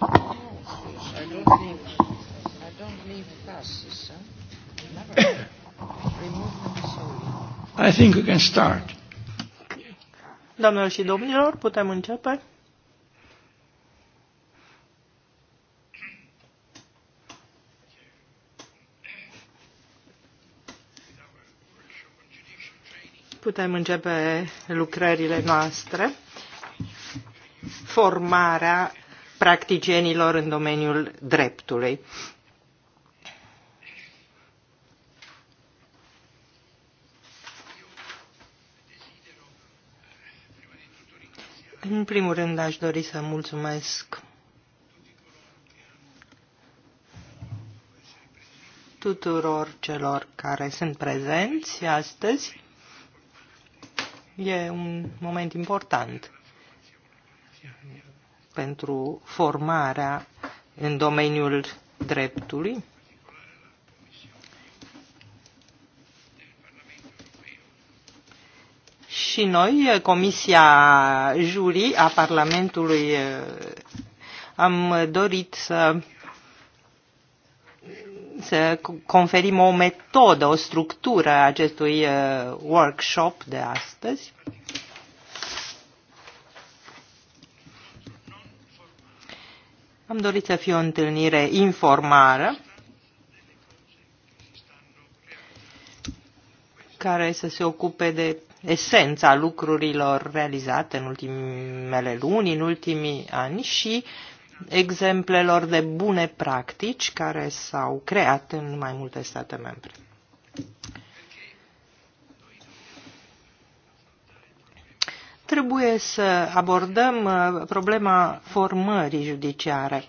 I think we can start. Doamnelor și domnilor, putem începe? Putem începe lucrările noastre. Formarea practicienilor în domeniul dreptului. În primul rând aș dori să mulțumesc tuturor celor care sunt prezenți astăzi. E un moment important pentru formarea în domeniul dreptului. Și noi, Comisia Jurii a Parlamentului, am dorit să să conferim o metodă, o structură acestui uh, workshop de astăzi Am dorit să fie o întâlnire informală care să se ocupe de esența lucrurilor realizate în ultimele luni, în ultimii ani și exemplelor de bune practici care s-au creat în mai multe state membre. Trebuie să abordăm uh, problema formării judiciare,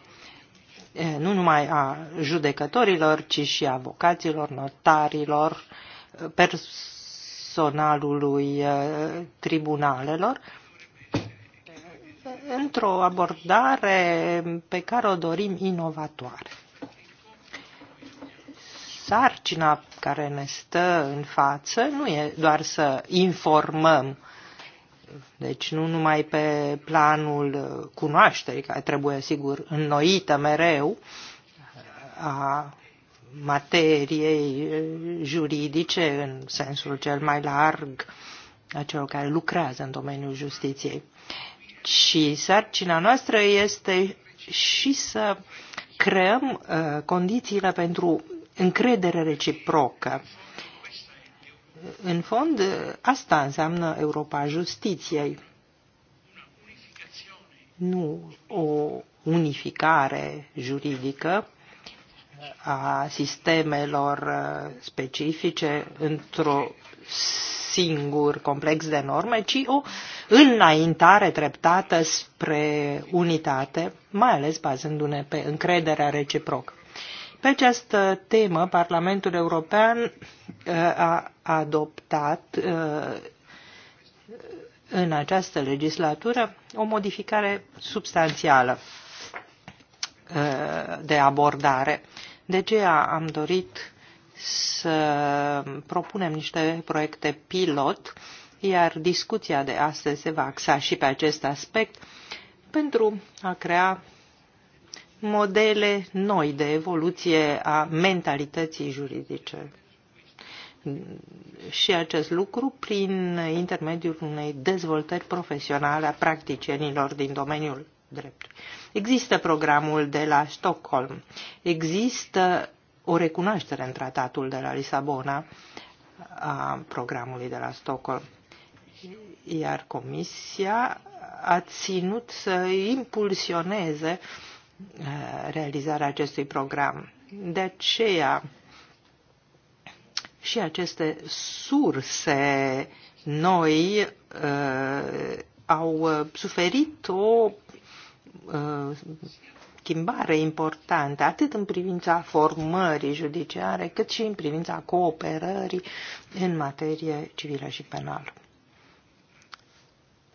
nu numai a judecătorilor, ci și a avocaților, notarilor, personalului uh, tribunalelor, într-o abordare pe care o dorim inovatoare. Sarcina care ne stă în față nu e doar să informăm deci nu numai pe planul cunoașterii, care trebuie, sigur, înnoită mereu a materiei juridice în sensul cel mai larg a celor care lucrează în domeniul justiției. Și sarcina noastră este și să creăm uh, condițiile pentru încredere reciprocă în fond, asta înseamnă Europa justiției. Nu o unificare juridică a sistemelor uh, specifice într-o singur complex de norme, ci o înaintare treptată spre unitate, mai ales bazându-ne pe încrederea reciprocă. Pe această temă, Parlamentul European uh, a adoptat uh, în această legislatură o modificare substanțială uh, de abordare. De ce am dorit să propunem niște proiecte pilot, iar discuția de astăzi se va axa și pe acest aspect pentru a crea modele noi de evoluție a mentalității juridice. Și acest lucru prin intermediul unei dezvoltări profesionale a practicienilor din domeniul dreptului. Există programul de la Stockholm, există o recunoaștere în tratatul de la Lisabona a programului de la Stockholm, iar Comisia a ținut să impulsioneze uh, Uh, realizarea acestui program. De aceea, și aceste surse noi uh, au uh, suferit o uh, schimbare importantă, atât în privința formării judiciare, cât și în privința cooperării în materie civilă și penală.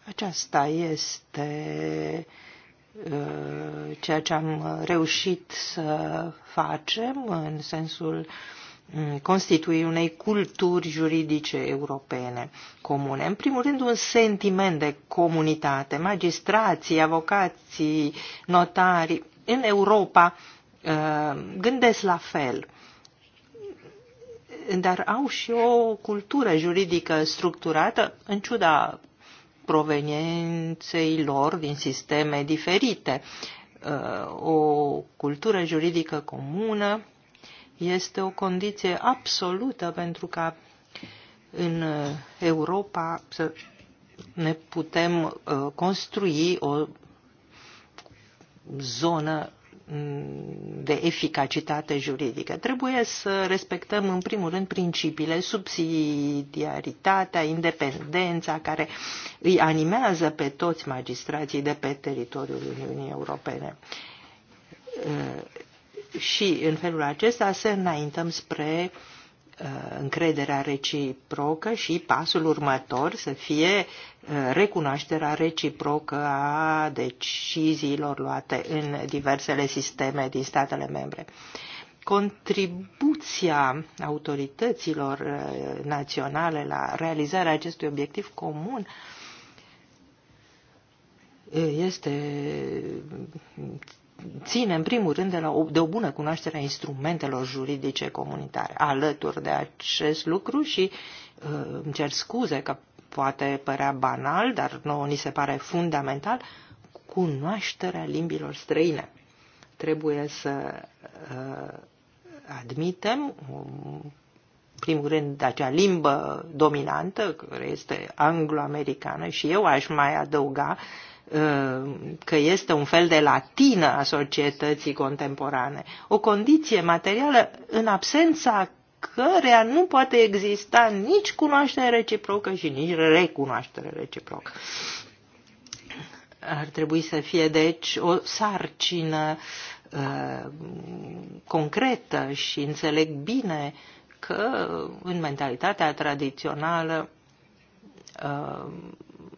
Aceasta este Uh, ceea ce am uh, reușit să facem în sensul um, constituirii unei culturi juridice europene comune. În primul rând, un sentiment de comunitate. Magistrații, avocații, notari în Europa uh, gândesc la fel, dar au și o cultură juridică structurată, în ciuda provenienței lor din sisteme diferite. Uh, o cultură juridică comună este o condiție absolută pentru ca în Europa să ne putem uh, construi o zonă de eficacitate juridică. Trebuie să respectăm în primul rând principiile, subsidiaritatea, independența care îi animează pe toți magistrații de pe teritoriul Uniunii Europene. Și în felul acesta să înaintăm spre uh, Uh, încrederea reciprocă și pasul următor să fie uh, recunoașterea reciprocă a deciziilor luate în diversele sisteme din statele membre. Contribuția autorităților uh, naționale la realizarea acestui obiectiv comun este ține, în primul rând, de, la o, de o bună cunoaștere a instrumentelor juridice comunitare. Alături de acest lucru și uh, îmi cer scuze că poate părea banal, dar nouă ni se pare fundamental, cunoașterea limbilor străine. Trebuie să uh, admitem um, primul rând, acea limbă dominantă, care este anglo-americană, și eu aș mai adăuga uh, că este un fel de latină a societății contemporane, o condiție materială în absența căreia nu poate exista nici cunoaștere reciprocă și nici recunoaștere reciprocă. Ar trebui să fie, deci, o sarcină uh, concretă și înțeleg bine uh, că în mentalitatea tradițională uh,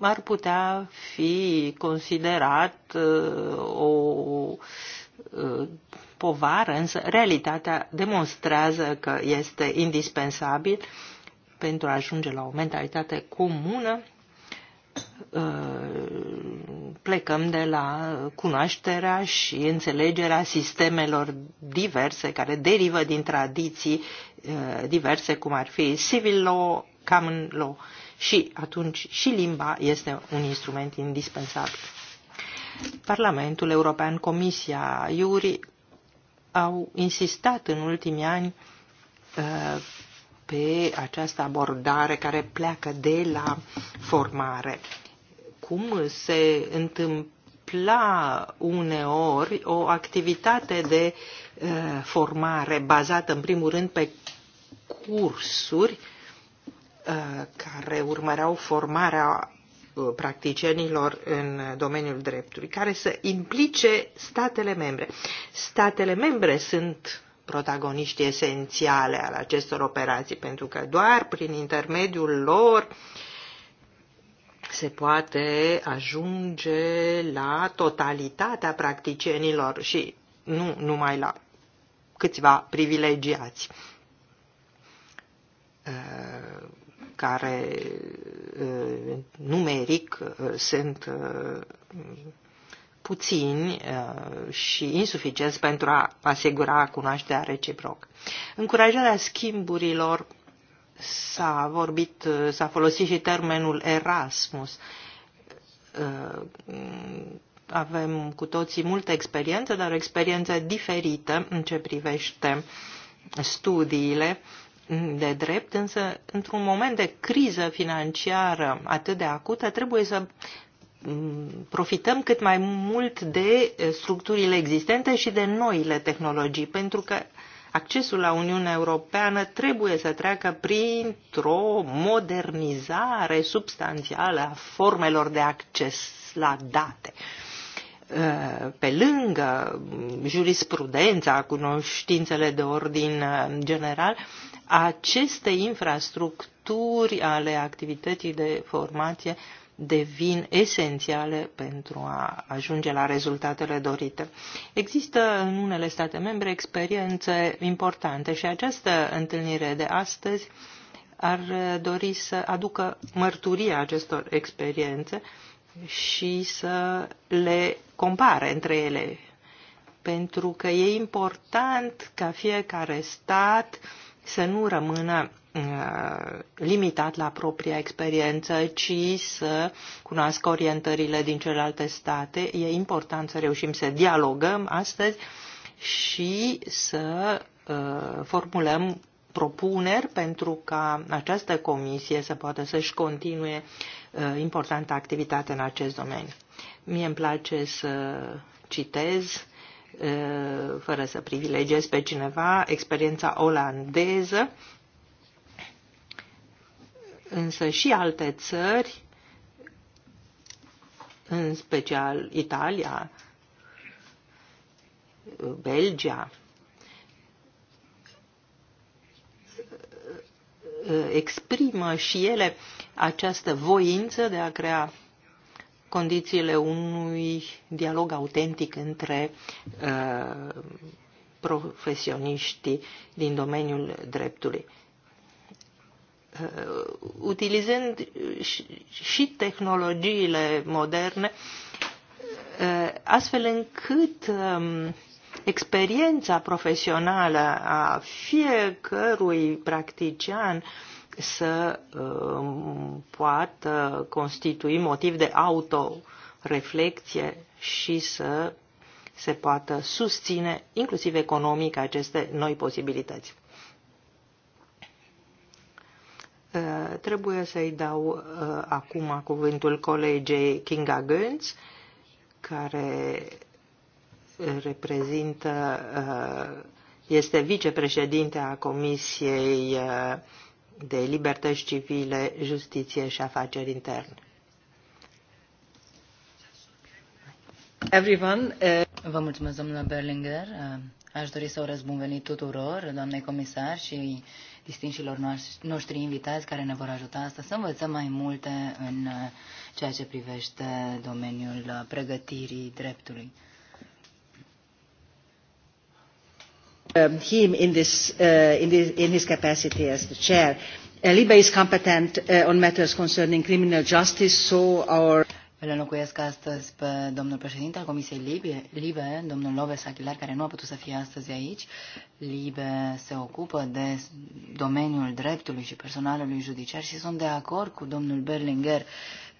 ar putea fi considerat uh, o uh, povară, însă realitatea demonstrează că este indispensabil pentru a ajunge la o mentalitate comună. Plecăm de la cunoașterea și înțelegerea sistemelor diverse care derivă din tradiții Eh, diverse, cum ar fi civil law, common law și atunci și limba este un instrument indispensabil. Parlamentul European, Comisia, Iuri au insistat în ultimii ani eh, pe această abordare care pleacă de la formare. Cum se întâmpla uneori o activitate de eh, formare bazată în primul rând pe cursuri uh, care urmăreau formarea uh, practicienilor în domeniul dreptului, care să implice statele membre. Statele membre sunt protagoniști esențiale al acestor operații, pentru că doar prin intermediul lor se poate ajunge la totalitatea practicienilor și nu numai la câțiva privilegiați. Uh, care uh, numeric uh, sunt puțini și insuficienți pentru a asigura cunoașterea reciproc. Încurajarea schimburilor s-a vorbit, s-a folosit și termenul Erasmus. Avem cu toții multă experiență, dar o experiență diferită în ce privește studiile de drept, însă într-un moment de criză financiară atât de acută, trebuie să mm, profităm cât mai mult de eh, structurile existente și de noile tehnologii, pentru că accesul la Uniunea Europeană trebuie să treacă printr-o modernizare substanțială a formelor de acces la date. Eh, pe lângă mm, jurisprudența, cunoștințele de ordin eh, general, aceste infrastructuri ale activității de formație devin esențiale pentru a ajunge la rezultatele dorite. Există în unele state membre experiențe importante și această întâlnire de astăzi ar dori să aducă mărturia acestor experiențe și să le compare între ele, pentru că e important ca fiecare stat uh, să nu rămână uh, limitat la propria experiență, ci să cunoască orientările din celelalte state. E important să reușim să dialogăm astăzi și să uh, formulăm propuneri pentru ca această comisie să poată să-și continue uh, importantă activitate în acest domeniu. Mie îmi place să citez fără să privilegiez pe cineva, experiența olandeză, însă și alte țări, în special Italia, Belgia, exprimă și ele această voință de a crea condițiile unui dialog autentic între uh, profesioniștii din domeniul dreptului. Uh, utilizând și, tehnologiile moderne, uh, astfel încât um, experiența profesională a fiecărui practician uh, să um, poată constitui motiv de autoreflecție și să se poată susține, inclusiv economic, aceste noi posibilități. Uh, trebuie să-i dau uh, acum cuvântul colegei Kinga Gönz, care reprezintă, uh, este vicepreședinte a Comisiei de libertăți civile, justiție și afaceri interne. Everyone, uh... Vă mulțumesc, domnule Berlinger. Uh, aș dori să urez bun venit tuturor, doamnei comisar și distinșilor noștri invitați care ne vor ajuta Asta să învățăm mai multe în uh, ceea ce privește domeniul uh, pregătirii dreptului. Um, him in, this, uh, in, this, in his capacity as the chair. Uh, Libe is competent uh, on matters concerning criminal justice, so our îl înlocuiesc astăzi pe domnul președinte al Comisiei Libe, Libe domnul Loves Aguilar care nu a putut să fie astăzi aici. Libe se ocupă de domeniul dreptului și personalului judiciar și sunt de acord cu domnul Berlinger.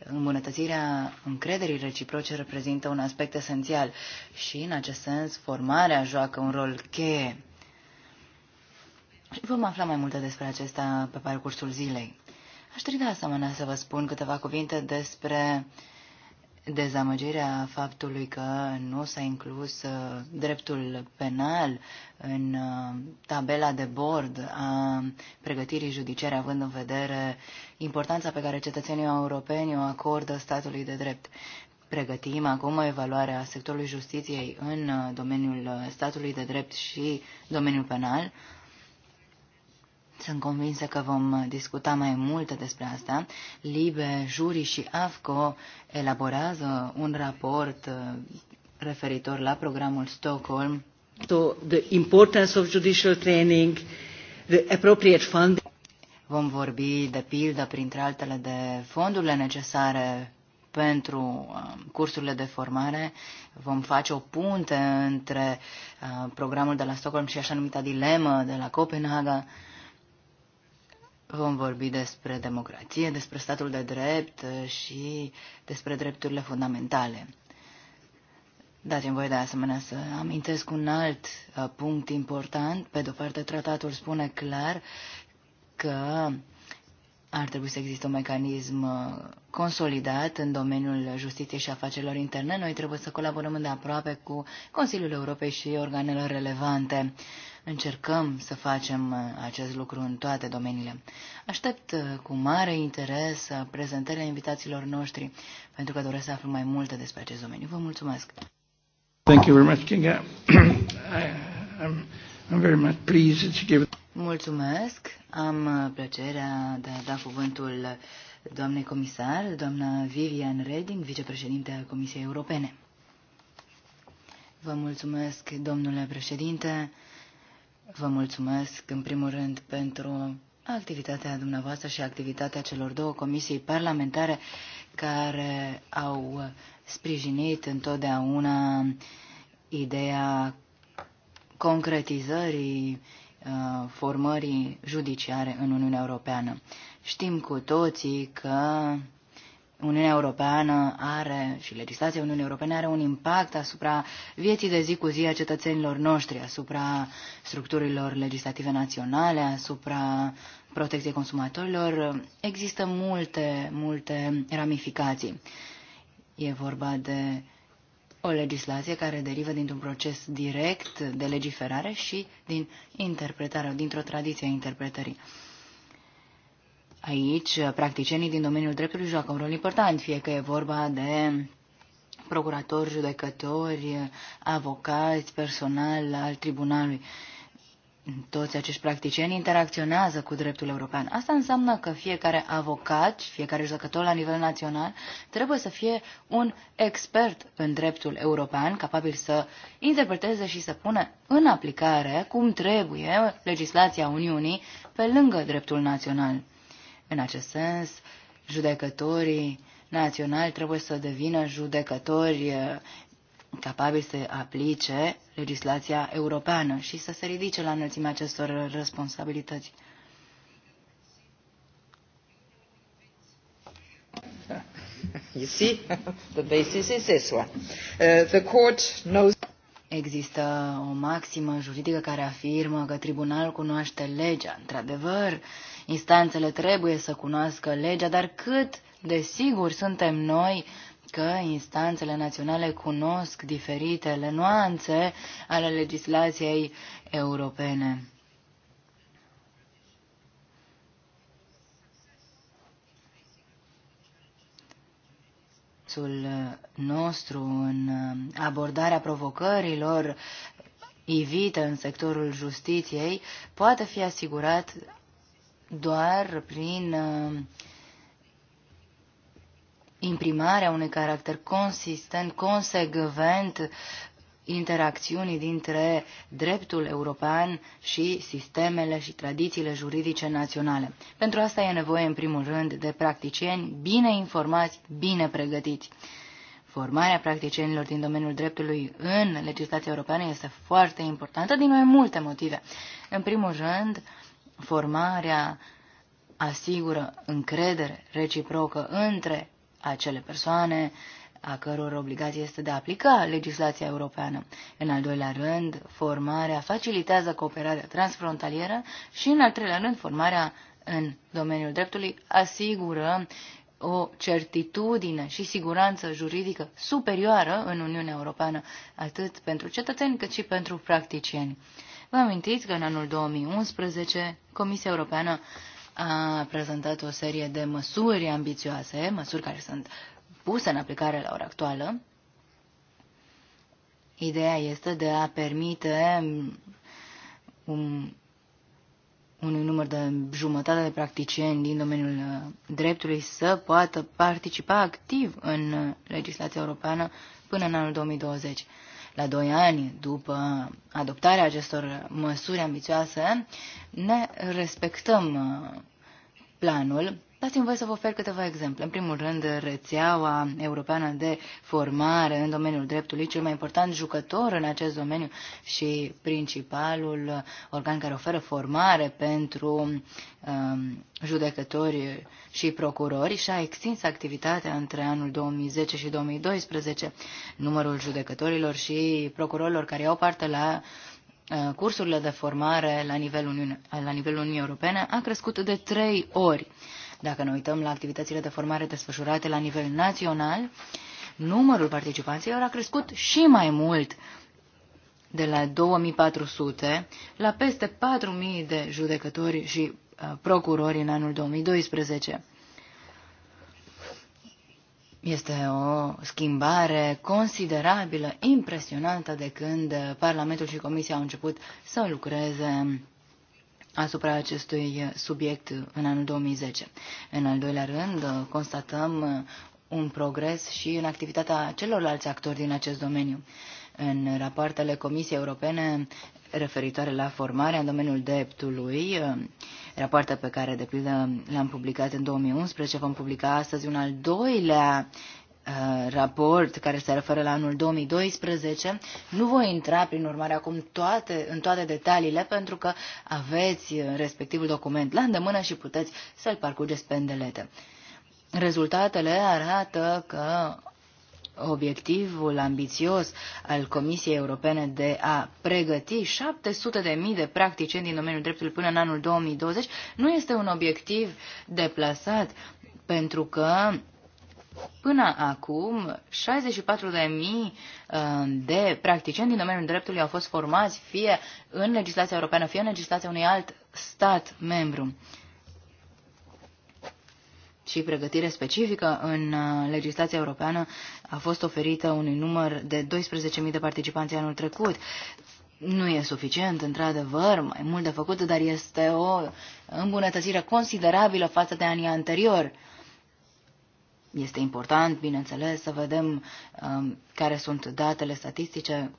Îmbunătățirea încrederii reciproce reprezintă un aspect esențial și, în acest sens, formarea joacă un rol cheie. Și vom afla mai multe despre acesta pe parcursul zilei. Aș trebui de asemenea să vă spun câteva cuvinte despre uh, dezamăgirea faptului că nu s-a inclus uh, dreptul penal în uh, tabela de bord a pregătirii judiciare, având în vedere importanța pe care cetățenii europeni o acordă statului de drept. Pregătim acum evaluarea sectorului justiției în uh, domeniul statului de drept și domeniul penal. Sunt convinsă că vom discuta mai multe despre asta. Libe, Juri și AFCO elaborează un raport uh, referitor la programul Stockholm. So the importance of judicial training, the appropriate funding. Vom vorbi de pildă, printre altele, de fondurile necesare pentru uh, cursurile de formare. Vom face o punte între uh, programul de la Stockholm și așa numita dilemă de la Copenhaga. Vom vorbi despre democrație, despre statul de drept uh, și despre drepturile fundamentale. Dați-mi voie de asemenea să amintesc un alt uh, punct important. Pe de-o parte, tratatul spune clar că ar trebui să existe un mecanism uh, consolidat în domeniul justiției și afacerilor interne. Noi trebuie să colaborăm îndeaproape cu Consiliul Europei și organele relevante. Încercăm să facem uh, acest lucru în toate domeniile. Aștept uh, cu mare interes prezentările invitațiilor noștri, pentru că doresc să aflu mai multe despre acest domeniu. Vă mulțumesc! Thank you very much, Kinga. I, I'm, I'm very much pleased that you Mulțumesc. Am uh, plăcerea de a da cuvântul doamnei comisar, doamna Vivian Reding, vicepreședinte a Comisiei Europene. Vă mulțumesc, domnule președinte. Vă mulțumesc, în primul rând, pentru activitatea dumneavoastră și activitatea celor două comisii parlamentare care au sprijinit întotdeauna ideea concretizării Uh, formării judiciare în Uniunea Europeană. Știm cu toții că Uniunea Europeană are și legislația Uniunii Europene are un impact asupra vieții de zi cu zi a cetățenilor noștri, asupra structurilor legislative naționale, asupra protecției consumatorilor. Există multe, multe ramificații. E vorba de o legislație care derivă dintr-un proces direct de legiferare și din interpretare, dintr-o tradiție a interpretării. Aici, practicienii din domeniul dreptului joacă un rol important, fie că e vorba de procuratori, judecători, avocați, personal al tribunalului toți acești practicieni interacționează cu dreptul european. Asta înseamnă că fiecare avocat, fiecare judecător la nivel național, trebuie să fie un expert în dreptul european, capabil să interpreteze și să pună în aplicare cum trebuie legislația Uniunii pe lângă dreptul național. În acest sens, judecătorii naționali trebuie să devină judecători capabil să aplice legislația europeană și să se ridice la înălțimea acestor responsabilități. You see, the basis is this one. Uh, the court knows... Există o maximă juridică care afirmă că tribunalul cunoaște legea. Într-adevăr, instanțele trebuie să cunoască legea, dar cât de sigur suntem noi uh, că instanțele naționale cunosc diferitele nuanțe ale legislației europene. Sul nostru în abordarea provocărilor ivită în sectorul justiției poate fi asigurat doar prin uh, imprimarea unui caracter consistent, consecvent interacțiunii dintre dreptul european și sistemele și tradițiile juridice naționale. Pentru asta e nevoie, în primul rând, de practicieni bine informați, bine pregătiți. Formarea practicienilor din domeniul dreptului în legislația europeană este foarte importantă din mai multe motive. În primul rând, formarea asigură încredere reciprocă între acele persoane a căror obligație este de a aplica legislația europeană. În al doilea rând, formarea facilitează cooperarea transfrontalieră și, în al treilea rând, formarea în domeniul dreptului asigură o certitudine și siguranță juridică superioară în Uniunea Europeană, atât pentru cetățeni cât și pentru practicieni. Vă amintiți că în anul 2011 Comisia Europeană a prezentat o serie de măsuri ambițioase, măsuri care sunt puse în aplicare la ora actuală. Ideea este de a permite un, unui număr de jumătate de practicieni din domeniul uh, dreptului să poată participa activ în uh, legislația europeană până în anul 2020 la doi ani după adoptarea acestor măsuri ambițioase, ne respectăm uh, planul Dați-mi voi să vă ofer câteva exemple. În primul rând, rețeaua europeană de formare în domeniul dreptului, cel mai important jucător în acest domeniu și principalul organ care oferă formare pentru um, judecători și procurori și-a extins activitatea între anul 2010 și 2012. Numărul judecătorilor și procurorilor care au parte la uh, cursurile de formare la nivelul Uniunii Europene a crescut de trei ori. Dacă ne uităm la activitățile de formare desfășurate la nivel național, numărul participanților a crescut și mai mult de la 2400 la peste 4000 de judecători și uh, procurori în anul 2012. Este o schimbare considerabilă, impresionantă de când uh, Parlamentul și Comisia au început să lucreze asupra acestui subiect în anul 2010. În al doilea rând, constatăm uh, un progres și în activitatea celorlalți actori din acest domeniu. În rapoartele Comisiei Europene referitoare la formarea în domeniul dreptului, uh, rapoarte pe care, de pildă, l-am publicat în 2011, vom publica astăzi un al doilea Uh, raport care se referă la anul 2012. Nu voi intra, prin urmare, acum toate, în toate detaliile, pentru că aveți uh, respectivul document la îndemână și puteți să-l parcurgeți pe îndelete. Rezultatele arată că obiectivul ambițios al Comisiei Europene de a pregăti 700.000 de practicieni din domeniul dreptului până în anul 2020 nu este un obiectiv deplasat, pentru că Până acum, 64.000 uh, de practicieni din domeniul dreptului au fost formați fie în legislația europeană, fie în legislația unui alt stat membru. Și pregătire specifică în uh, legislația europeană a fost oferită unui număr de 12.000 de participanți anul trecut. Nu e suficient, într-adevăr, mai mult de făcut, dar este o îmbunătățire considerabilă față de anii anteriori. Este important, bineînțeles, să vedem um, care sunt datele statistice,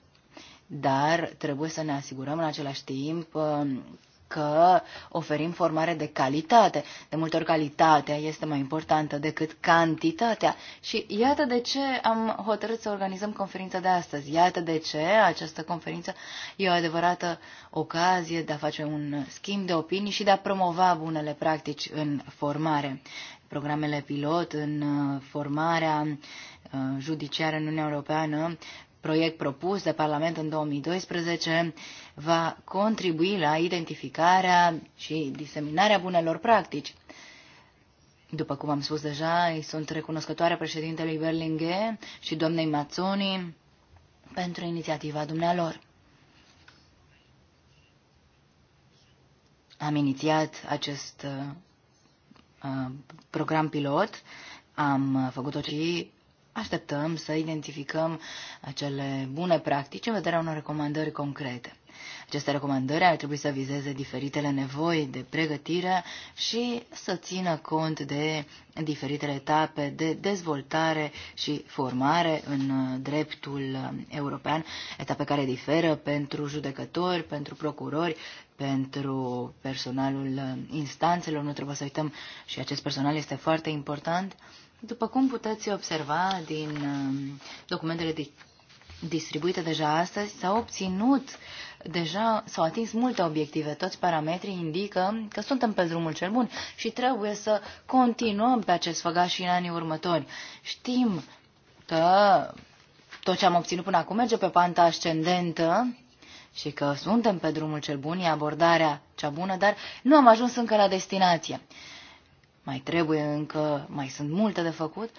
dar trebuie să ne asigurăm în același timp um, că oferim formare de calitate. De multe ori calitatea este mai importantă decât cantitatea. Și iată de ce am hotărât să organizăm conferința de astăzi. Iată de ce această conferință e o adevărată ocazie de a face un schimb de opinii și de a promova bunele practici în formare programele pilot, în uh, formarea uh, judiciară în Uniunea Europeană, proiect propus de Parlament în 2012, va contribui la identificarea și diseminarea bunelor practici. După cum am spus deja, îi sunt recunoscătoare președintelui Berlinghe și doamnei Mazzoni pentru inițiativa dumnealor. Am inițiat acest uh, Uh, program pilot, am uh, făcut-o și așteptăm să identificăm cele bune practici în vederea unor recomandări concrete. Aceste recomandări ar trebui să vizeze diferitele nevoi de pregătire și să țină cont de diferitele etape de dezvoltare și formare în uh, dreptul european, etape care diferă pentru judecători, pentru procurori pentru personalul uh, instanțelor, nu trebuie să uităm și acest personal este foarte important. După cum puteți observa din uh, documentele de distribuite deja astăzi, s-au obținut deja, s-au atins multe obiective. Toți parametrii indică că suntem pe drumul cel bun și trebuie să continuăm pe acest făgaș și în anii următori. Știm că tot ce am obținut până acum merge pe panta ascendentă, și că suntem pe drumul cel bun, e abordarea cea bună, dar nu am ajuns încă la destinație. Mai trebuie încă, mai sunt multe de făcut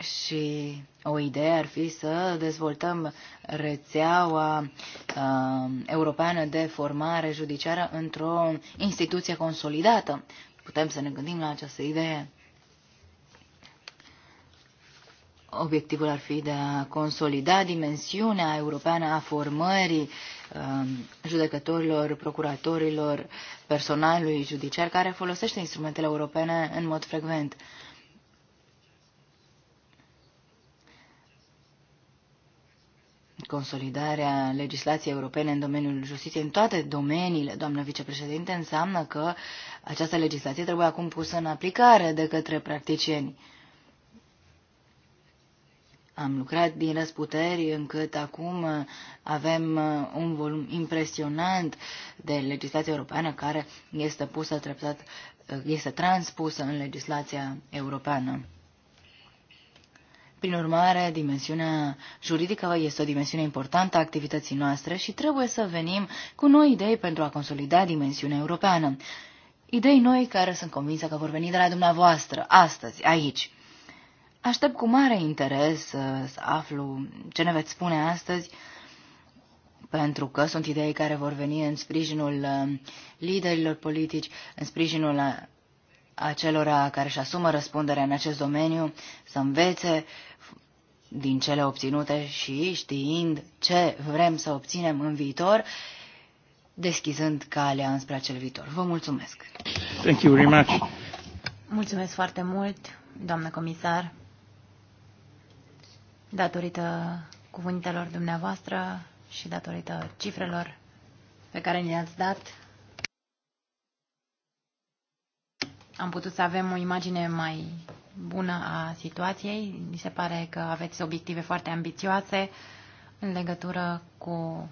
și o idee ar fi să dezvoltăm rețeaua uh, europeană de formare judiciară într-o instituție consolidată. Putem să ne gândim la această idee. Obiectivul ar fi de a consolida dimensiunea europeană a formării um, judecătorilor, procuratorilor, personalului judiciar care folosește instrumentele europene în mod frecvent. Consolidarea legislației europene în domeniul justiției, în toate domeniile, doamnă vicepreședinte, înseamnă că această legislație trebuie acum pusă în aplicare de către practicieni. Am lucrat din răsputeri încât acum uh, avem uh, un volum impresionant de legislație europeană care este pusă treptat, uh, este transpusă în legislația europeană. Prin urmare, dimensiunea juridică este o dimensiune importantă a activității noastre și trebuie să venim cu noi idei pentru a consolida dimensiunea europeană. Idei noi care sunt convinsă că vor veni de la dumneavoastră, astăzi, aici. Aștept cu mare interes uh, să aflu ce ne veți spune astăzi, pentru că sunt idei care vor veni în sprijinul uh, liderilor politici, în sprijinul uh, acelora care își asumă răspunderea în acest domeniu, să învețe din cele obținute și știind ce vrem să obținem în viitor, deschizând calea înspre acel viitor. Vă mulțumesc! Thank you very much. Mulțumesc foarte mult, doamnă comisar datorită cuvintelor dumneavoastră și datorită cifrelor pe care ni le-ați dat, am putut să avem o imagine mai bună a situației. Mi se pare că aveți obiective foarte ambițioase în legătură cu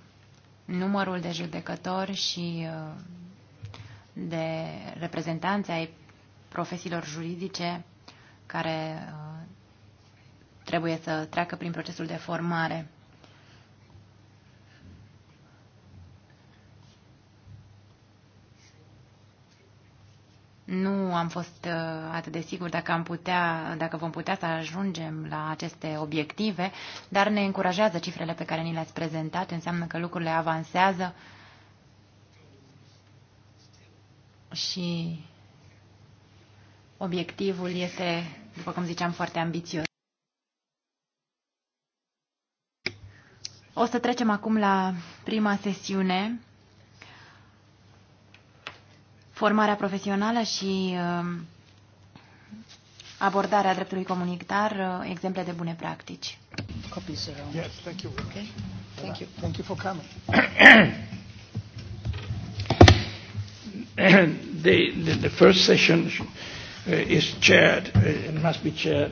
numărul de judecători și uh, de reprezentanți ai profesiilor juridice care uh, trebuie să treacă prin procesul de formare. Nu am fost uh, atât de sigur dacă, am putea, dacă vom putea să ajungem la aceste obiective, dar ne încurajează cifrele pe care ni le-ați prezentat, înseamnă că lucrurile avansează și obiectivul este, după cum ziceam, foarte ambițios. O să trecem acum la prima sesiune, formarea profesională și uh, abordarea dreptului comunitar, uh, exemple de bune practici. Copies around. Yes, thank you. Okay. Thank you. Thank you for coming. the, the, the first session uh, is chaired, and must be chaired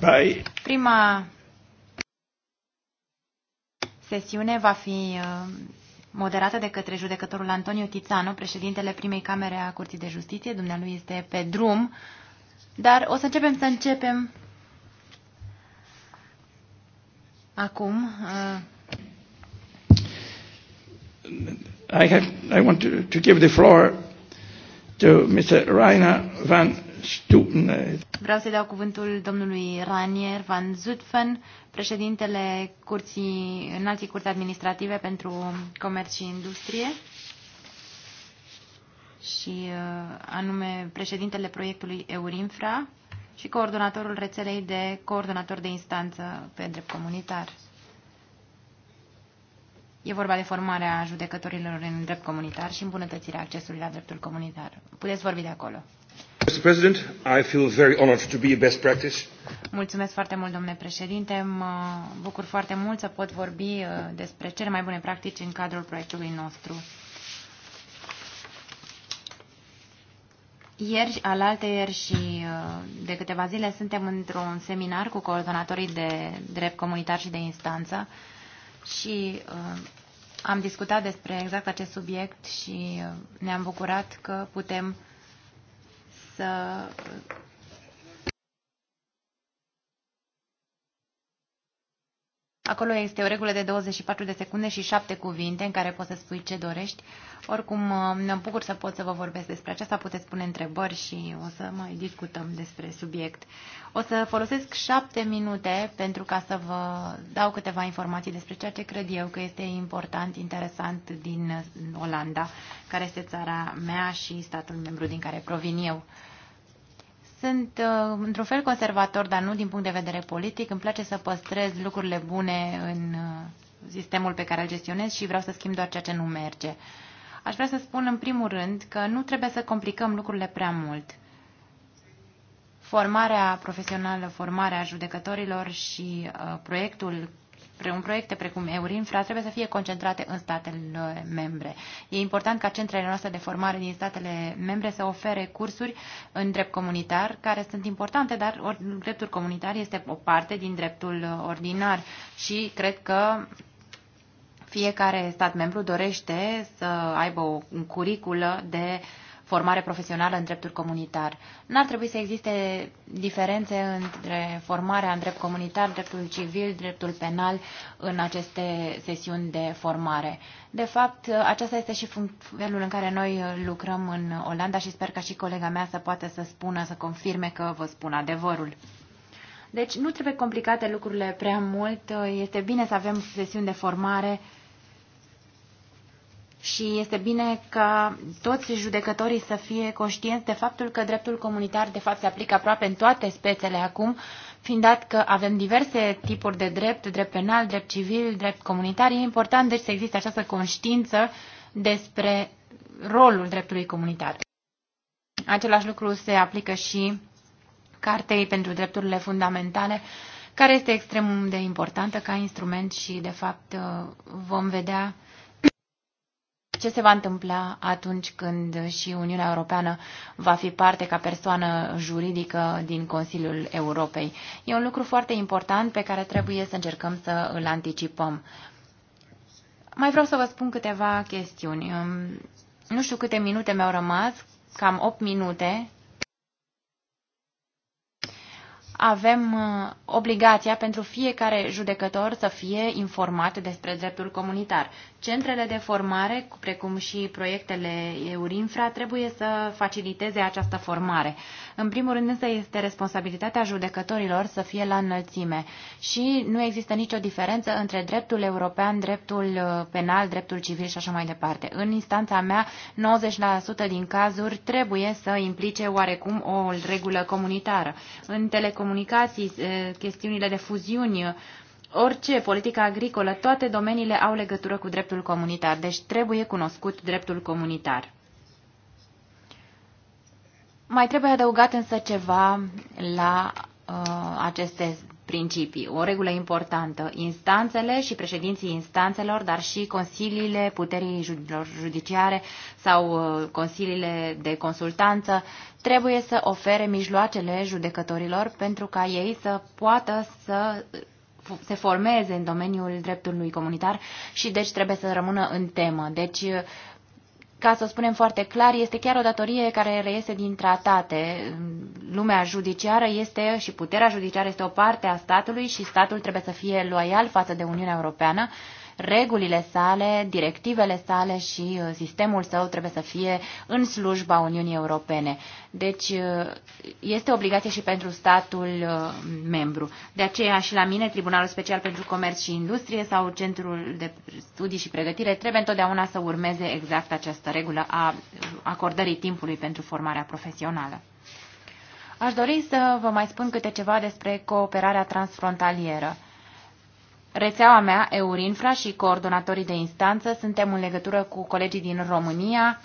by... Prima sesiune va fi uh, moderată de către judecătorul Antonio Tizano, președintele primei camere a Curții de Justiție. Dumnealui este pe drum, dar o să începem să începem acum. Uh, I, have, I want to, to give the floor to Mr. Rainer van Vreau să dau cuvântul domnului Ranier van Zutphen, președintele curții, Înalții Curți Administrative pentru Comerț și Industrie și uh, anume președintele proiectului Eurinfra și coordonatorul rețelei de coordonator de instanță pe drept comunitar. E vorba de formarea judecătorilor în drept comunitar și îmbunătățirea accesului la dreptul comunitar. Puteți vorbi de acolo. Mr. President, I feel very honored to be a best practice. Mulțumesc foarte mult, domnule președinte. Mă bucur foarte mult să pot vorbi uh, despre cele mai bune practici în cadrul proiectului nostru. Ieri, alaltă ieri și uh, de câteva zile suntem într-un seminar cu coordonatorii de drept comunitar și de instanță și uh, am discutat despre exact acest subiect și uh, ne-am bucurat că putem să Acolo este o regulă de 24 de secunde și 7 cuvinte în care poți să spui ce dorești. Oricum, uh, mă bucur să pot să vă vorbesc despre aceasta, puteți pune întrebări și o să mai discutăm despre subiect. O să folosesc 7 minute pentru ca să vă dau câteva informații despre ceea ce cred eu că este important, interesant din Olanda, care este țara mea și statul membru din care provin eu. Sunt uh, într-un fel conservator, dar nu din punct de vedere politic. Îmi place să păstrez lucrurile bune în uh, sistemul pe care îl gestionez și vreau să schimb doar ceea ce nu merge. Aș vrea să spun în primul rând că nu trebuie să complicăm lucrurile prea mult. Formarea profesională, formarea judecătorilor și uh, proiectul un proiecte precum Eurinfra trebuie să fie concentrate în statele membre. E important ca centrele noastre de formare din statele membre să ofere cursuri în drept comunitar, care sunt importante, dar dreptul comunitar este o parte din dreptul ordinar și cred că fiecare stat membru dorește să aibă un curiculă de uh, formare profesională în dreptul comunitar. N-ar trebui să existe diferențe între formarea în drept comunitar, dreptul civil, dreptul penal în aceste sesiuni de formare. De fapt, aceasta este și felul în care noi lucrăm în Olanda și sper ca și colega mea să poată să spună, să confirme că vă spun adevărul. Deci nu trebuie complicate lucrurile prea mult, este bine să avem sesiuni de formare și este bine ca toți judecătorii să fie conștienți de faptul că dreptul comunitar de fapt se aplică aproape în toate spețele acum, fiind dat că avem diverse tipuri de drept, drept penal, drept civil, drept comunitar. E important deci să existe această conștiință despre rolul dreptului comunitar. Același lucru se aplică și Cartei pentru Drepturile Fundamentale, care este extrem de importantă ca instrument și, de fapt, vom vedea ce se va întâmpla atunci când și Uniunea Europeană va fi parte ca persoană juridică din Consiliul Europei. E un lucru foarte important pe care trebuie să încercăm să îl anticipăm. Mai vreau să vă spun câteva chestiuni. Nu știu câte minute mi-au rămas, cam 8 minute, avem uh, obligația pentru fiecare judecător să fie informat despre dreptul comunitar. Centrele de formare, precum și proiectele Eurinfra, trebuie să faciliteze această formare. În primul rând însă este responsabilitatea judecătorilor să fie la înălțime și nu există nicio diferență între dreptul european, dreptul uh, penal, dreptul civil și așa mai departe. În instanța mea, 90% din cazuri trebuie să implice oarecum o regulă comunitară. În telecomunicații, uh, chestiunile de fuziuni, uh, orice politică agricolă, toate domeniile au legătură cu dreptul comunitar, deci trebuie cunoscut dreptul comunitar. Mai trebuie adăugat însă ceva la uh, aceste principii. O regulă importantă, instanțele și președinții instanțelor, dar și consiliile puterii judiciare sau uh, consiliile de consultanță trebuie să ofere mijloacele judecătorilor pentru ca ei să poată să se formeze în domeniul dreptului comunitar și deci trebuie să rămână în temă. Deci ca să spunem foarte clar, este chiar o datorie care reiese din tratate. Lumea judiciară este și puterea judiciară este o parte a statului și statul trebuie să fie loial față de Uniunea Europeană regulile sale, directivele sale și uh, sistemul său trebuie să fie în slujba Uniunii Europene. Deci uh, este obligație și pentru statul uh, membru. De aceea și la mine, Tribunalul Special pentru Comerț și Industrie sau Centrul de Studii și Pregătire trebuie întotdeauna să urmeze exact această regulă a acordării timpului pentru formarea profesională. Aș dori să vă mai spun câte ceva despre cooperarea transfrontalieră rețeaua mea, Eurinfra și coordonatorii de instanță, suntem în legătură cu colegii din România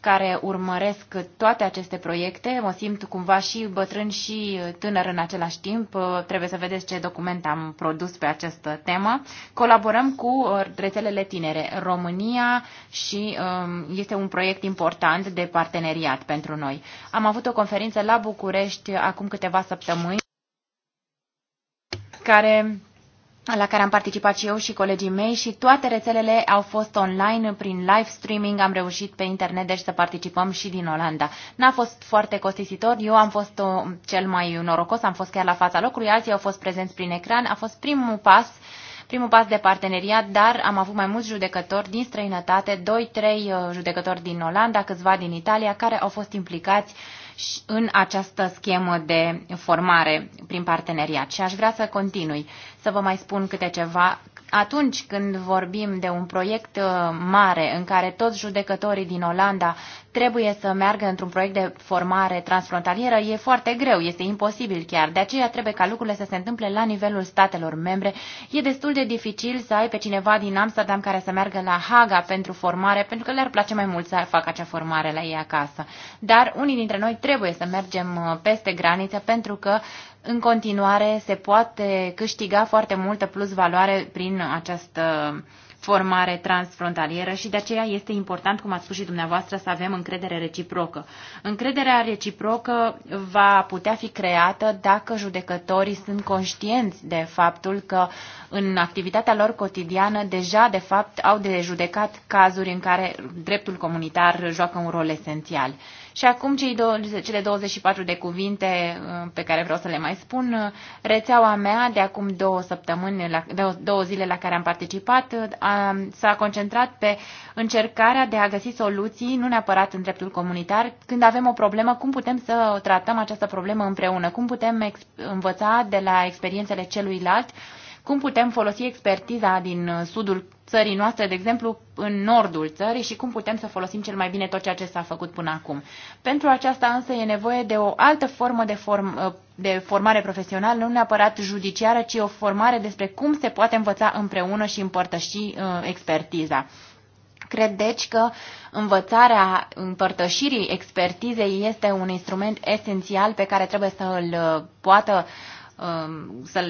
care urmăresc toate aceste proiecte. Mă simt cumva și bătrân și tânăr în același timp. Trebuie să vedeți ce document am produs pe această temă. Colaborăm cu uh, rețelele tinere România și um, este un proiect important de parteneriat pentru noi. Am avut o conferință la București acum câteva săptămâni care la care am participat și eu și colegii mei și toate rețelele au fost online prin live streaming, am reușit pe internet deci să participăm și din Olanda. N-a fost foarte costisitor, eu am fost o, uh, cel mai norocos, am fost chiar la fața locului, alții au fost prezenți prin ecran, a fost primul pas primul pas de parteneriat, dar am avut mai mulți judecători din străinătate, 2-3 uh, judecători din Olanda, câțiva din Italia, care au fost implicați uh, în această schemă de formare prin parteneriat. Și aș vrea să continui să vă mai spun câte ceva. Atunci când vorbim de un proiect uh, mare în care toți judecătorii din Olanda trebuie să meargă într-un proiect de formare transfrontalieră, e foarte greu, este imposibil chiar. De aceea trebuie ca lucrurile să se întâmple la nivelul statelor membre. E destul de dificil să ai pe cineva din Amsterdam care să meargă la Haga pentru formare, pentru că le-ar place mai mult să facă acea formare la ei acasă. Dar unii dintre noi trebuie să mergem uh, peste graniță pentru că în continuare se poate câștiga foarte multă plus valoare prin această uh, formare transfrontalieră și de aceea este important, cum ați spus și dumneavoastră, să avem încredere reciprocă. Încrederea reciprocă va putea fi creată dacă judecătorii sunt conștienți de faptul că în activitatea lor cotidiană deja, de fapt, au de judecat cazuri în care dreptul comunitar joacă un rol esențial. Și acum cei do- cele 24 de cuvinte uh, pe care vreau să le mai spun. Uh, rețeaua mea de acum două săptămâni, la, două zile la care am participat, uh, s-a concentrat pe încercarea de a găsi soluții, nu neapărat în dreptul comunitar, când avem o problemă, cum putem să tratăm această problemă împreună, cum putem învăța de la experiențele celuilalt, cum putem folosi expertiza din uh, sudul țării noastre, de exemplu, în nordul țării și cum putem să folosim cel mai bine tot ceea ce s-a făcut până acum. Pentru aceasta însă e nevoie de o altă formă de, form, uh, de formare profesională, nu neapărat judiciară, ci o formare despre cum se poate învăța împreună și împărtăși uh, expertiza. Cred deci că învățarea împărtășirii expertizei este un instrument esențial pe care trebuie să îl uh, poată uh, Um, să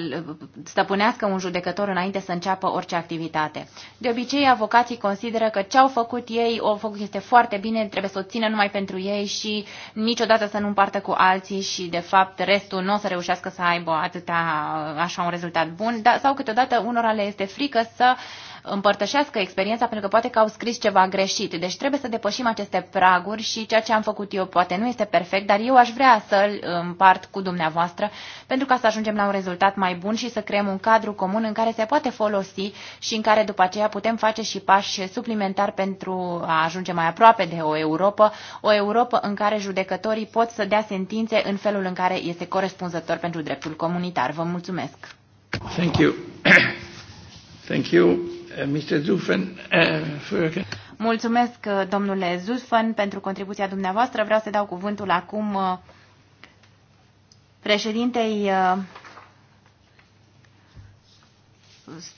stăpânească un judecător înainte să înceapă orice activitate. De obicei, avocații consideră că ce au făcut ei, o făcut este foarte bine, trebuie să o țină numai pentru ei și niciodată să nu împartă cu alții și, de fapt, restul nu o să reușească să aibă atâta, așa, un rezultat bun, dar, sau câteodată unora le este frică să împărtășească experiența, pentru că poate că au scris ceva greșit. Deci trebuie să depășim aceste praguri și ceea ce am făcut eu poate nu este perfect, dar eu aș vrea să-l împart cu dumneavoastră pentru ca să ajungem la un rezultat mai bun și să creăm un cadru comun în care se poate folosi și în care după aceea putem face și pași suplimentari pentru a ajunge mai aproape de o Europa, o Europa în care judecătorii pot să dea sentințe în felul în care este corespunzător pentru dreptul comunitar. Vă mulțumesc! Thank you. Thank you. Uh, uh, Mulțumesc, uh, domnule Zufen, pentru contribuția dumneavoastră. Vreau să dau cuvântul acum președintei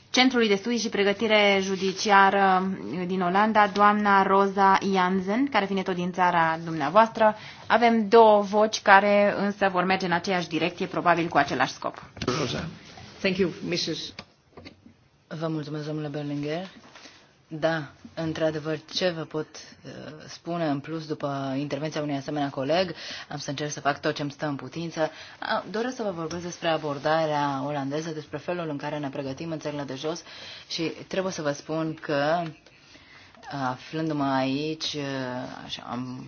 Centrului de Studii și Pregătire Judiciară din Olanda, doamna Rosa Janzen, care vine tot din țara dumneavoastră. Avem două voci care însă vor merge în aceeași direcție, probabil cu același scop. Rosa. Thank you, Mrs. Vă mulțumesc, domnule Berlinger. Da, într-adevăr, ce vă pot uh, spune în plus după intervenția unui asemenea coleg? Am să încerc să fac tot ce mi stă în putință. Doresc să vă vorbesc despre abordarea olandeză, despre felul în care ne pregătim în țările de jos și trebuie să vă spun că uh, aflându-mă aici, uh, așa, am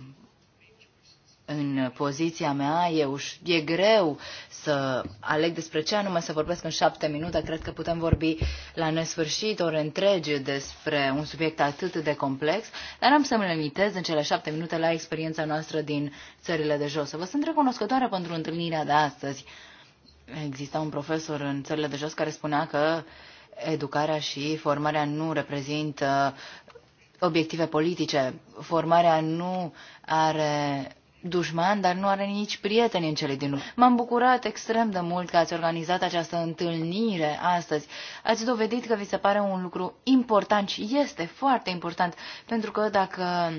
în poziția mea e, uș- e greu să aleg despre ce anume să vorbesc în șapte minute. Cred că putem vorbi la nesfârșit ore întregi despre un subiect atât de complex, dar am să mă limitez în cele șapte minute la experiența noastră din țările de jos. Vă sunt recunoscătoare pentru întâlnirea de astăzi. Exista un profesor în țările de jos care spunea că educarea și formarea nu reprezintă obiective politice. Formarea nu are dușman, dar nu are nici prieteni în cele din urmă. M-am bucurat extrem de mult că ați organizat această întâlnire astăzi. Ați dovedit că vi se pare un lucru important și este foarte important, pentru că dacă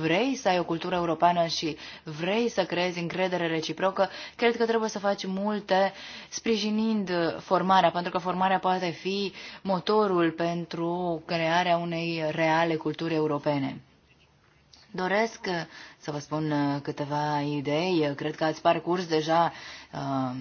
vrei să ai o cultură europeană și vrei să creezi încredere reciprocă, cred că trebuie să faci multe sprijinind formarea, pentru că formarea poate fi motorul pentru crearea unei reale culturi europene. Doresc uh, să vă spun uh, câteva idei. Uh, cred că ați parcurs deja uh,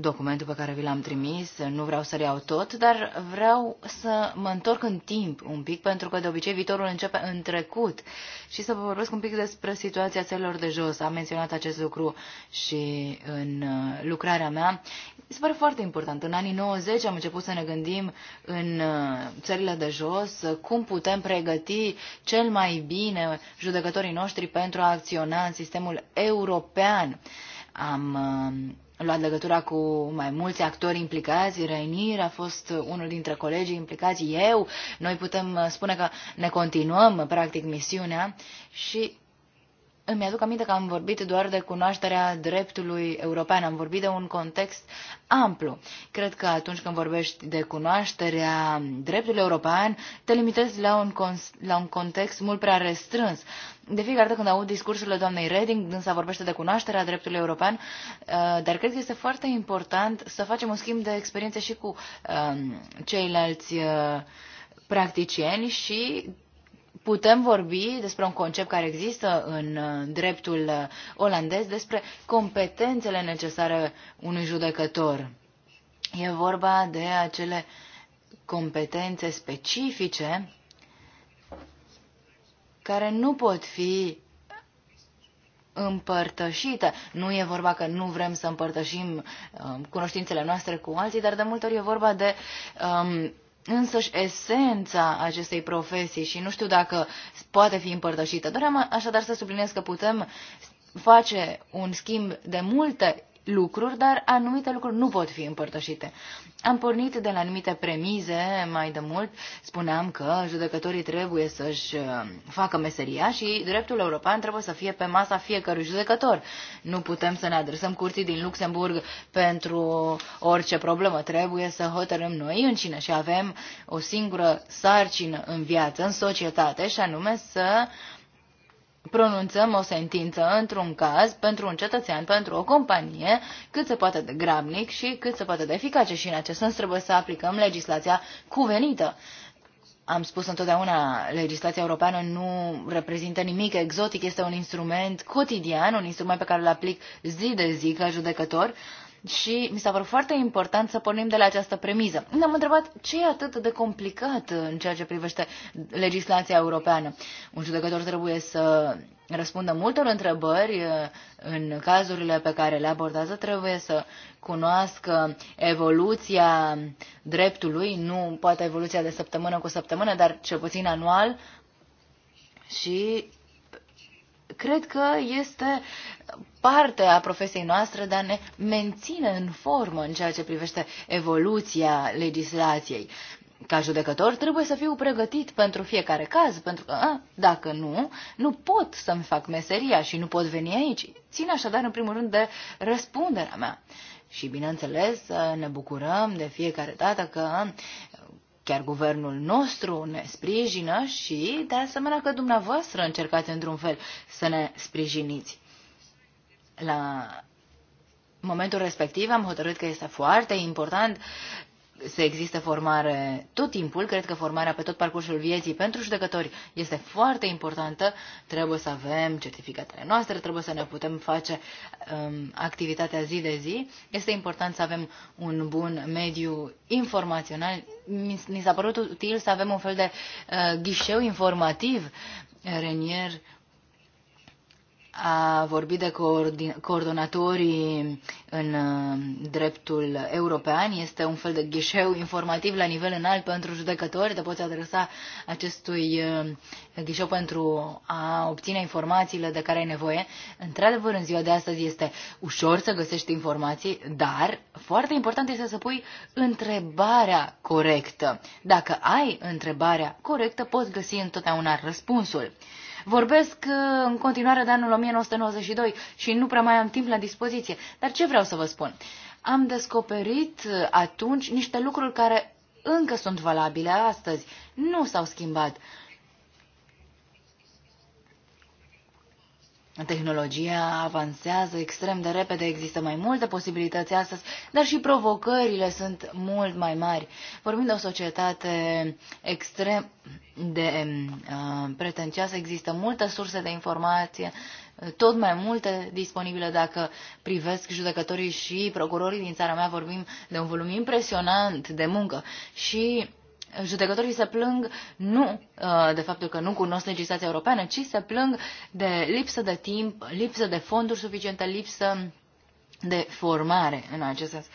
documentul pe care vi l-am trimis, nu vreau să reiau tot, dar vreau să mă întorc în timp un pic, pentru că de obicei viitorul începe în trecut și să vă vorbesc un pic despre situația celor de jos. Am menționat acest lucru și în uh, lucrarea mea. Mi se pare foarte important. În anii 90 am început să ne gândim în uh, țările de jos uh, cum putem pregăti cel mai bine judecătorii noștri pentru a acționa în sistemul european. Am luat legătura cu mai mulți actori implicați, Rainier a fost unul dintre colegii implicați, eu, noi putem uh, spune că ne continuăm practic misiunea și îmi aduc aminte că am vorbit doar de cunoașterea dreptului european, am vorbit de un context amplu. Cred că atunci când vorbești de cunoașterea dreptului european, te limitezi la un, la un context mult prea restrâns. De fiecare dată când aud discursurile doamnei Reding, dânsa vorbește de cunoașterea dreptului european, uh, dar cred că este foarte important să facem un schimb de experiențe și cu um, ceilalți uh, practicieni și putem vorbi despre un concept care există în uh, dreptul uh, olandez, despre competențele necesare unui judecător. E vorba de acele competențe specifice care nu pot fi împărtășită. Nu e vorba că nu vrem să împărtășim um, cunoștințele noastre cu alții, dar de multe ori e vorba de um, însăși esența acestei profesii și nu știu dacă poate fi împărtășită. Doream așadar să subliniez că putem face un schimb de multe lucruri, dar anumite lucruri nu pot fi împărtășite. Am pornit de la anumite premize mai de mult, spuneam că judecătorii trebuie să-și uh, facă meseria și dreptul european trebuie să fie pe masa fiecărui judecător. Nu putem să ne adresăm curții din Luxemburg pentru orice problemă, trebuie să hotărâm noi în cine și avem o singură sarcină în viață, în societate, și anume să uh, pronunțăm o sentință într-un caz pentru un cetățean, pentru o companie, cât se poate de grabnic și cât se poate de eficace și în acest sens trebuie să aplicăm legislația cuvenită. Am spus întotdeauna, legislația europeană nu reprezintă nimic exotic, este un instrument cotidian, un instrument pe care îl aplic zi de zi ca judecător și mi s-a părut foarte important să pornim de la această premiză. Ne-am întrebat ce e atât de complicat în ceea ce privește legislația europeană. Un judecător trebuie să răspundă multor întrebări eh, în cazurile pe care le abordează, trebuie să cunoască evoluția dreptului, nu poate evoluția de săptămână cu săptămână, dar cel puțin anual și cred că este parte a profesiei noastre de a ne menține în formă în ceea ce privește evoluția legislației. Ca judecător trebuie să fiu pregătit pentru fiecare caz, pentru că a, dacă nu, nu pot să-mi fac meseria și nu pot veni aici. Țin așadar în primul rând de răspunderea mea. Și bineînțeles ne bucurăm de fiecare dată că chiar guvernul nostru ne sprijină și, de asemenea, că dumneavoastră încercați într-un fel să ne sprijiniți. La momentul respectiv am hotărât că este foarte important să existe formare tot timpul. Cred că formarea pe tot parcursul vieții pentru judecători este foarte importantă. Trebuie să avem certificatele noastre, trebuie să ne putem face um, activitatea zi de zi. Este important să avem un bun mediu informațional. mi s-a părut util să avem un fel de uh, ghișeu informativ. Renier a vorbit de coordonatorii în uh, dreptul european. Este un fel de ghișeu informativ la nivel înalt pentru judecători. Te poți adresa acestui uh, ghișeu pentru a obține informațiile de care ai nevoie. Într-adevăr, în ziua de astăzi este ușor să găsești informații, dar foarte important este să pui întrebarea corectă. Dacă ai întrebarea corectă, poți găsi întotdeauna răspunsul. Vorbesc uh, în continuare de anul 1992 și nu prea mai am timp la dispoziție. Dar ce vreau să vă spun? Am descoperit uh, atunci niște lucruri care încă sunt valabile astăzi. Nu s-au schimbat. Tehnologia avansează extrem de repede, există mai multe posibilități astăzi, dar și provocările sunt mult mai mari. Vorbim de o societate extrem de um, uh, pretențioasă, există multe surse de informație, tot mai multe disponibile dacă privesc judecătorii și procurorii din țara mea, vorbim de un volum impresionant de muncă și judecătorii se plâng nu uh, de faptul că nu cunosc legislația europeană, ci se plâng de lipsă de timp, lipsă de fonduri suficiente, lipsă de formare în acest sens.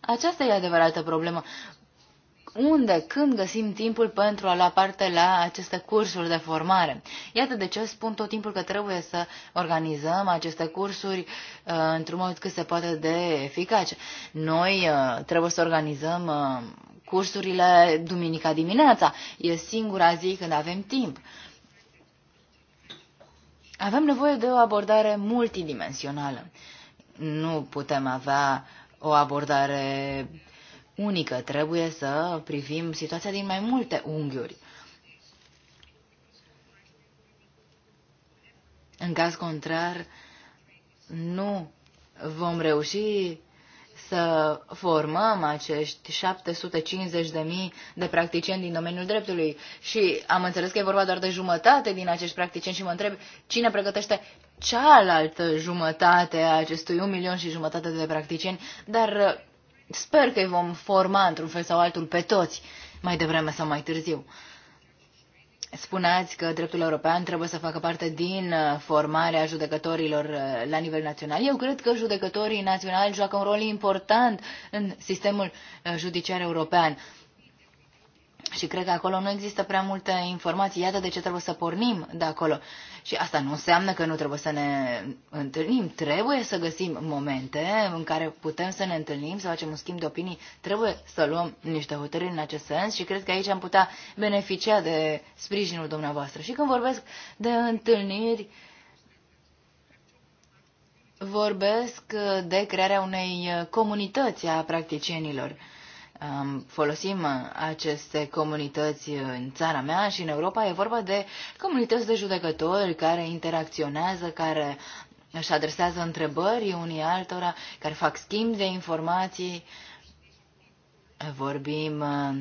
Aceasta e adevărată problemă. Unde, când găsim timpul pentru a lua parte la aceste cursuri de formare? Iată de ce spun tot timpul că trebuie să organizăm aceste cursuri uh, într-un mod cât se poate de eficace. Noi uh, trebuie să organizăm uh, cursurile duminica dimineața. E singura zi când avem timp. Avem nevoie de o abordare multidimensională. Nu putem avea o abordare unică. Trebuie să privim situația din mai multe unghiuri. În caz contrar, nu vom reuși să formăm acești 750.000 de practicieni din domeniul dreptului. Și am înțeles că e vorba doar de jumătate din acești practicieni și mă întreb cine pregătește cealaltă jumătate a acestui un milion și jumătate de practicieni, dar uh, sper că îi vom forma într-un fel sau altul pe toți, mai devreme sau mai târziu spuneați că dreptul european trebuie să facă parte din uh, formarea judecătorilor uh, la nivel național. Eu cred că judecătorii naționali joacă un rol important în sistemul uh, judiciar european. Și cred că acolo nu există prea multe informații. Iată de ce trebuie să pornim de acolo. Și asta nu înseamnă că nu trebuie să ne întâlnim. Trebuie să găsim momente în care putem să ne întâlnim, să facem un schimb de opinii. Trebuie să luăm niște hotărâri în acest sens și cred că aici am putea beneficia de sprijinul dumneavoastră. Și când vorbesc de întâlniri, vorbesc de crearea unei comunități a practicienilor folosim uh, aceste comunități uh, în țara mea și în Europa, e vorba de comunități de judecători care interacționează, care își adresează întrebări unii altora, care fac schimb de informații. Vorbim uh,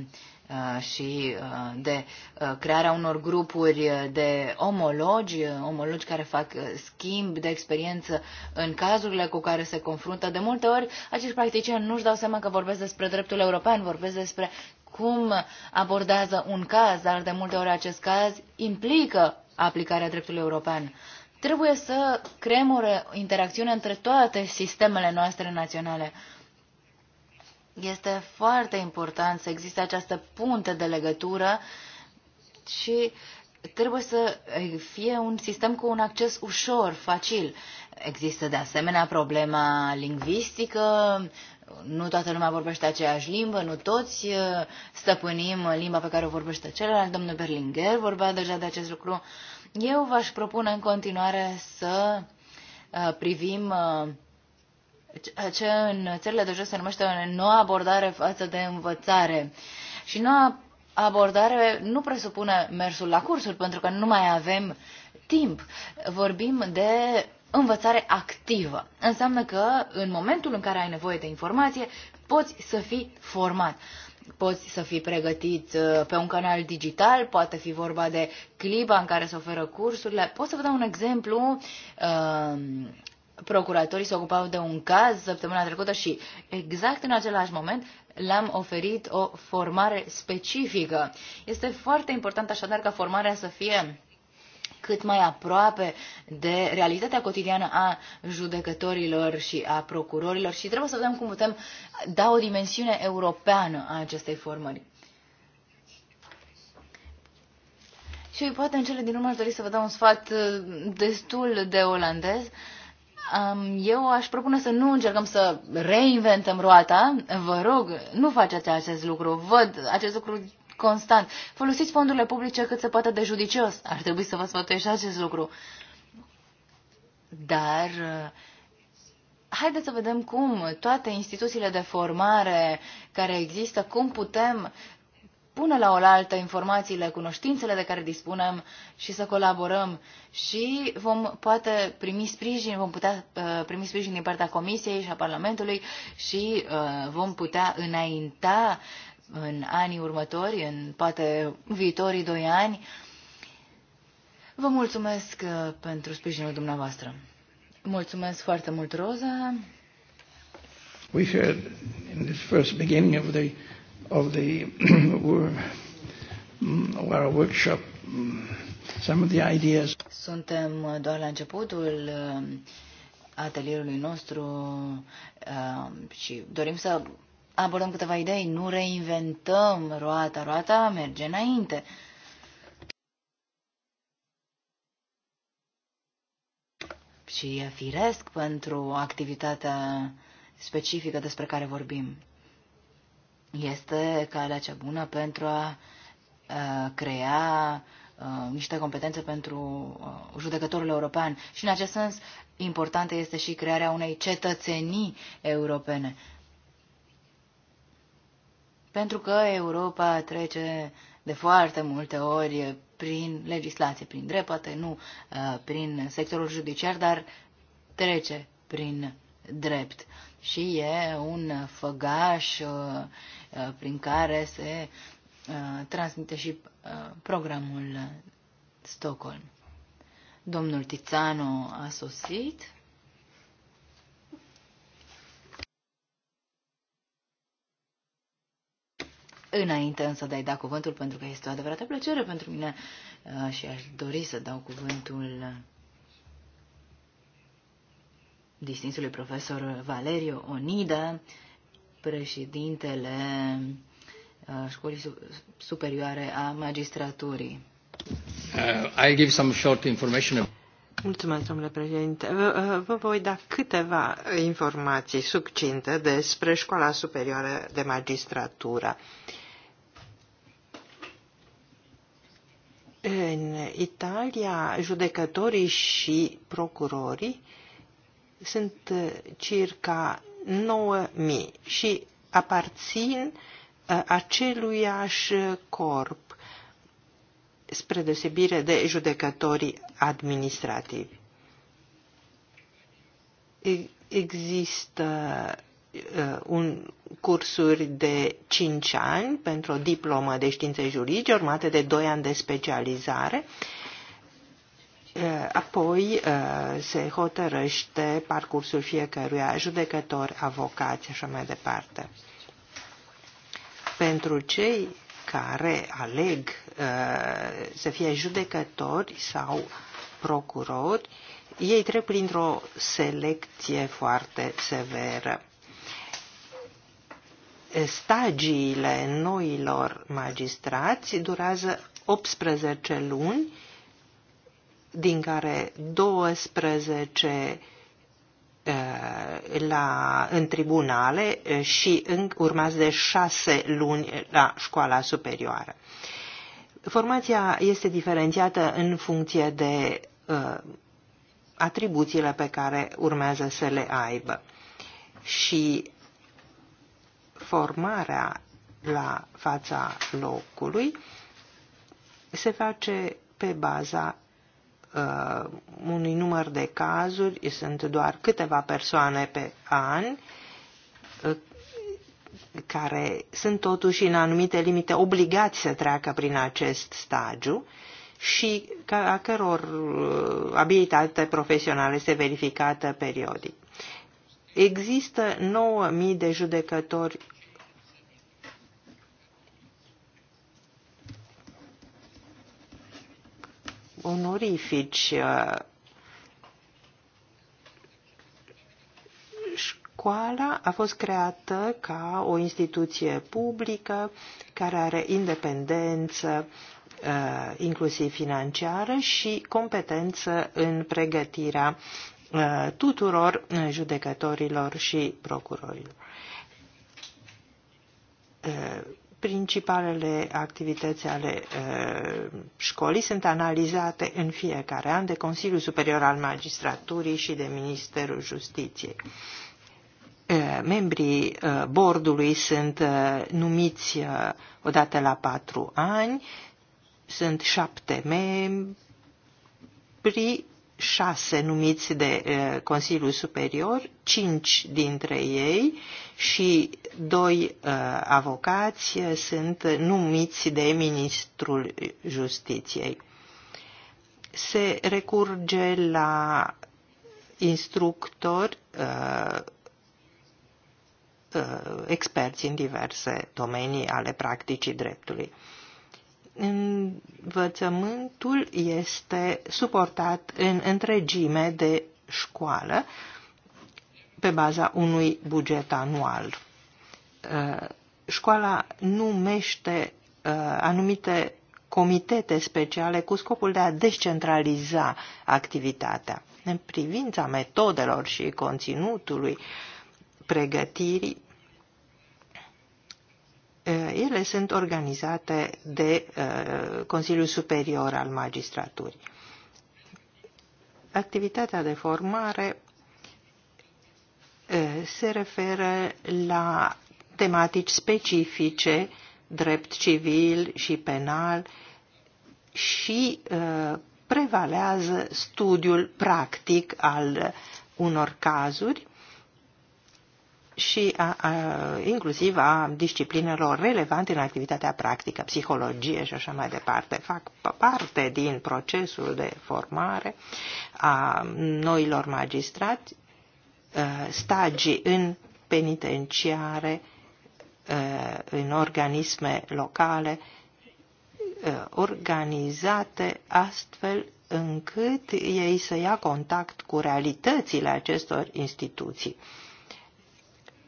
Uh, și uh, de uh, crearea unor grupuri de omologi, omologi care fac schimb de experiență în cazurile cu care se confruntă. De multe ori, acești practicieni nu-și dau seama că vorbesc despre dreptul european, vorbesc despre cum abordează un caz, dar de multe ori acest caz implică aplicarea dreptului european. Trebuie să creăm o interacțiune între toate sistemele noastre naționale. Este foarte important să existe această punte de legătură și trebuie să eh, fie un sistem cu un acces ușor, facil. Există de asemenea problema lingvistică, nu toată lumea vorbește aceeași limbă, nu toți eh, stăpânim limba pe care o vorbește celălalt. Domnul Berlinger vorbea deja de acest lucru. Eu v-aș propune în continuare să eh, privim ce în țările de jos se numește o nouă abordare față de învățare. Și noua abordare nu presupune mersul la cursuri, pentru că nu mai avem timp. Vorbim de învățare activă. Înseamnă că în momentul în care ai nevoie de informație, poți să fii format. Poți să fii pregătit uh, pe un canal digital, poate fi vorba de clipa în care se oferă cursurile. Pot să vă dau un exemplu uh, procuratorii se ocupau de un caz săptămâna trecută și exact în același moment le-am oferit o formare specifică. Este foarte important așadar ca formarea să fie cât mai aproape de realitatea cotidiană a judecătorilor și a procurorilor și trebuie să vedem cum putem da o dimensiune europeană a acestei formări. Și poate în cele din urmă aș dori să vă dau un sfat uh, destul de olandez. Uh, eu aș propune să nu încercăm să reinventăm roata. Vă rog, nu faceți acest lucru. Văd acest lucru constant. Folosiți fondurile publice cât se poate de judicios. Ar trebui să vă sfătuiești acest lucru. Dar uh, haideți să vedem cum toate instituțiile de formare care există, cum putem pună la oaltă informațiile, cunoștințele de care dispunem și să colaborăm și vom poate primi sprijin, vom putea uh, primi sprijin din partea Comisiei și a Parlamentului și uh, vom putea înainta în anii următori, în poate viitorii doi ani. Vă mulțumesc uh, pentru sprijinul dumneavoastră. Mulțumesc foarte mult, Roza. We heard in this first beginning of the of the our mm, workshop mm, some of the ideas. Suntem doar la începutul uh, atelierului nostru uh, și dorim să abordăm câteva idei, nu reinventăm roata, roata merge înainte. Și e firesc pentru activitatea specifică despre care vorbim este calea cea bună pentru a crea niște competențe pentru judecătorul european. Și în acest sens, importantă este și crearea unei cetățenii europene. Pentru că Europa trece de foarte multe ori prin legislație, prin drept, poate nu prin sectorul judiciar, dar trece prin drept. Și e un făgaș Uh, prin care se uh, transmite și uh, programul Stockholm. Domnul Tizano a sosit. Înainte însă de a-i da cuvântul, pentru că este o adevărată plăcere pentru mine și aș dori să dau cuvântul distinsului profesor Valerio Onida, președintele uh, Școlii Superioare a Magistraturii. Uh, I give some short information. Mulțumesc, domnule președinte. Uh, vă voi da câteva informații succinte despre Școala Superioară de Magistratură. În Italia, judecătorii și procurorii sunt uh, circa 9.000 și aparțin uh, aceluiași corp, spre deosebire de judecătorii administrativi. Există uh, un, cursuri de 5 ani pentru o diplomă de științe juridice, urmate de 2 ani de specializare apoi se hotărăște parcursul fiecăruia judecător, avocați așa mai departe. Pentru cei care aleg să fie judecători sau procurori, ei trec printr-o selecție foarte severă. Stagiile noilor magistrați durează 18 luni din care 12 eh, la, în tribunale eh, și în, urmați de șase luni la școala superioară. Formația este diferențiată în funcție de uh, atribuțiile pe care urmează să le aibă. Și formarea la fața locului se face pe baza uh, unui număr de cazuri, sunt doar câteva persoane pe an, uh, care sunt totuși în anumite limite obligați să treacă prin acest stagiu și a căror uh, abilitate profesională este verificată periodic. Există 9.000 de judecători onorifici. Uh, școala a fost creată ca o instituție publică care are independență, uh, inclusiv financiară, și competență în pregătirea uh, tuturor judecătorilor și procurorilor Principalele activități ale uh, școlii sunt analizate în fiecare an de Consiliul Superior al Magistraturii și de Ministerul Justiției. Uh, membrii uh, bordului sunt uh, numiți uh, odată la patru ani, sunt șapte membri șase numiți de Consiliul Superior, cinci dintre ei și doi avocați sunt numiți de Ministrul Justiției. Se recurge la instructori experți în diverse domenii ale practicii dreptului învățământul este suportat în întregime de școală pe baza unui buget anual. Uh, școala numește uh, anumite comitete speciale cu scopul de a descentraliza activitatea. În privința metodelor și conținutului pregătirii, Eh, ele sunt organizate de eh, Consiliul Superior al Magistraturii. Activitatea de formare eh, se referă la tematici specifice, drept civil și penal, și prevalează studiul practic al unor cazuri și a, a, inclusiv a disciplinelor relevante în activitatea practică, psihologie și așa mai departe. Fac parte din procesul de formare a noilor magistrați, ă, stagii în penitenciare, ă, în organisme locale, ă, organizate astfel încât ei să ia contact cu realitățile acestor instituții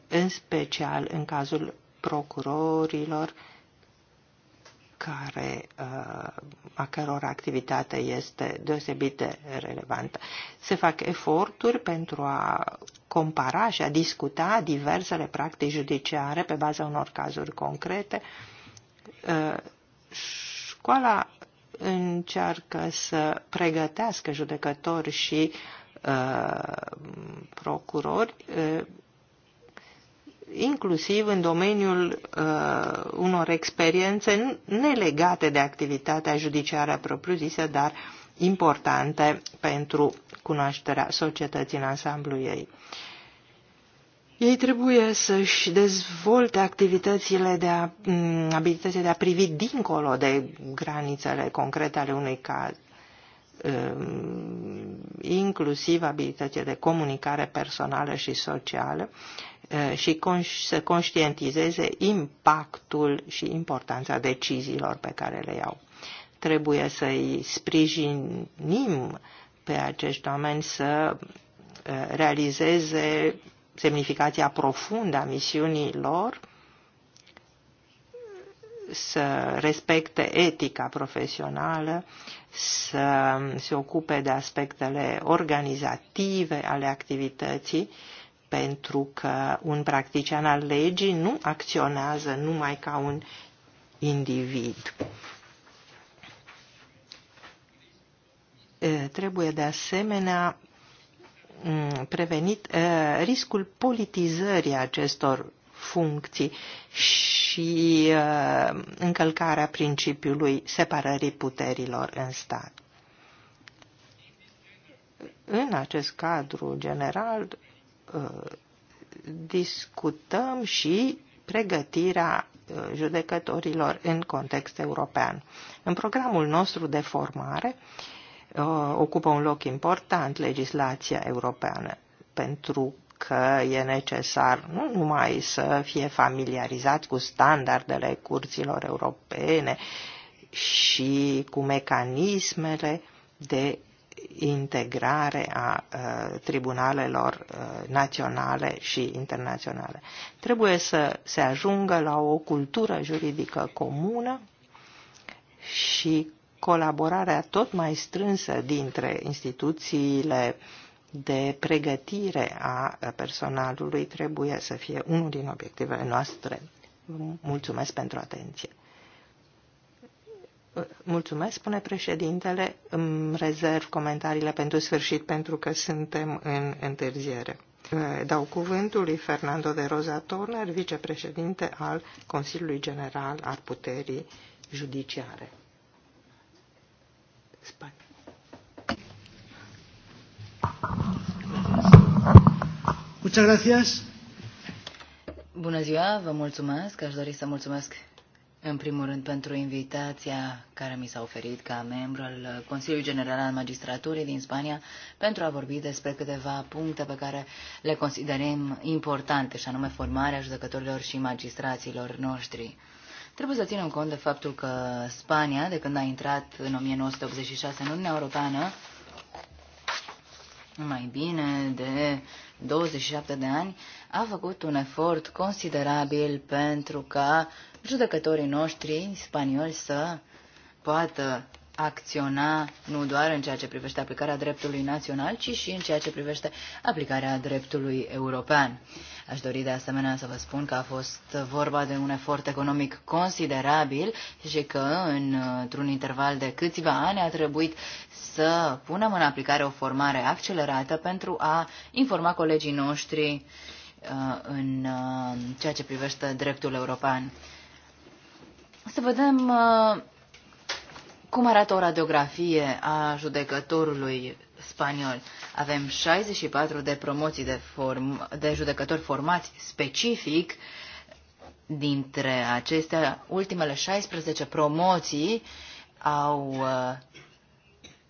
în special în cazul procurorilor care, uh, a căror activitate este deosebit de relevantă. Se fac eforturi pentru a compara și a discuta diversele practici judiciare pe baza unor cazuri concrete. Uh, școala încearcă să pregătească judecători și uh, procurori inclusiv în domeniul uh, unor experiențe nelegate de activitatea judiciară propriu-zisă, dar importante pentru cunoașterea societății în ansamblu ei. Ei trebuie să-și dezvolte activitățile de a, abilitățile de a privi dincolo de granițele concrete ale unui caz, um, inclusiv abilitățile de comunicare personală și socială și să conștientizeze impactul și importanța deciziilor pe care le iau. Trebuie să-i sprijinim pe acești oameni să realizeze semnificația profundă a misiunii lor, să respecte etica profesională, să se ocupe de aspectele organizative ale activității, pentru că un practician al legii nu acționează numai ca un individ. Trebuie de asemenea prevenit riscul politizării acestor funcții și încălcarea principiului separării puterilor în stat. În acest cadru general, discutăm și pregătirea uh, judecătorilor în context european. În programul nostru de formare uh, ocupă un loc important legislația europeană, pentru că e necesar nu numai să fie familiarizat cu standardele curților europene și cu mecanismele de integrare a uh, tribunalelor uh, naționale și internaționale. Trebuie să se ajungă la o cultură juridică comună și colaborarea tot mai strânsă dintre instituțiile de pregătire a personalului trebuie să fie unul din obiectivele noastre. Mulțumesc pentru atenție. Mulțumesc, spune președintele. Îmi rezerv comentariile pentru sfârșit pentru că suntem în întârziere. Eh, dau cuvântul lui Fernando de Rosa Turner, vicepreședinte al Consiliului General al Puterii Judiciare. Spani. Muchas gracias. Bună ziua, vă mulțumesc. Aș dori să mulțumesc în primul rând pentru invitația care mi s-a oferit ca membru al Consiliului General al Magistraturii din Spania pentru a vorbi despre câteva puncte pe care le considerăm importante, și anume formarea judecătorilor și magistraților noștri. Trebuie să ținem cont de faptul că Spania, de când a intrat în 1986 în Uniunea Europeană, mai bine de 27 de ani, a făcut un efort considerabil pentru ca judecătorii noștri spanioli să poată acționa nu doar în ceea ce privește aplicarea dreptului național, ci și în ceea ce privește aplicarea dreptului european. Aș dori de asemenea să vă spun că a fost vorba de un efort economic considerabil și că într-un interval de câțiva ani a trebuit să punem în aplicare o formare accelerată pentru a informa colegii noștri uh, în uh, ceea ce privește dreptul european. Să vedem uh, cum arată o radiografie a judecătorului spaniol. Avem 64 de promoții de, form, de judecători formați specific. Dintre acestea, ultimele 16 promoții au uh,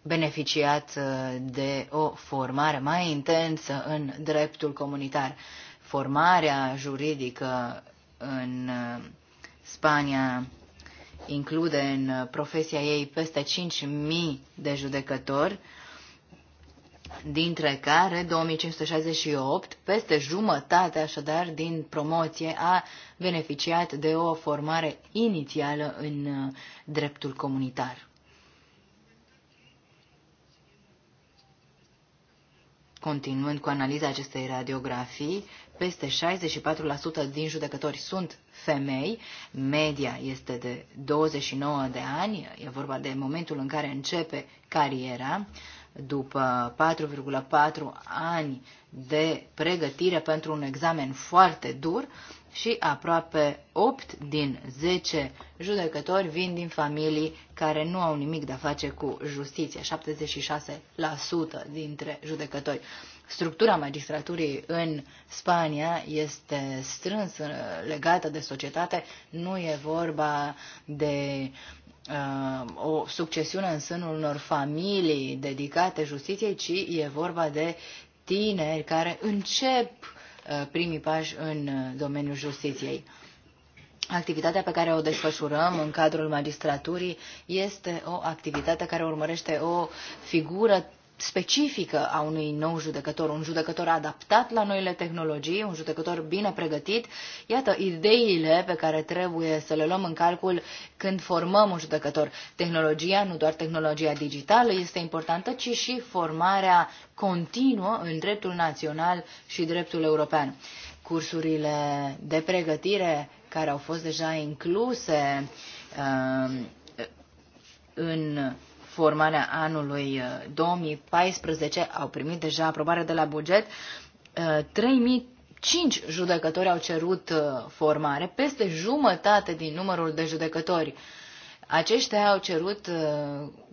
beneficiat uh, de o formare mai intensă în dreptul comunitar. Formarea juridică în Spania include în profesia ei peste 5.000 de judecători, dintre care 2568, peste jumătate așadar din promoție, a beneficiat de o formare inițială în uh, dreptul comunitar. Continuând cu analiza acestei radiografii, peste 64% din judecători sunt femei, media este de 29 de ani, e vorba de momentul în care începe cariera, după 4,4 ani de pregătire pentru un examen foarte dur, și aproape 8 din 10 judecători vin din familii care nu au nimic de a face cu justiția, 76% dintre judecători. Structura magistraturii în Spania este strâns uh, legată de societate, nu e vorba de uh, o succesiune în sânul unor familii dedicate justiției, ci e vorba de tineri care încep Uh, primii pași în uh, domeniul justiției. Activitatea pe care o desfășurăm în cadrul magistraturii este o activitate care urmărește o figură specifică a unui nou judecător, un judecător adaptat la noile tehnologii, un judecător bine pregătit. Iată ideile pe care trebuie să le luăm în calcul când formăm un judecător. Tehnologia, nu doar tehnologia digitală, este importantă, ci și formarea continuă în dreptul național și dreptul european. Cursurile de pregătire care au fost deja incluse uh, în formarea anului 2014 uh, au primit deja aprobare de la buget. 3000 uh, judecători au cerut uh, formare, peste jumătate din numărul de judecători. Aceștia au cerut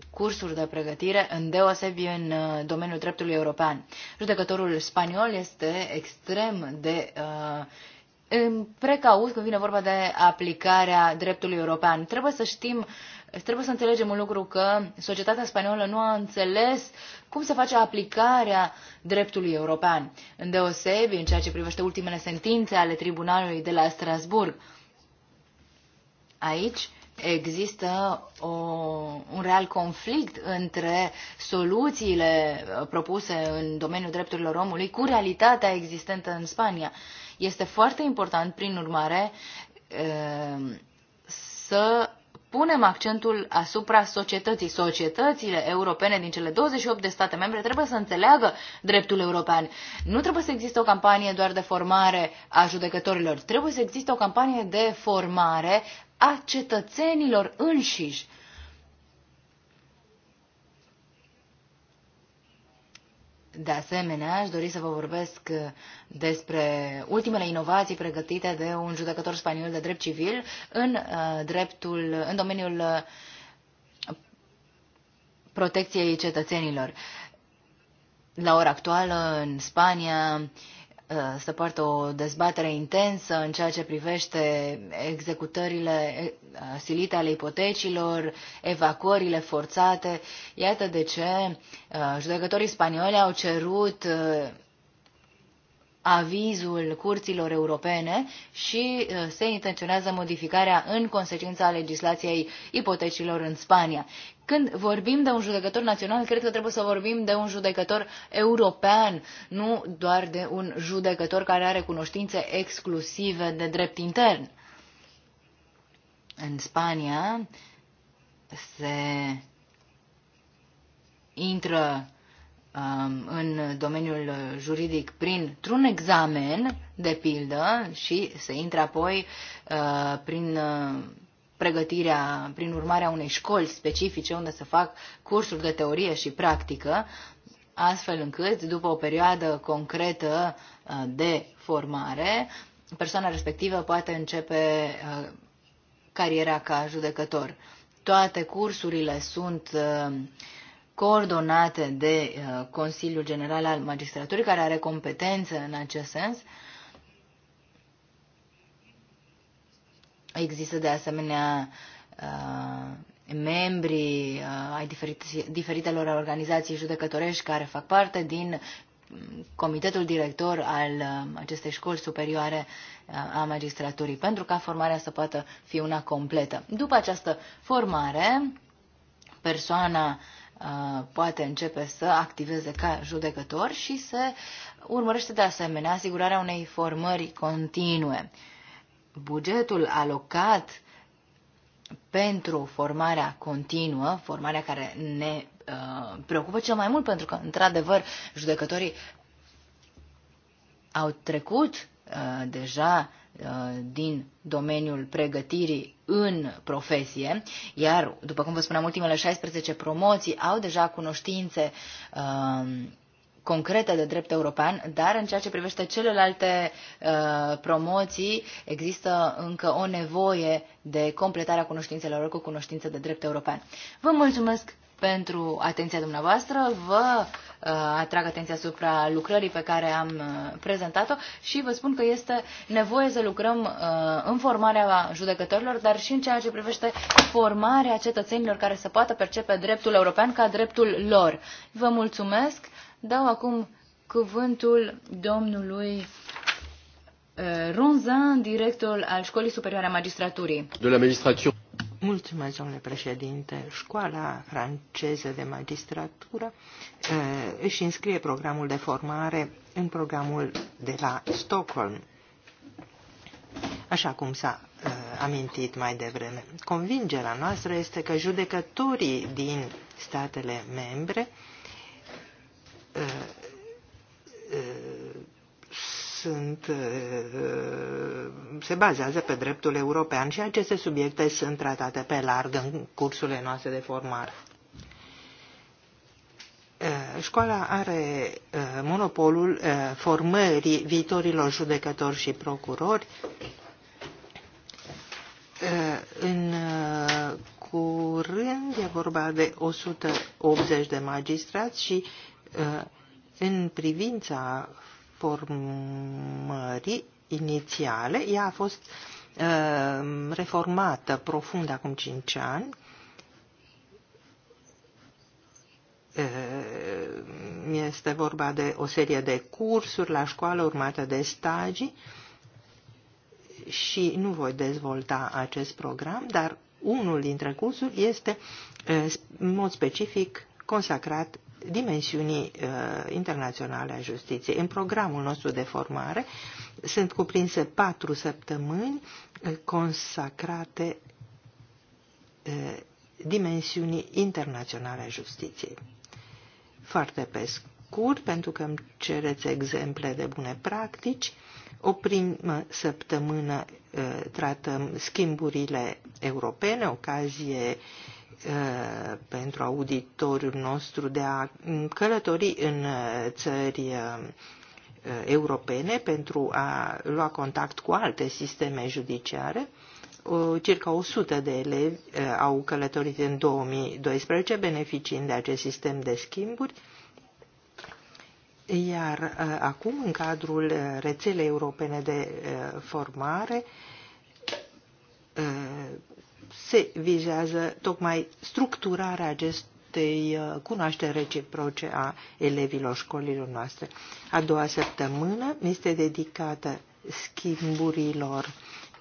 cursuri de pregătire în deosebi în domeniul dreptului european. Judecătorul spaniol este extrem de uh, precaut când vine vorba de aplicarea dreptului european. Trebuie să știm Trebuie să înțelegem un lucru că societatea spaniolă nu a înțeles cum se face aplicarea dreptului european, deosebi în ceea ce privește ultimele sentințe ale tribunalului de la Strasburg. Aici există o, un real conflict între soluțiile uh, propuse în domeniul drepturilor omului cu realitatea existentă în Spania. Este foarte important, prin urmare, uh, să punem accentul asupra societății. Societățile europene din cele 28 de state membre trebuie să înțeleagă dreptul european. Nu trebuie să existe o campanie doar de formare a judecătorilor, trebuie să existe o campanie de formare a cetățenilor înșiși De asemenea, aș dori să vă vorbesc uh, despre ultimele inovații pregătite de un judecător spaniol de drept civil în uh, dreptul, în domeniul uh, protecției cetățenilor. La ora actuală, în Spania, Uh, să poartă o dezbatere intensă în ceea ce privește executările uh, silite ale ipotecilor, evacuările forțate. Iată de ce uh, judecătorii spanioli au cerut avizul curților europene și uh, se intenționează modificarea în consecința legislației ipotecilor în Spania. Când vorbim de un judecător național, cred că trebuie să vorbim de un judecător european, nu doar de un judecător care are cunoștințe exclusive de drept intern. În Spania se intră Um, în domeniul juridic printr-un examen, de pildă, și să intre apoi uh, prin uh, pregătirea, prin urmarea unei școli specifice unde să fac cursuri de teorie și practică, astfel încât, după o perioadă concretă uh, de formare, persoana respectivă poate începe cariera ca judecător. Toate cursurile sunt uh, coordonate de uh, Consiliul General al Magistraturii, care are competență în acest sens. Există de asemenea uh, membri uh, ai diferitelor organizații judecătorești care fac parte din mm, comitetul director al acestei școli superioare a magistraturii, pentru ca formarea să poată fi una completă. După această formare, persoana uh, Uh, poate începe să activeze ca judecător și se urmărește de asemenea asigurarea unei formări continue. Bugetul alocat pentru formarea continuă, formarea care ne uh, preocupă cel mai mult, pentru că, într-adevăr, judecătorii au trecut uh, deja Uh, din domeniul pregătirii în profesie, iar, după cum vă spuneam, ultimele 16 promoții au deja cunoștințe um, concrete de drept european, dar în ceea ce privește celelalte uh, promoții există încă o nevoie de completarea cunoștințelor cu cunoștințe de drept european. Vă mulțumesc pentru atenția dumneavoastră. Vă uh, atrag atenția asupra lucrării pe care am uh, prezentat-o și vă spun că este nevoie să lucrăm uh, în formarea judecătorilor, dar și în ceea ce privește formarea cetățenilor care să poată percepe dreptul european ca dreptul lor. Vă mulțumesc. Dau acum cuvântul domnului Ronzan, directorul al Școlii Superioare a Magistraturii. De la magistratură. Mulțumesc, domnule președinte. Școala franceză de magistratură eh, își înscrie programul de formare în programul de la Stockholm, așa cum s-a eh, amintit mai devreme. Convingerea noastră este că judecătorii din statele membre eh, sunt, uh, uh, se bazează pe dreptul european și aceste subiecte sunt tratate pe larg în cursurile noastre de formare. Uh, școala are monopolul formării viitorilor judecători și procurori în curând e vorba de 180 de magistrați și în privința reformării inițiale. Ea a fost uh, reformată profund acum 5 ani. Uh, este vorba de o serie de cursuri la școală urmată de stagii și nu voi dezvolta acest program, dar unul dintre cursuri este uh, în mod specific consacrat dimensiunii uh, internaționale a justiției. În programul nostru de formare sunt cuprinse patru săptămâni uh, consacrate uh, dimensiunii internaționale a justiției. Foarte pe scurt, pentru că îmi cereți exemple de bune practici, o primă săptămână uh, tratăm schimburile europene, ocazie uh, Uh, pentru auditoriul nostru de a călători în uh, țări uh, europene pentru a lua contact cu alte sisteme judiciare. Circa 100 de elevi au călătorit în 2012 beneficiind de acest sistem de schimburi, iar acum, în cadrul rețelei europene de formare, se vizează tocmai structurarea acestei uh, cunoașteri reciproce a elevilor școlilor noastre. A doua săptămână este dedicată schimburilor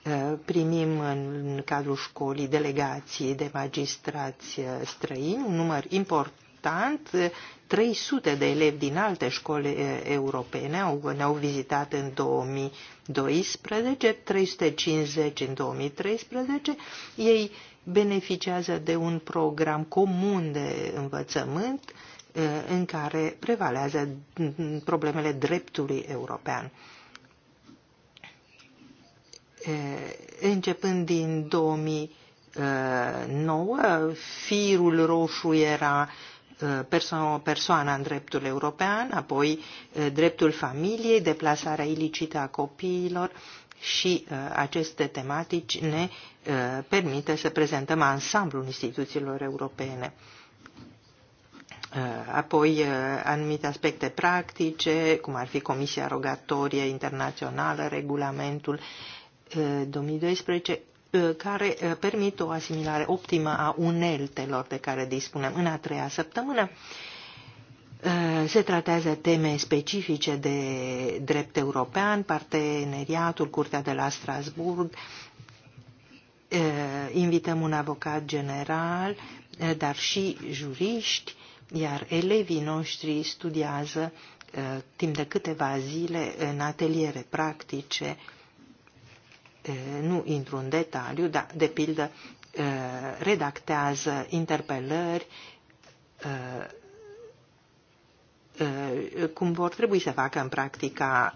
uh, primim în cadrul școlii delegații de magistrați uh, străini, un număr important important. 300 de elevi din alte școli europene au, ne-au vizitat în 2012, 350 în 2013. Ei beneficiază de un program comun de învățământ în care prevalează problemele dreptului european. Începând din 2009, firul roșu era uh, Uh, persoana în dreptul european, apoi uh, dreptul familiei, deplasarea ilicită a copiilor și uh, aceste tematici ne permite să prezentăm ansamblul instituțiilor europene. Apoi anumite aspecte practice, cum ar fi Comisia Rogatorie Internațională, regulamentul 2012 Uh, care uh, permit o asimilare optimă a uneltelor de care dispunem în a treia săptămână. Uh, se tratează teme specifice de drept european, parteneriatul, Curtea de la Strasburg. Invităm un avocat general, dar și juriști, iar elevii noștri studiază timp de câteva zile în ateliere practice nu intru în detaliu, dar, de pildă, redactează interpelări cum vor trebui să facă în practica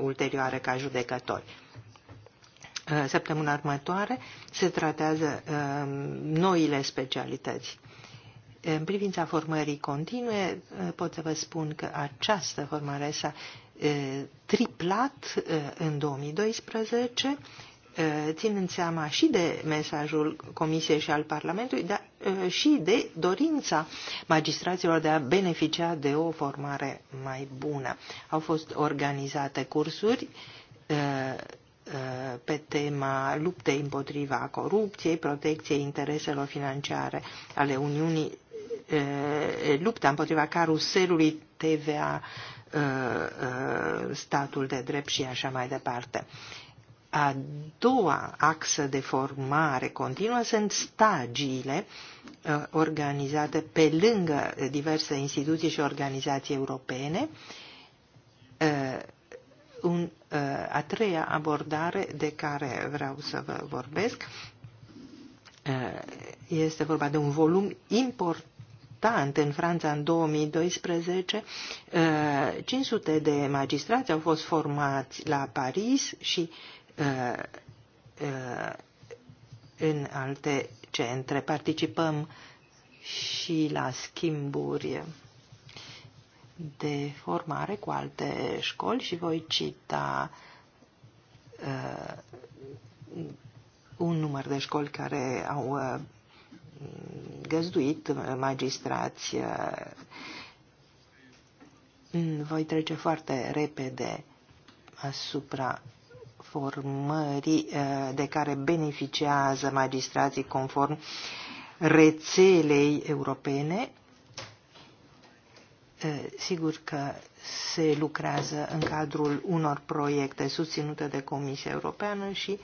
ulterioară ca judecători. Săptămâna următoare se tratează noile specialități. În privința formării continue, pot să vă spun că această formare s-a triplat în 2012, ținând seama și de mesajul Comisiei și al Parlamentului, dar și de dorința magistraților de a beneficia de o formare mai bună. Au fost organizate cursuri pe tema luptei împotriva corupției, protecției intereselor financiare ale Uniunii, lupta împotriva caruselului TVA Uh, uh, statul de drept și așa mai departe. A doua axă de formare continuă sunt stagiile uh, organizate pe lângă diverse instituții și organizații europene. Un, a treia abordare de care vreau să vă vorbesc este vorba de un volum important important în Franța în 2012. 500 uh, de magistrați au fost formați la Paris și uh, uh, în alte centre. Participăm și la schimburi de formare cu alte școli și voi cita uh, un număr de școli care au uh, găzduit magistrați. Eh, voi trece foarte repede asupra formării eh, de care beneficiază magistrații conform rețelei europene. Eh, sigur că se lucrează în cadrul unor proiecte susținute de Comisia Europeană și uh,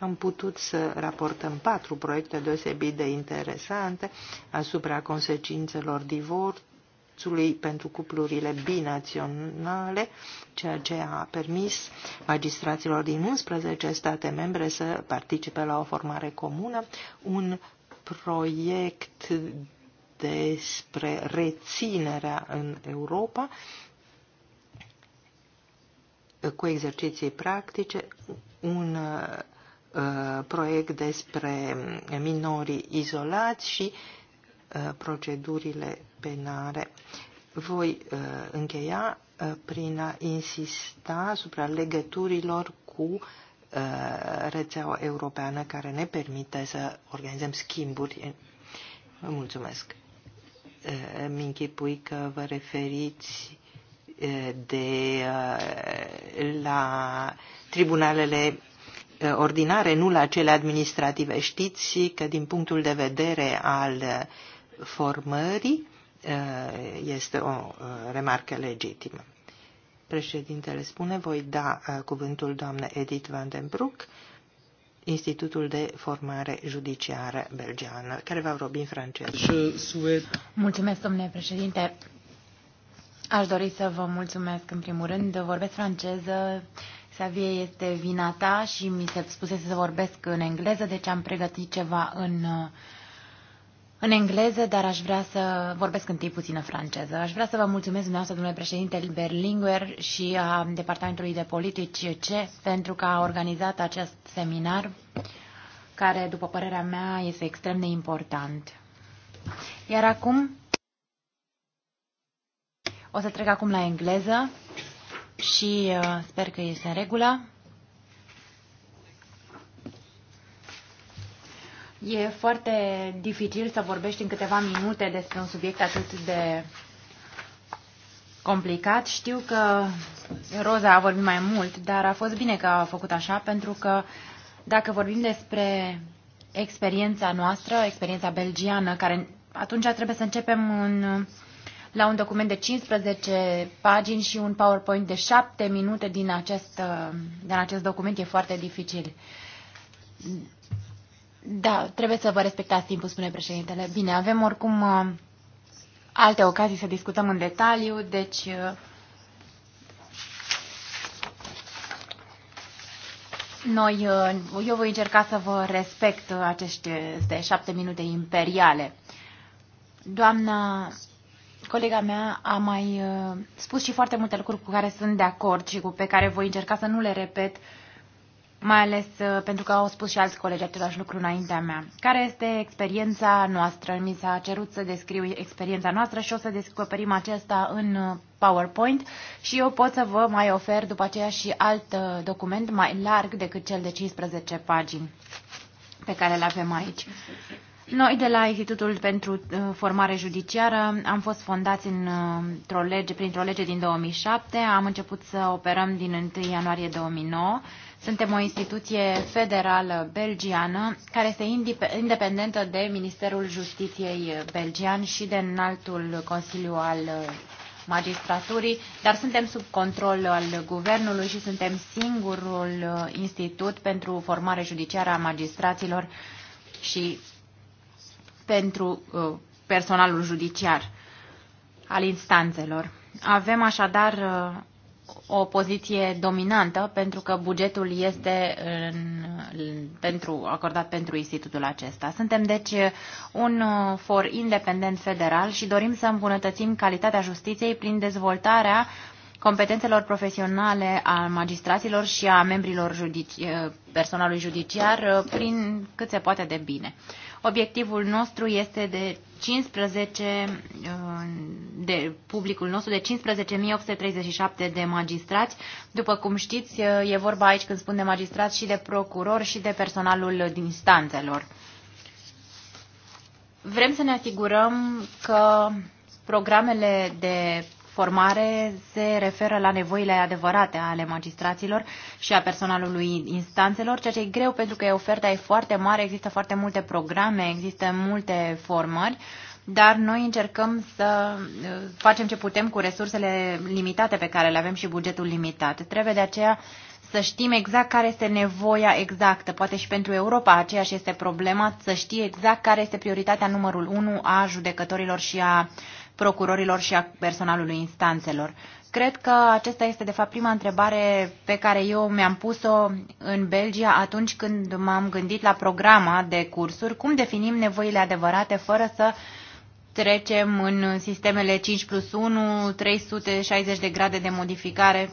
am putut să raportăm patru proiecte deosebit de interesante asupra consecințelor divorțului pentru cuplurile binaționale, ceea ce a permis magistraților din 11 state membre să participe la o formare comună, un proiect despre reținerea în Europa, cu exerciții practice, un Uh, proiect despre minorii izolați și uh, procedurile penare. Voi uh, încheia prin a insista asupra legăturilor cu rețeaua europeană care ne permite să organizăm schimburi. Vă mulțumesc. mi închipui că vă referiți de la tribunalele Eh, ordinare, nu la cele administrative. Știți că din punctul de vedere al eh, formării eh, este o remarcă legitimă. Președintele spune, voi da cuvântul doamnă Edith Van den Broek, Institutul de Formare Judiciară Belgeană, care va vorbi în franceză. Mulțumesc, domnule președinte. Aș dori să vă mulțumesc, în primul rând. Vorbesc franceză Xavier, este vina ta și mi se spusese să vorbesc în engleză, deci am pregătit ceva în, uh, în engleză, dar aș vrea să vorbesc în timp puțină franceză. Aș vrea să vă mulțumesc dumneavoastră, domnule președinte Berlinguer și a Departamentului de Politici C, pentru că a organizat acest seminar, care, după părerea mea, este extrem de important. Iar acum o să trec acum la engleză și uh, sper că este în regulă. E foarte dificil să vorbești în câteva minute despre un subiect atât de complicat. Știu că Roza a vorbit mai mult, dar a fost bine că a făcut așa, pentru că dacă vorbim despre experiența noastră, experiența belgiană, care atunci trebuie să începem în la un document de 15 pagini și un PowerPoint de 7 minute din acest, uh, din acest document e foarte dificil. Da, trebuie să vă respectați timpul, spune președintele. Bine, avem oricum uh, alte ocazii să discutăm în detaliu, deci uh, noi, eu voi încerca să vă respect aceste șapte minute imperiale. Doamna Colega mea a mai uh, spus și foarte multe lucruri cu care sunt de acord și cu pe care voi încerca să nu le repet, mai ales uh, pentru că au spus și alți colegi același lucru înaintea mea. Care este experiența noastră? Mi s-a cerut să descriu experiența noastră și o să descoperim aceasta în uh, PowerPoint și eu pot să vă mai ofer după aceea și alt document mai larg decât cel de 15 pagini pe care le avem aici. Noi de la Institutul pentru uh, Formare Judiciară am fost fondați uh, într-o lege, printr-o lege din 2007, am început să operăm din 1 ianuarie 2009. Suntem o instituție federală belgiană care este independentă de Ministerul Justiției belgian și de înaltul Consiliu al uh, magistraturii, dar suntem sub control al guvernului și suntem singurul institut pentru formare judiciară a magistraților și pentru uh, personalul judiciar al instanțelor. Avem așadar uh, o poziție dominantă pentru că bugetul este în, pentru, acordat pentru institutul acesta. Suntem deci un uh, for independent federal și dorim să îmbunătățim calitatea justiției prin dezvoltarea competențelor profesionale a magistraților și a membrilor judici, personalului judiciar prin cât se poate de bine. Obiectivul nostru este de 15, uh, de publicul nostru, de 15.837 de magistrați. După cum știți, uh, e vorba aici când spun de magistrați și de procurori și de personalul din instanțelor. Vrem să ne asigurăm că programele de formare se referă la nevoile adevărate ale magistraților și a personalului instanțelor, ceea ce e greu pentru că oferta e foarte mare, există foarte multe programe, există multe formări, dar noi încercăm să uh, facem ce putem cu resursele limitate pe care le avem și bugetul limitat. Trebuie de aceea să știm exact care este nevoia exactă. Poate și pentru Europa aceeași este problema, să știe exact care este prioritatea numărul 1 a judecătorilor și a uh, procurorilor și a personalului instanțelor. Cred că acesta este, de fapt, prima întrebare pe care eu mi-am pus-o în Belgia atunci când m-am gândit la programa de cursuri. Cum definim nevoile adevărate fără să trecem în sistemele 5 plus 1, 360 de grade de modificare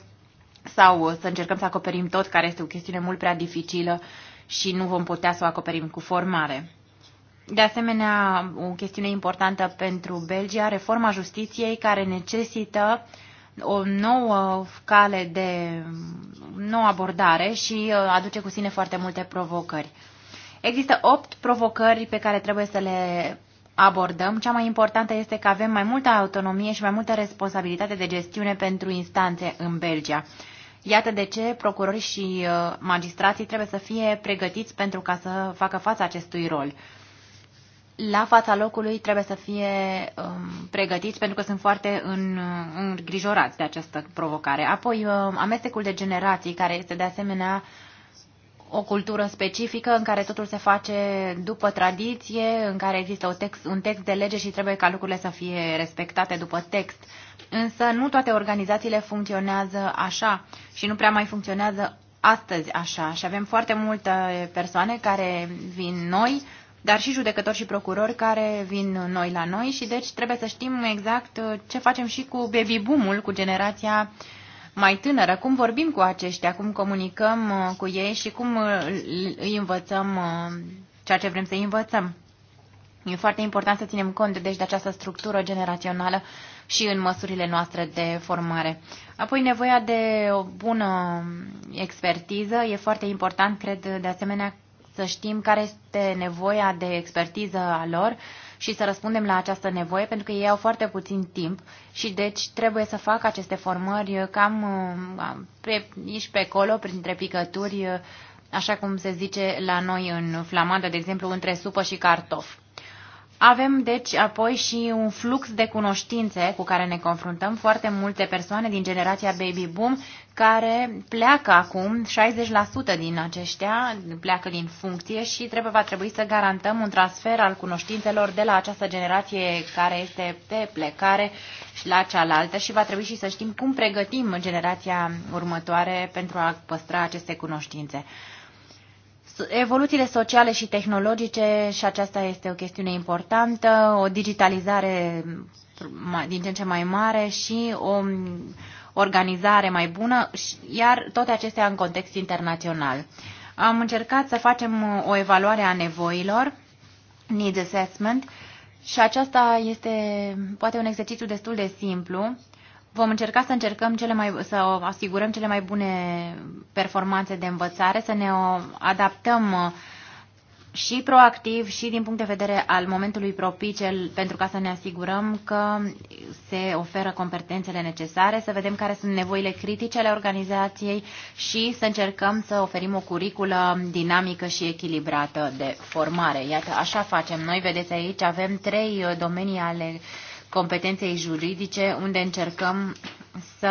sau să încercăm să acoperim tot, care este o chestiune mult prea dificilă și nu vom putea să o acoperim cu formare. De asemenea, o chestiune importantă pentru Belgia, reforma justiției care necesită o nouă cale de nouă abordare și uh, aduce cu sine foarte multe provocări. Există opt provocări pe care trebuie să le abordăm. Cea mai importantă este că avem mai multă autonomie și mai multă responsabilitate de gestiune pentru instanțe în Belgia. Iată de ce procurorii și uh, magistrații trebuie să fie pregătiți pentru ca să facă față acestui rol la fața locului trebuie să fie um, pregătiți pentru că sunt foarte în, uh, îngrijorați de această provocare. Apoi, um, amestecul de generații, care este de asemenea o cultură specifică în care totul se face după tradiție, în care există o text, un text de lege și trebuie ca lucrurile să fie respectate după text. Însă nu toate organizațiile funcționează așa și nu prea mai funcționează astăzi așa și avem foarte multe persoane care vin noi dar și judecători și procurori care vin noi la noi și deci trebuie să știm exact uh, ce facem și cu baby boom-ul, cu generația mai tânără, cum vorbim cu aceștia, cum comunicăm uh, cu ei și cum uh, îi învățăm ceea ce vrem să învățăm. E foarte important să ținem cont deci de această structură generațională și în măsurile noastre de formare. Apoi nevoia de o bună expertiză e foarte important, cred de asemenea să știm care este nevoia de expertiză a lor și să răspundem la această nevoie, pentru că ei au foarte puțin timp și deci trebuie să fac aceste formări uh, cam uh, pe, nici pe acolo, printre picături, uh, așa cum se zice la noi în Flamandă, de exemplu, între supă și cartofi. Avem, deci, apoi și un flux de cunoștințe cu care ne confruntăm. Foarte multe persoane din generația Baby Boom care pleacă acum, 60% din aceștia pleacă din funcție și trebuie, va trebui să garantăm un transfer al cunoștințelor de la această generație care este de plecare și la cealaltă și va trebui și să știm cum pregătim generația următoare pentru a păstra aceste cunoștințe evoluțiile sociale și tehnologice, și aceasta este o chestiune importantă, o digitalizare din ce în ce mai mare și o organizare mai bună, iar toate acestea în context internațional. Am încercat să facem o evaluare a nevoilor, needs assessment, și aceasta este poate un exercițiu destul de simplu, Vom încerca să încercăm cele mai, să asigurăm cele mai bune performanțe de învățare, să ne adaptăm uh, și proactiv și din punct de vedere al momentului propice pentru ca să ne asigurăm că se oferă competențele necesare, să vedem care sunt nevoile critice ale organizației și să încercăm să oferim o curiculă dinamică și echilibrată de formare. Iată, așa facem. Noi, vedeți aici, avem trei uh, domenii ale uh, competenței juridice, unde încercăm să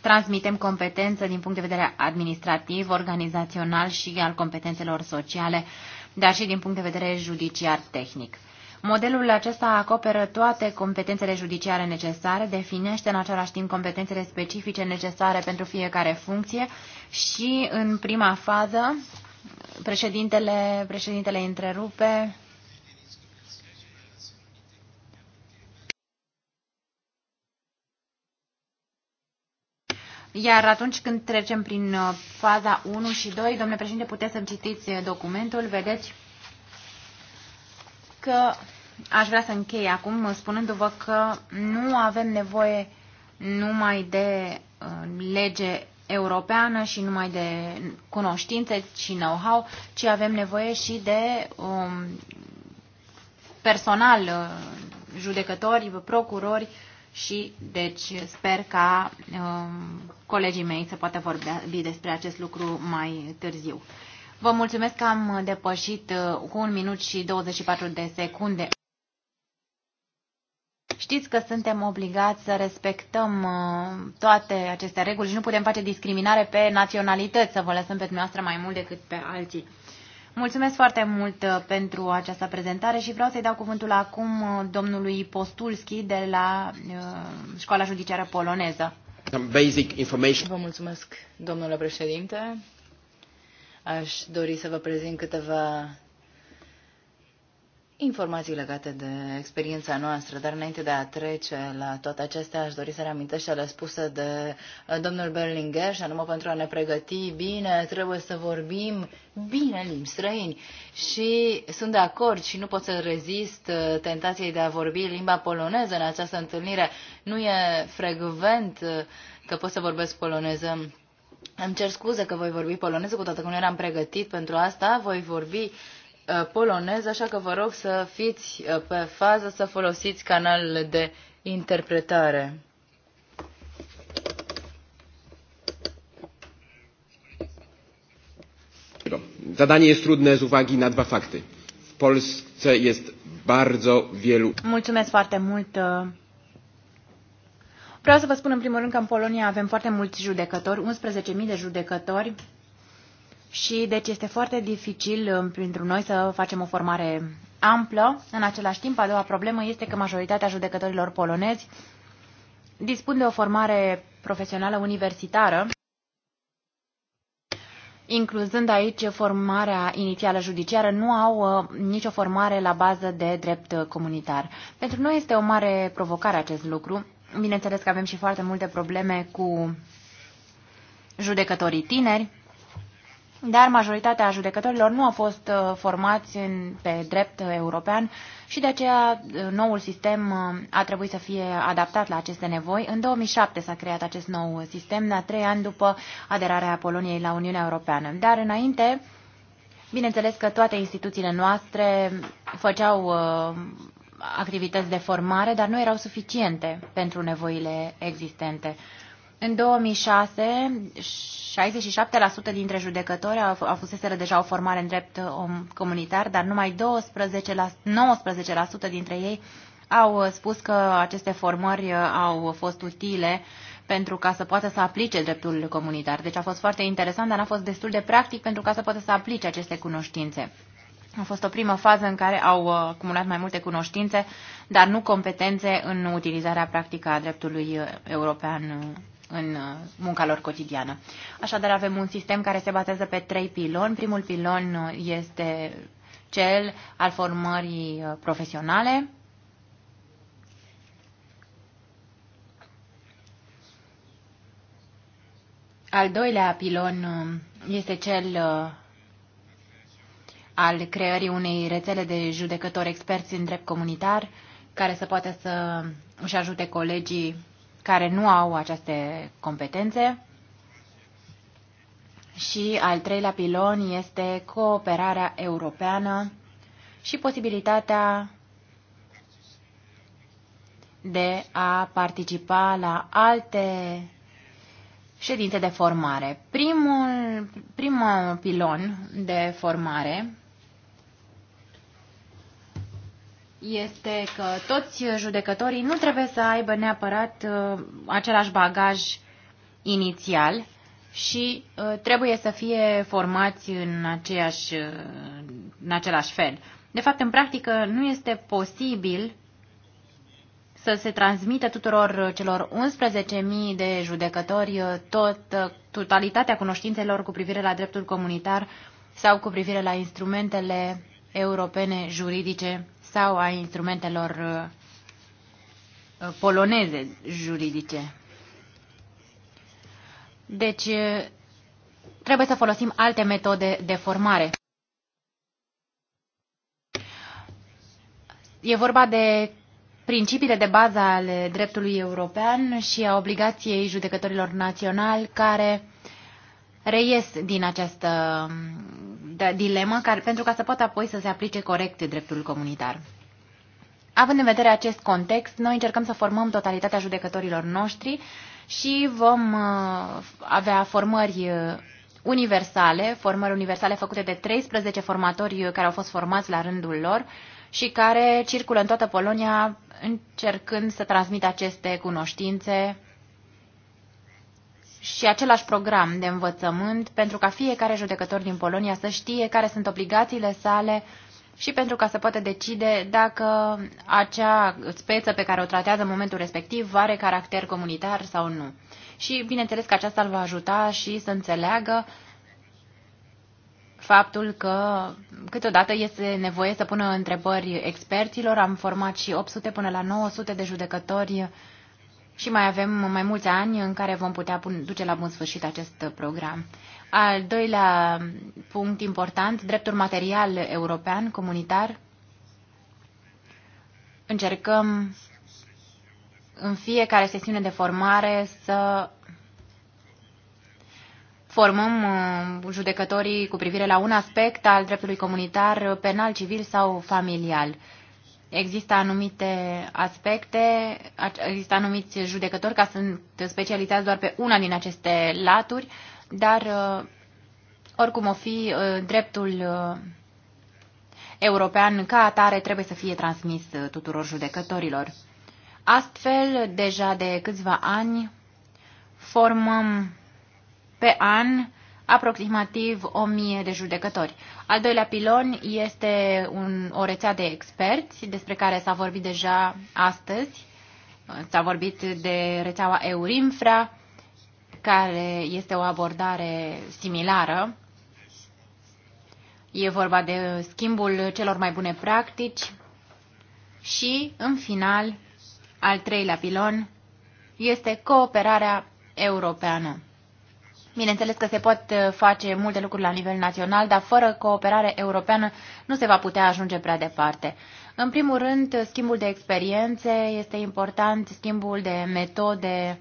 transmitem competență din punct de vedere administrativ, organizațional și al competențelor sociale, dar și din punct de vedere judiciar tehnic. Modelul acesta acoperă toate competențele judiciare necesare, definește în același timp competențele specifice necesare pentru fiecare funcție și în prima fază președintele, președintele întrerupe Iar atunci când trecem prin uh, faza 1 și 2, domnule președinte, puteți să-mi citiți uh, documentul, vedeți că aș vrea să închei acum uh, spunându-vă că nu avem nevoie numai de lege europeană și numai de cunoștințe și know-how, ci avem nevoie și de um, personal, judecători, procurori, și deci sper ca um, colegii mei să poată vorbi despre acest lucru mai târziu. Vă mulțumesc că am depășit uh, cu un minut și 24 de secunde. Știți că suntem obligați să respectăm uh, toate aceste reguli și nu putem face discriminare pe naționalități, să vă lăsăm pe dumneavoastră mai mult decât pe alții. Mulțumesc foarte mult uh, pentru această prezentare și vreau să-i dau cuvântul acum uh, domnului Postulski de la uh, Școala Judiciară Poloneză. Basic information. Vă mulțumesc, domnule președinte. Aș dori să vă prezint câteva informații legate de experiența noastră, dar înainte de a trece la toate acestea, aș dori să reamintesc cele spuse de uh, domnul Berlinger, și anume pentru a ne pregăti bine, trebuie să vorbim bine limbi străini. Și sunt de acord și nu pot să rezist uh, tentației de a vorbi limba poloneză în această întâlnire. Nu e frecvent uh, că pot să vorbesc poloneză. Îmi cer scuze că voi vorbi poloneză, cu toate că nu eram pregătit pentru asta, voi vorbi Uh, polonez, așa că vă rog să fiți uh, pe fază, să folosiți canalele de interpretare. Zadanie jest trudne z uwagi na dwa fakty. W Polsce jest bardzo wielu... Mulțumesc foarte mult. Vreau să vă spun în primul rând că în Polonia avem foarte mulți judecători, 11.000 de judecători și deci este foarte dificil um, pentru noi să facem o formare amplă. În același timp, a doua problemă este că majoritatea judecătorilor polonezi dispun de o formare profesională universitară, incluzând aici formarea inițială judiciară, nu au uh, nicio formare la bază de drept comunitar. Pentru noi este o mare provocare acest lucru. Bineînțeles că avem și foarte multe probleme cu judecătorii tineri, dar majoritatea judecătorilor nu au fost uh, formați în, pe drept european și de aceea uh, noul sistem uh, a trebuit să fie adaptat la aceste nevoi. În 2007 s-a creat acest nou sistem, la trei ani după aderarea Poloniei la Uniunea Europeană. Dar înainte, bineînțeles că toate instituțiile noastre făceau activități de formare, dar nu erau suficiente pentru nevoile existente. În 2006, 67% dintre judecători au afuseseră deja o formare în drept uh, om comunitar, dar numai 12 la, 19% dintre ei au uh, spus că aceste formări uh, au fost utile pentru ca să poată să aplice dreptul comunitar. Deci a fost foarte interesant, dar n-a fost destul de practic pentru ca să poată să aplice aceste cunoștințe. A fost o primă fază în care au acumulat mai multe cunoștințe, dar nu competențe în utilizarea practică a dreptului european în uh, munca lor cotidiană. Așadar, avem un sistem care se bazează pe trei piloni. Primul pilon uh, este cel al formării uh, profesionale. Al doilea pilon este cel al creării unei rețele de judecători experți în drept comunitar, care să poată să își ajute colegii care nu au aceste competențe. Și al treilea pilon este cooperarea europeană și posibilitatea de a participa la alte ședințe de formare. Primul, primul pilon de formare este că toți judecătorii nu trebuie să aibă neapărat uh, același bagaj inițial și uh, trebuie să fie formați în, aceeași, uh, în același fel. De fapt, în practică, nu este posibil să se transmită tuturor celor 11.000 de judecători tot, totalitatea cunoștințelor cu privire la dreptul comunitar sau cu privire la instrumentele europene juridice sau a instrumentelor uh, uh, poloneze juridice. Deci, uh, trebuie să folosim alte metode de formare. E vorba de principiile de bază ale dreptului european și a obligației judecătorilor naționali care reies din această mm, da, dilemă care, pentru ca să poată apoi să se aplice corect dreptul comunitar. Având în vedere acest context, noi încercăm să formăm totalitatea judecătorilor noștri și vom uh, avea formări uh, universale, formări universale făcute de 13 formatori uh, care au fost formați la rândul lor și care circulă în toată Polonia încercând să transmită aceste cunoștințe și același program de învățământ pentru ca fiecare judecător din Polonia să știe care sunt obligațiile sale și pentru ca să poată decide dacă acea speță pe care o tratează în momentul respectiv are caracter comunitar sau nu. Și bineînțeles că aceasta îl va ajuta și să înțeleagă faptul că câteodată este nevoie să pună întrebări experților. Am format și 800 până la 900 de judecători și mai avem mai mulți ani în care vom putea duce la bun sfârșit acest program. Al doilea punct important, dreptul material european, comunitar. Încercăm în fiecare sesiune de formare să formăm uh, judecătorii cu privire la un aspect al dreptului comunitar, penal, civil sau familial. Există anumite aspecte, există anumiți judecători care sunt specializați doar pe una din aceste laturi, dar uh, oricum o fi uh, dreptul uh, european ca atare trebuie să fie transmis tuturor judecătorilor. Astfel, deja de câțiva ani, formăm pe an aproximativ 1000 de judecători. Al doilea pilon este un, o rețea de experți despre care s-a vorbit deja astăzi. S-a vorbit de rețeaua Eurinfra, care este o abordare similară. E vorba de schimbul celor mai bune practici și, în final, al treilea pilon este cooperarea europeană. Bineînțeles că se pot uh, face multe lucruri la nivel național, dar fără cooperare europeană nu se va putea ajunge prea departe. În primul rând, schimbul de experiențe este important, schimbul de metode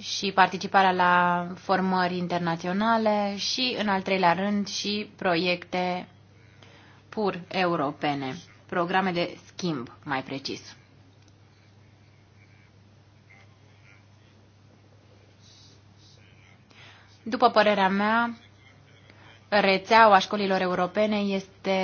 și participarea la formări internaționale și, în al treilea rând, și proiecte pur europene, programe de schimb, mai precis. După părerea mea, rețeaua școlilor europene este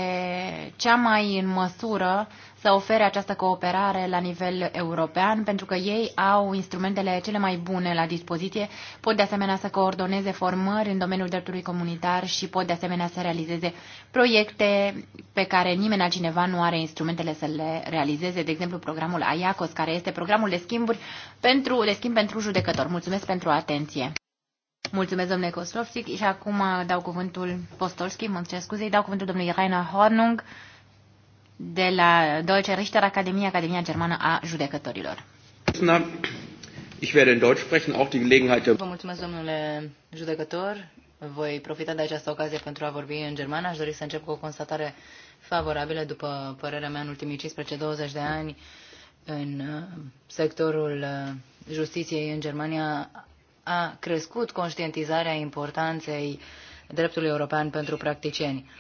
cea mai în măsură să ofere această cooperare la nivel european, pentru că ei au instrumentele cele mai bune la dispoziție, pot de asemenea să coordoneze formări în domeniul dreptului comunitar și pot de asemenea să realizeze proiecte pe care nimeni altcineva nu are instrumentele să le realizeze, de exemplu programul AIACOS, care este programul de, schimburi pentru, de schimb pentru judecători. Mulțumesc pentru atenție! Mulțumesc, domnule Koslovsik. Și acum uh, dau cuvântul Postolski, mă cer scuze, dau cuvântul domnului Rainer Hornung de la Deutsche Richter Academie, Academia Germană a Judecătorilor. Ich werde in Deutsch sprechen, auch die Gelegenheit der... Vă mulțumesc, domnule judecător. Voi profita de această ocazie pentru a vorbi în germană. Aș dori să încep cu o constatare favorabilă, după părerea mea, în ultimii 15-20 de ani în uh, sectorul uh, justiției în Germania a crescut conștientizarea importanței dreptului european pentru practicieni.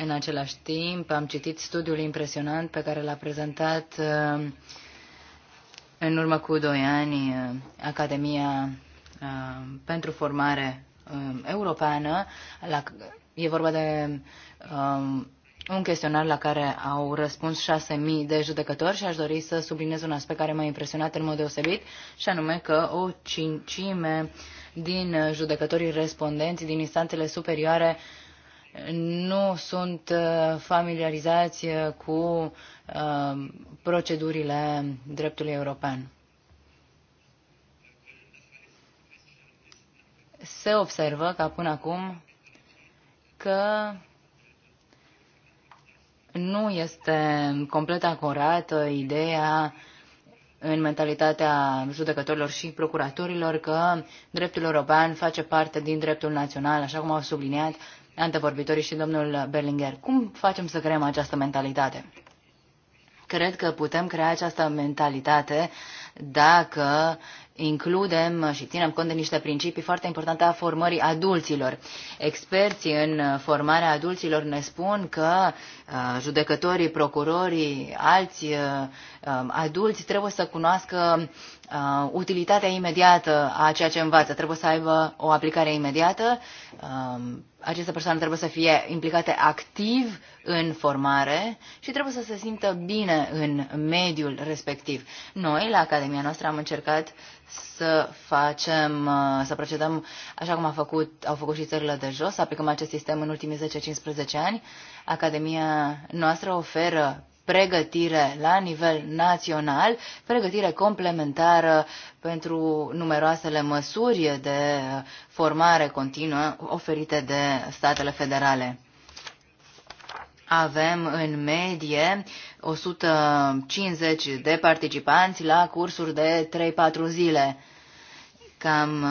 În același timp, am citit studiul impresionant pe care l-a prezentat uh, în urmă cu doi ani uh, Academia uh, pentru Formare um, Europeană. e vorba de um, un chestionar la care au răspuns 6.000 de judecători și aș dori să subliniez un aspect care m-a impresionat în mod deosebit, și anume că o cincime din judecătorii respondenți din instanțele superioare nu sunt uh, familiarizați uh, cu uh, procedurile dreptului european. Se observă ca până acum că nu este complet acurată ideea în mentalitatea judecătorilor și procuratorilor că dreptul european face parte din dreptul național, așa cum au subliniat antevorbitorii și domnul Berlinger. Cum facem să creăm această mentalitate? Cred că putem crea această mentalitate dacă includem și ținem cont de niște principii foarte importante a formării adulților. Experții în formarea adulților ne spun că uh, judecătorii, procurorii, alți uh, um, adulți trebuie să cunoască uh, utilitatea imediată a ceea ce învață. Trebuie să aibă o aplicare imediată. Uh, aceste persoane trebuie să fie implicate activ în formare și trebuie să se simtă bine în mediul respectiv. Noi, la Academia noastră, am încercat să facem, uh, să procedăm așa cum a făcut, au făcut și țările de jos, aplicăm acest sistem în ultimii 10-15 ani. Academia noastră oferă pregătire la nivel național, pregătire complementară pentru numeroasele măsuri de formare continuă oferite de statele federale. Avem în medie 150 de participanți la cursuri de 3-4 zile. Cam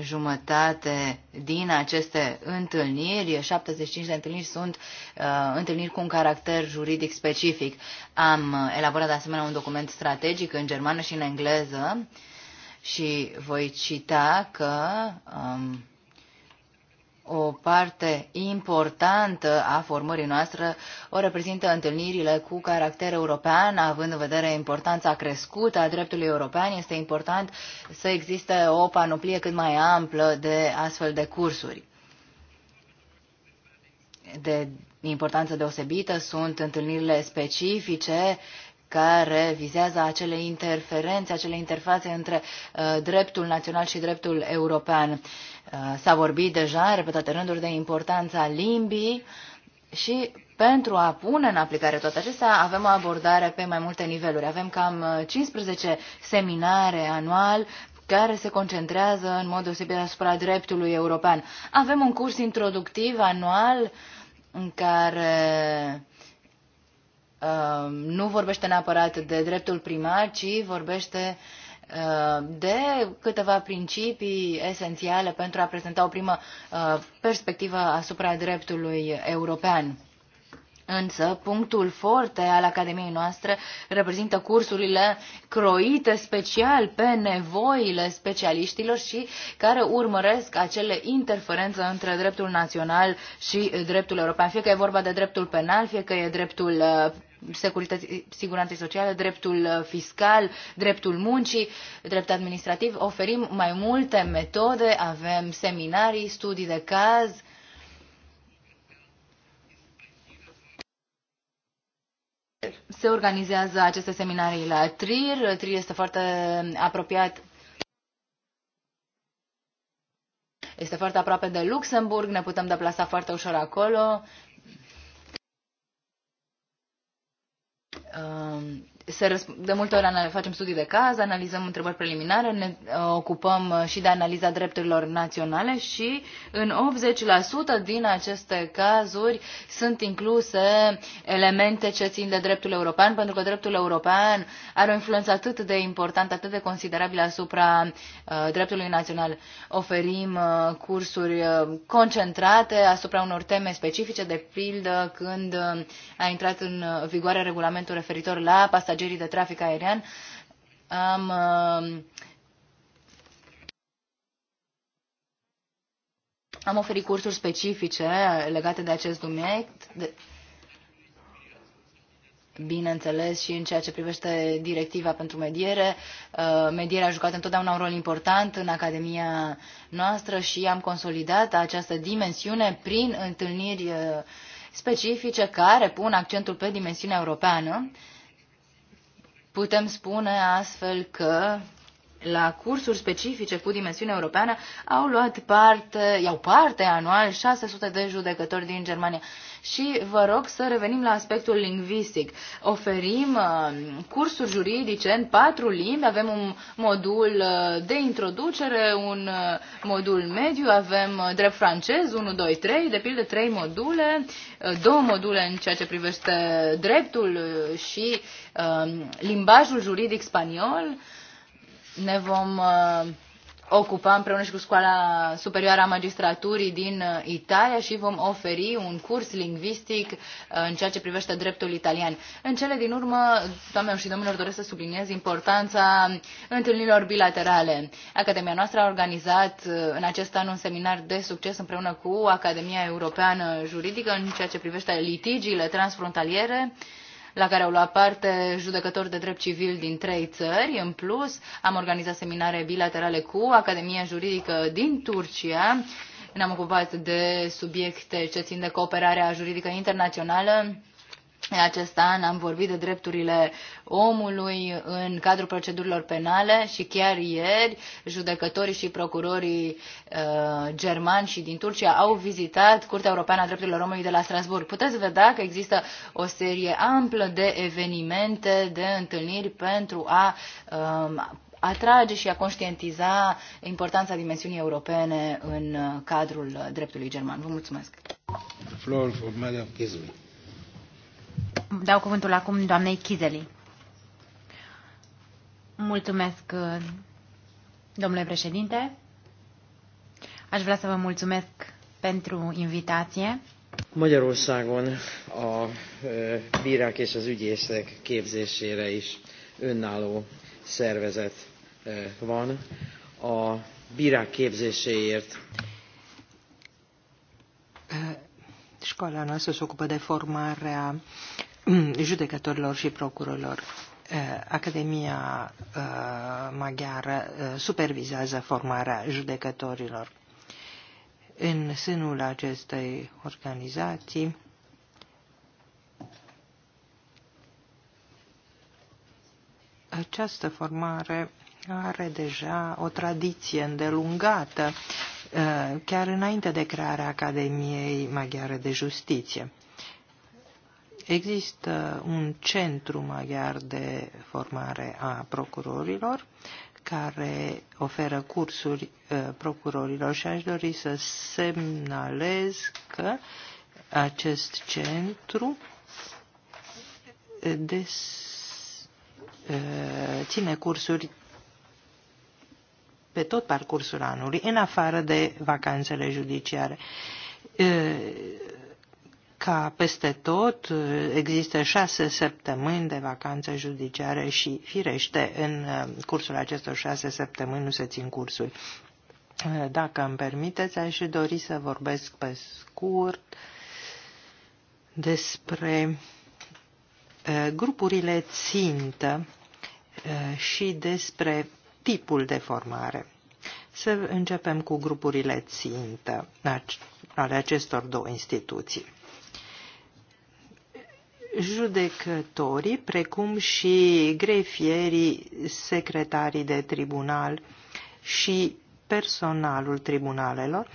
jumătate din aceste întâlniri, 75 de întâlniri, sunt uh, întâlniri cu un caracter juridic specific. Am uh, elaborat de asemenea un document strategic în germană și în engleză și voi cita că um, o parte importantă a formării noastre o reprezintă întâlnirile cu caracter european, având în vedere importanța crescută a dreptului european, este important să existe o panoplie cât mai amplă de astfel de cursuri. De importanță deosebită sunt întâlnirile specifice care vizează acele interferențe, acele interfațe între uh, dreptul național și dreptul european. Uh, S-a vorbit deja, în repetate rânduri, de importanța limbii și pentru a pune în aplicare toate acestea avem o abordare pe mai multe niveluri. Avem cam 15 uh, seminare anual care se concentrează în mod deosebit asupra dreptului european. Avem un curs introductiv anual în care Um, nu vorbește neapărat de dreptul primar, ci vorbește uh, de câteva principii esențiale pentru a prezenta o primă uh, perspectivă asupra dreptului european. Însă, punctul forte al Academiei noastre reprezintă cursurile croite special pe nevoile specialiștilor și care urmăresc acele interferențe între dreptul național și dreptul european. Fie că e vorba de dreptul penal, fie că e dreptul uh, siguranței sociale, dreptul uh, fiscal, dreptul muncii, drept administrativ. Oferim mai multe metode, avem seminarii, studii de caz, se organizează aceste seminarii la TRIR. TRIR este foarte apropiat este foarte aproape de Luxemburg, ne putem deplasa foarte ușor acolo. um, se de multe ori facem studii de caz, analizăm întrebări preliminare, ne uh, ocupăm uh, și de analiza drepturilor naționale și în 80% din aceste cazuri sunt incluse elemente ce țin de dreptul european, pentru că dreptul european are o influență atât de importantă, atât de considerabilă asupra uh, dreptului național. Oferim cursuri concentrate asupra unor teme specifice, de pildă când a intrat în vigoare regulamentul referitor la pasta pasagerii de trafic aerian. Am uh, Am oferit cursuri specifice legate de acest De, bineînțeles și în ceea ce privește directiva pentru mediere. Uh, medierea a jucat întotdeauna un rol important în Academia noastră și am consolidat această dimensiune prin întâlniri uh, specifice care pun accentul pe dimensiunea europeană. Putem spune astfel că la cursuri specifice cu dimensiune europeană au luat parte, iau parte anual 600 de judecători din Germania. Și vă rog să revenim la aspectul lingvistic. Oferim uh, cursuri juridice în patru limbi, avem un modul uh, de introducere, un uh, modul mediu, avem drept francez, 1, 2, 3, de pildă 3 module, două module în ceea ce privește dreptul și limbajul juridic spaniol. Ne vom ocupa împreună și cu Școala Superioară a Magistraturii din uh, Italia și vom oferi un curs lingvistic uh, în ceea ce privește dreptul italian. În cele din urmă, doamnelor și domnilor, doresc să subliniez importanța întâlnirilor bilaterale. Academia noastră a organizat uh, în acest an un seminar de succes împreună cu Academia Europeană Juridică în ceea ce privește litigiile transfrontaliere la care au luat parte judecători de drept civil din trei țări. În plus, am organizat seminare bilaterale cu Academia Juridică din Turcia. Ne-am ocupat de subiecte ce țin de cooperarea juridică internațională în acest an am vorbit de drepturile omului în cadrul procedurilor penale și chiar ieri judecătorii și procurorii uh, germani și din Turcia au vizitat Curtea Europeană a Drepturilor Omului de la Strasburg. Puteți vedea că există o serie amplă de evenimente, de întâlniri pentru a Um, atrage și a conștientiza importanța dimensiunii europene în uh, cadrul dreptului german. Vă mulțumesc. The floor for Dau cuvântul acum doamnei Chizeli. Mulțumesc, domnule președinte. Aș vrea să vă mulțumesc pentru invitație. Magyarországon a bírák és az ügyészek képzésére is önálló szervezet van. A bírák képzéséért Școala noastră se ocupă de formarea mm, judecătorilor și procurorilor. Eh, Academia eh, maghiară eh, supervizează formarea judecătorilor. În sânul acestei organizații această formare are deja o tradiție îndelungată Uh, chiar înainte de crearea Academiei Maghiare de Justiție. Există un centru maghiar de formare a procurorilor care oferă cursuri uh, procurorilor și aș dori să semnalez că acest centru uh, des, ține cursuri pe tot parcursul anului, în afară de vacanțele judiciare. Ca peste tot, există șase săptămâni de vacanțe judiciare și, firește, în cursul acestor șase săptămâni nu se țin cursuri. Dacă îmi permiteți, aș dori să vorbesc pe scurt despre grupurile țintă și despre tipul de formare. Să începem cu grupurile țintă ale acestor două instituții. Judecătorii, precum și grefierii, secretarii de tribunal și personalul tribunalelor,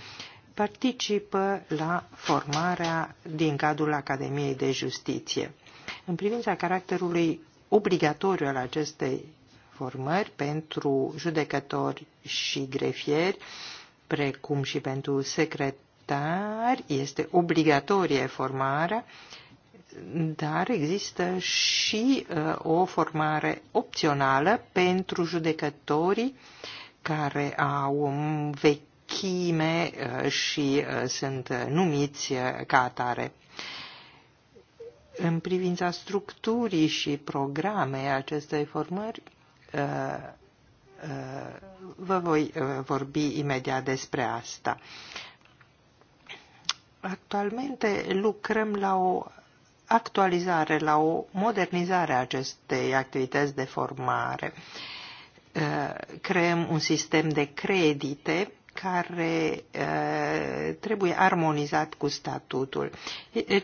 participă la formarea din cadrul Academiei de Justiție. În privința caracterului obligatoriu al acestei formări pentru judecători și grefieri, precum și pentru secretari. Este obligatorie formarea, dar există și uh, o formare opțională pentru judecătorii care au vechime uh, și uh, sunt numiți ca atare. În privința structurii și programei acestei formări, Uh, uh, vă voi uh, vorbi imediat despre asta. Actualmente lucrăm la o actualizare, la o modernizare a acestei activități de formare. Creăm un sistem de credite care uh, trebuie armonizat cu statutul.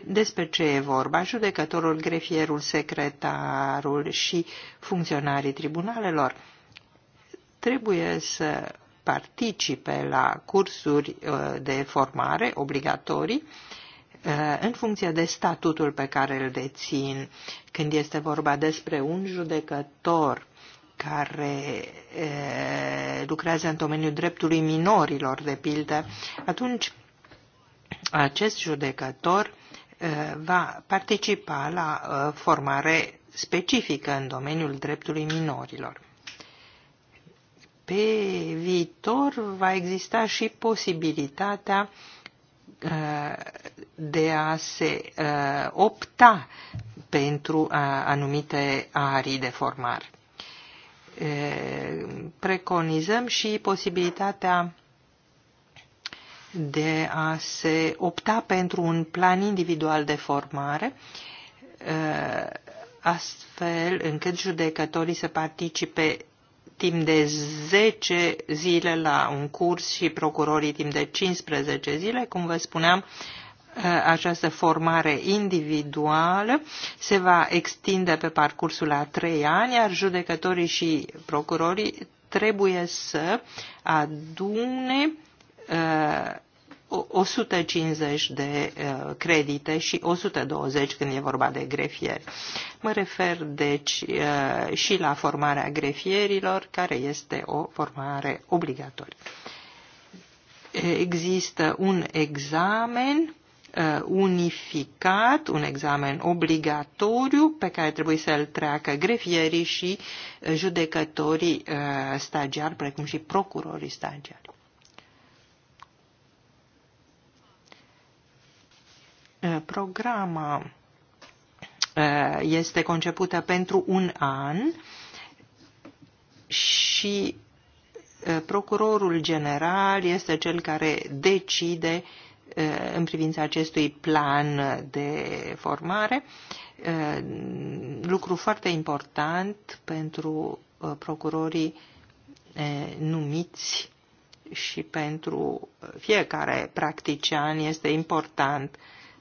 Despre ce e vorba? Judecătorul, grefierul, secretarul și funcționarii tribunalelor trebuie să participe la cursuri uh, de formare obligatorii în funcție de statutul pe care îl dețin. Când este vorba despre un judecător care lucrează în domeniul dreptului minorilor, de pildă, atunci acest judecător va participa la formare specifică în domeniul dreptului minorilor. Pe viitor va exista și posibilitatea de a se opta pentru anumite arii de formare preconizăm și posibilitatea de a se opta pentru un plan individual de formare, astfel încât judecătorii să participe timp de 10 zile la un curs și procurorii timp de 15 zile. Cum vă spuneam, Uh, această formare individuală se va extinde pe parcursul a trei ani, iar judecătorii și procurorii trebuie să adune 150 uh, de uh, credite și 120 când e vorba de grefieri. Mă refer deci și la formarea grefierilor, care este o formare obligatorie. Există un examen Uh, unificat, un examen obligatoriu pe care trebuie să-l treacă grefierii și uh, judecătorii uh, stagiari, precum și procurorii stagiari. Programa este concepută pentru un an și procurorul general este cel care decide uh, în privința acestui plan de formare, lucru foarte important pentru uh, procurorii uh, numiți și pentru uh, fiecare practician este important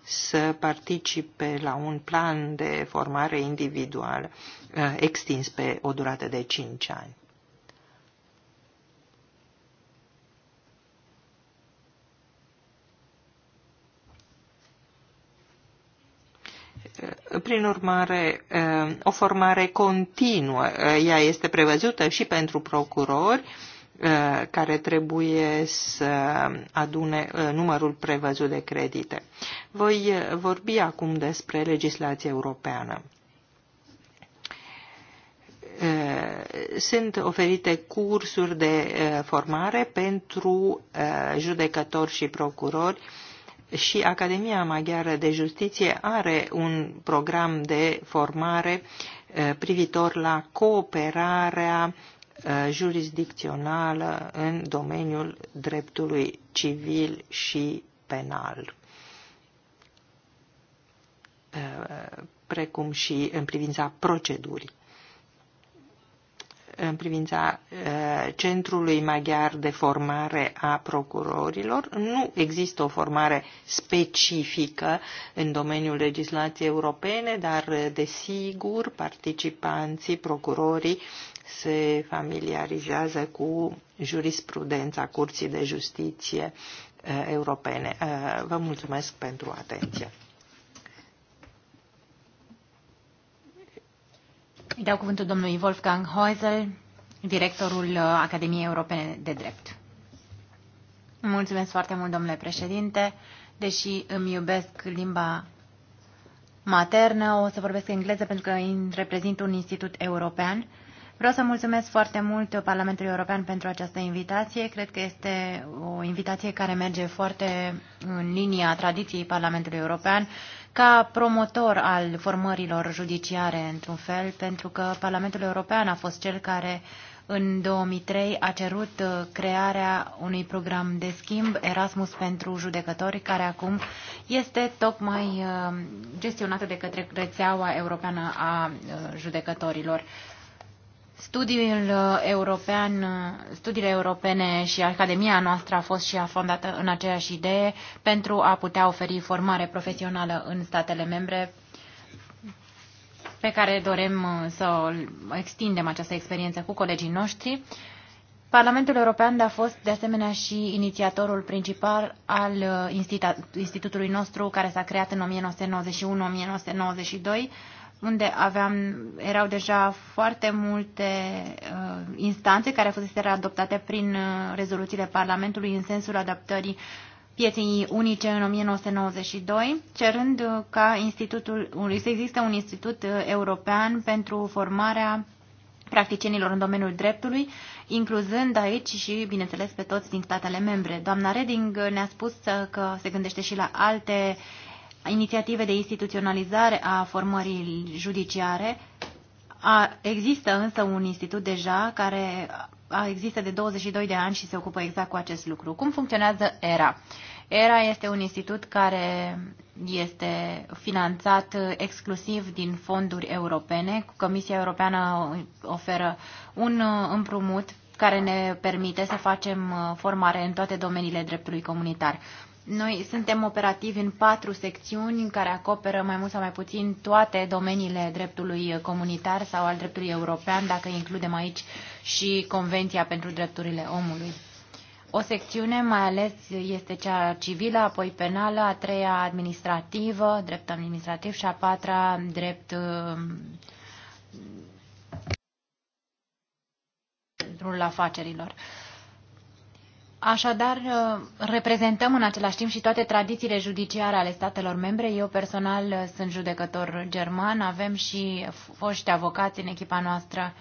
să participe la un plan de formare individual extins pe o durată de 5 ani. Prin urmare, o formare continuă, ea este prevăzută și pentru procurori, care trebuie să adune numărul prevăzut de credite. Voi vorbi acum despre legislația europeană. Sunt oferite cursuri de formare pentru judecători și procurori și Academia Maghiară de Justiție are un program de formare eh, privitor la cooperarea eh, jurisdicțională în domeniul dreptului civil și penal, eh, precum și în privința procedurii în privința uh, Centrului Maghiar de Formare a Procurorilor. Nu există o formare specifică în domeniul legislației europene, dar uh, desigur participanții, procurorii se familiarizează cu jurisprudența Curții de Justiție uh, europene. Vă mulțumesc pentru atenție. Îi dau cuvântul domnului Wolfgang Heusel, directorul uh, Academiei Europene de Drept. Mulțumesc foarte mult, domnule președinte. Deși îmi iubesc limba maternă, o să vorbesc engleză pentru că reprezint un institut european. Vreau să mulțumesc foarte mult Parlamentului European pentru această invitație. Cred că este o invitație care merge foarte în linia tradiției Parlamentului European ca promotor al formărilor judiciare, într-un fel, pentru că Parlamentul European a fost cel care în 2003 a cerut uh, crearea unui program de schimb Erasmus pentru judecători, care acum este tocmai uh, gestionată de către rețeaua europeană a uh, judecătorilor. Studiul uh, european, uh, studiile europene și academia noastră a fost și a fondată în aceeași idee pentru a putea oferi formare profesională în statele membre pe care dorem uh, să extindem această experiență cu colegii noștri. Parlamentul European a fost de asemenea și inițiatorul principal al institutului nostru care s-a creat în 1991-1992 unde aveam, erau deja foarte multe uh, instanțe care fuseseră adoptate prin uh, rezoluțiile Parlamentului în sensul adaptării pieței unice în 1992, cerând uh, ca institutul, uh, să existe un institut uh, european pentru formarea practicienilor în domeniul dreptului, incluzând aici și, bineînțeles, pe toți din statele membre. Doamna Reding ne-a spus uh, că se gândește și la alte uh, inițiative de instituționalizare a formării judiciare. A, există însă un institut deja care a, există de 22 de ani și se ocupă exact cu acest lucru. Cum funcționează ERA? ERA este un institut care este finanțat exclusiv din fonduri europene. Comisia Europeană oferă un împrumut care ne permite să facem formare în toate domeniile dreptului comunitar. Noi suntem operativi în patru secțiuni în care acoperă mai mult sau mai puțin toate domeniile dreptului comunitar sau al dreptului european, dacă includem aici și Convenția pentru Drepturile Omului. O secțiune mai ales este cea civilă, apoi penală, a treia administrativă, drept administrativ și a patra drept um, dreptul afacerilor. Așadar, uh, reprezentăm în același timp și toate tradițiile judiciare ale statelor membre. Eu personal uh, sunt judecător german, avem și foști avocați în echipa noastră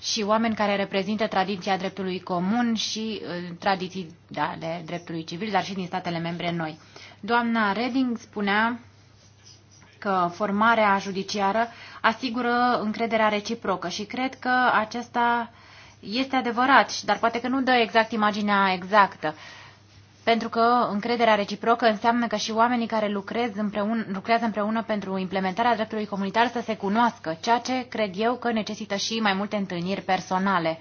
și oameni care reprezintă tradiția dreptului comun și uh, tradiții ale dreptului civil, dar și din statele membre noi. Doamna Reding spunea că formarea judiciară asigură încrederea reciprocă și cred că acesta este adevărat, dar poate că nu dă exact imaginea exactă. Pentru că încrederea reciprocă înseamnă că și oamenii care lucrez împreună, lucrează împreună pentru implementarea dreptului comunitar să se cunoască, ceea ce cred eu că necesită și mai multe întâlniri personale.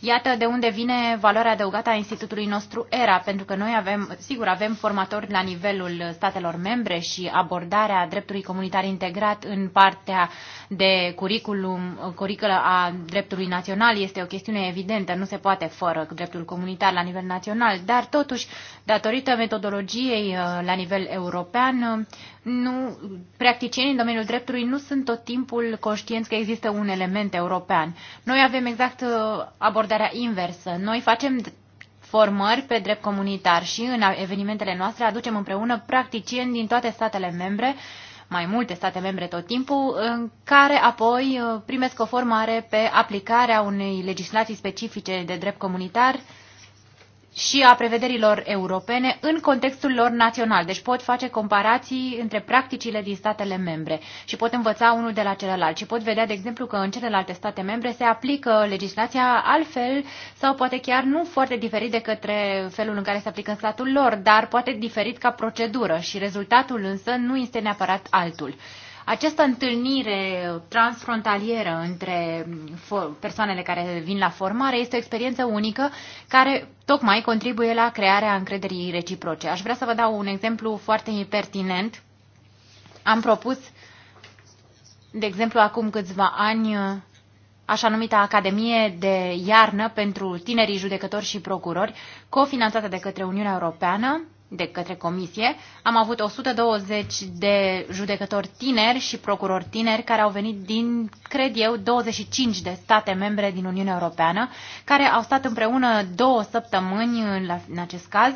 Iată de unde vine valoarea adăugată a institutului nostru ERA, pentru că noi avem, sigur, avem formatori la nivelul statelor membre și abordarea dreptului comunitar integrat în partea de curriculum, curriculă a dreptului național este o chestiune evidentă, nu se poate fără dreptul comunitar la nivel național, dar totuși, datorită metodologiei uh, la nivel european, uh, nu, practicienii în domeniul dreptului nu sunt tot timpul conștienți că există un element european. Noi avem exact uh, abordarea inversă. Noi facem formări pe drept comunitar și în evenimentele noastre aducem împreună practicieni din toate statele membre, mai multe state membre tot timpul, în care apoi uh, primesc o formare pe aplicarea unei legislații specifice de drept comunitar și a prevederilor europene în contextul lor național. Deci pot face comparații între practicile din statele membre și pot învăța unul de la celălalt și pot vedea, de exemplu, că în celelalte state membre se aplică legislația altfel sau poate chiar nu foarte diferit de către felul în care se aplică în statul lor, dar poate diferit ca procedură și rezultatul însă nu este neapărat altul. Această întâlnire transfrontalieră între persoanele care vin la formare este o experiență unică care tocmai contribuie la crearea încrederii reciproce. Aș vrea să vă dau un exemplu foarte pertinent. Am propus, de exemplu, acum câțiva ani, așa numită Academie de Iarnă pentru tinerii judecători și procurori, cofinanțată de către Uniunea Europeană, de către comisie. Am avut 120 de judecători tineri și procurori tineri care au venit din, cred eu, 25 de state membre din Uniunea Europeană, care au stat împreună două săptămâni în acest caz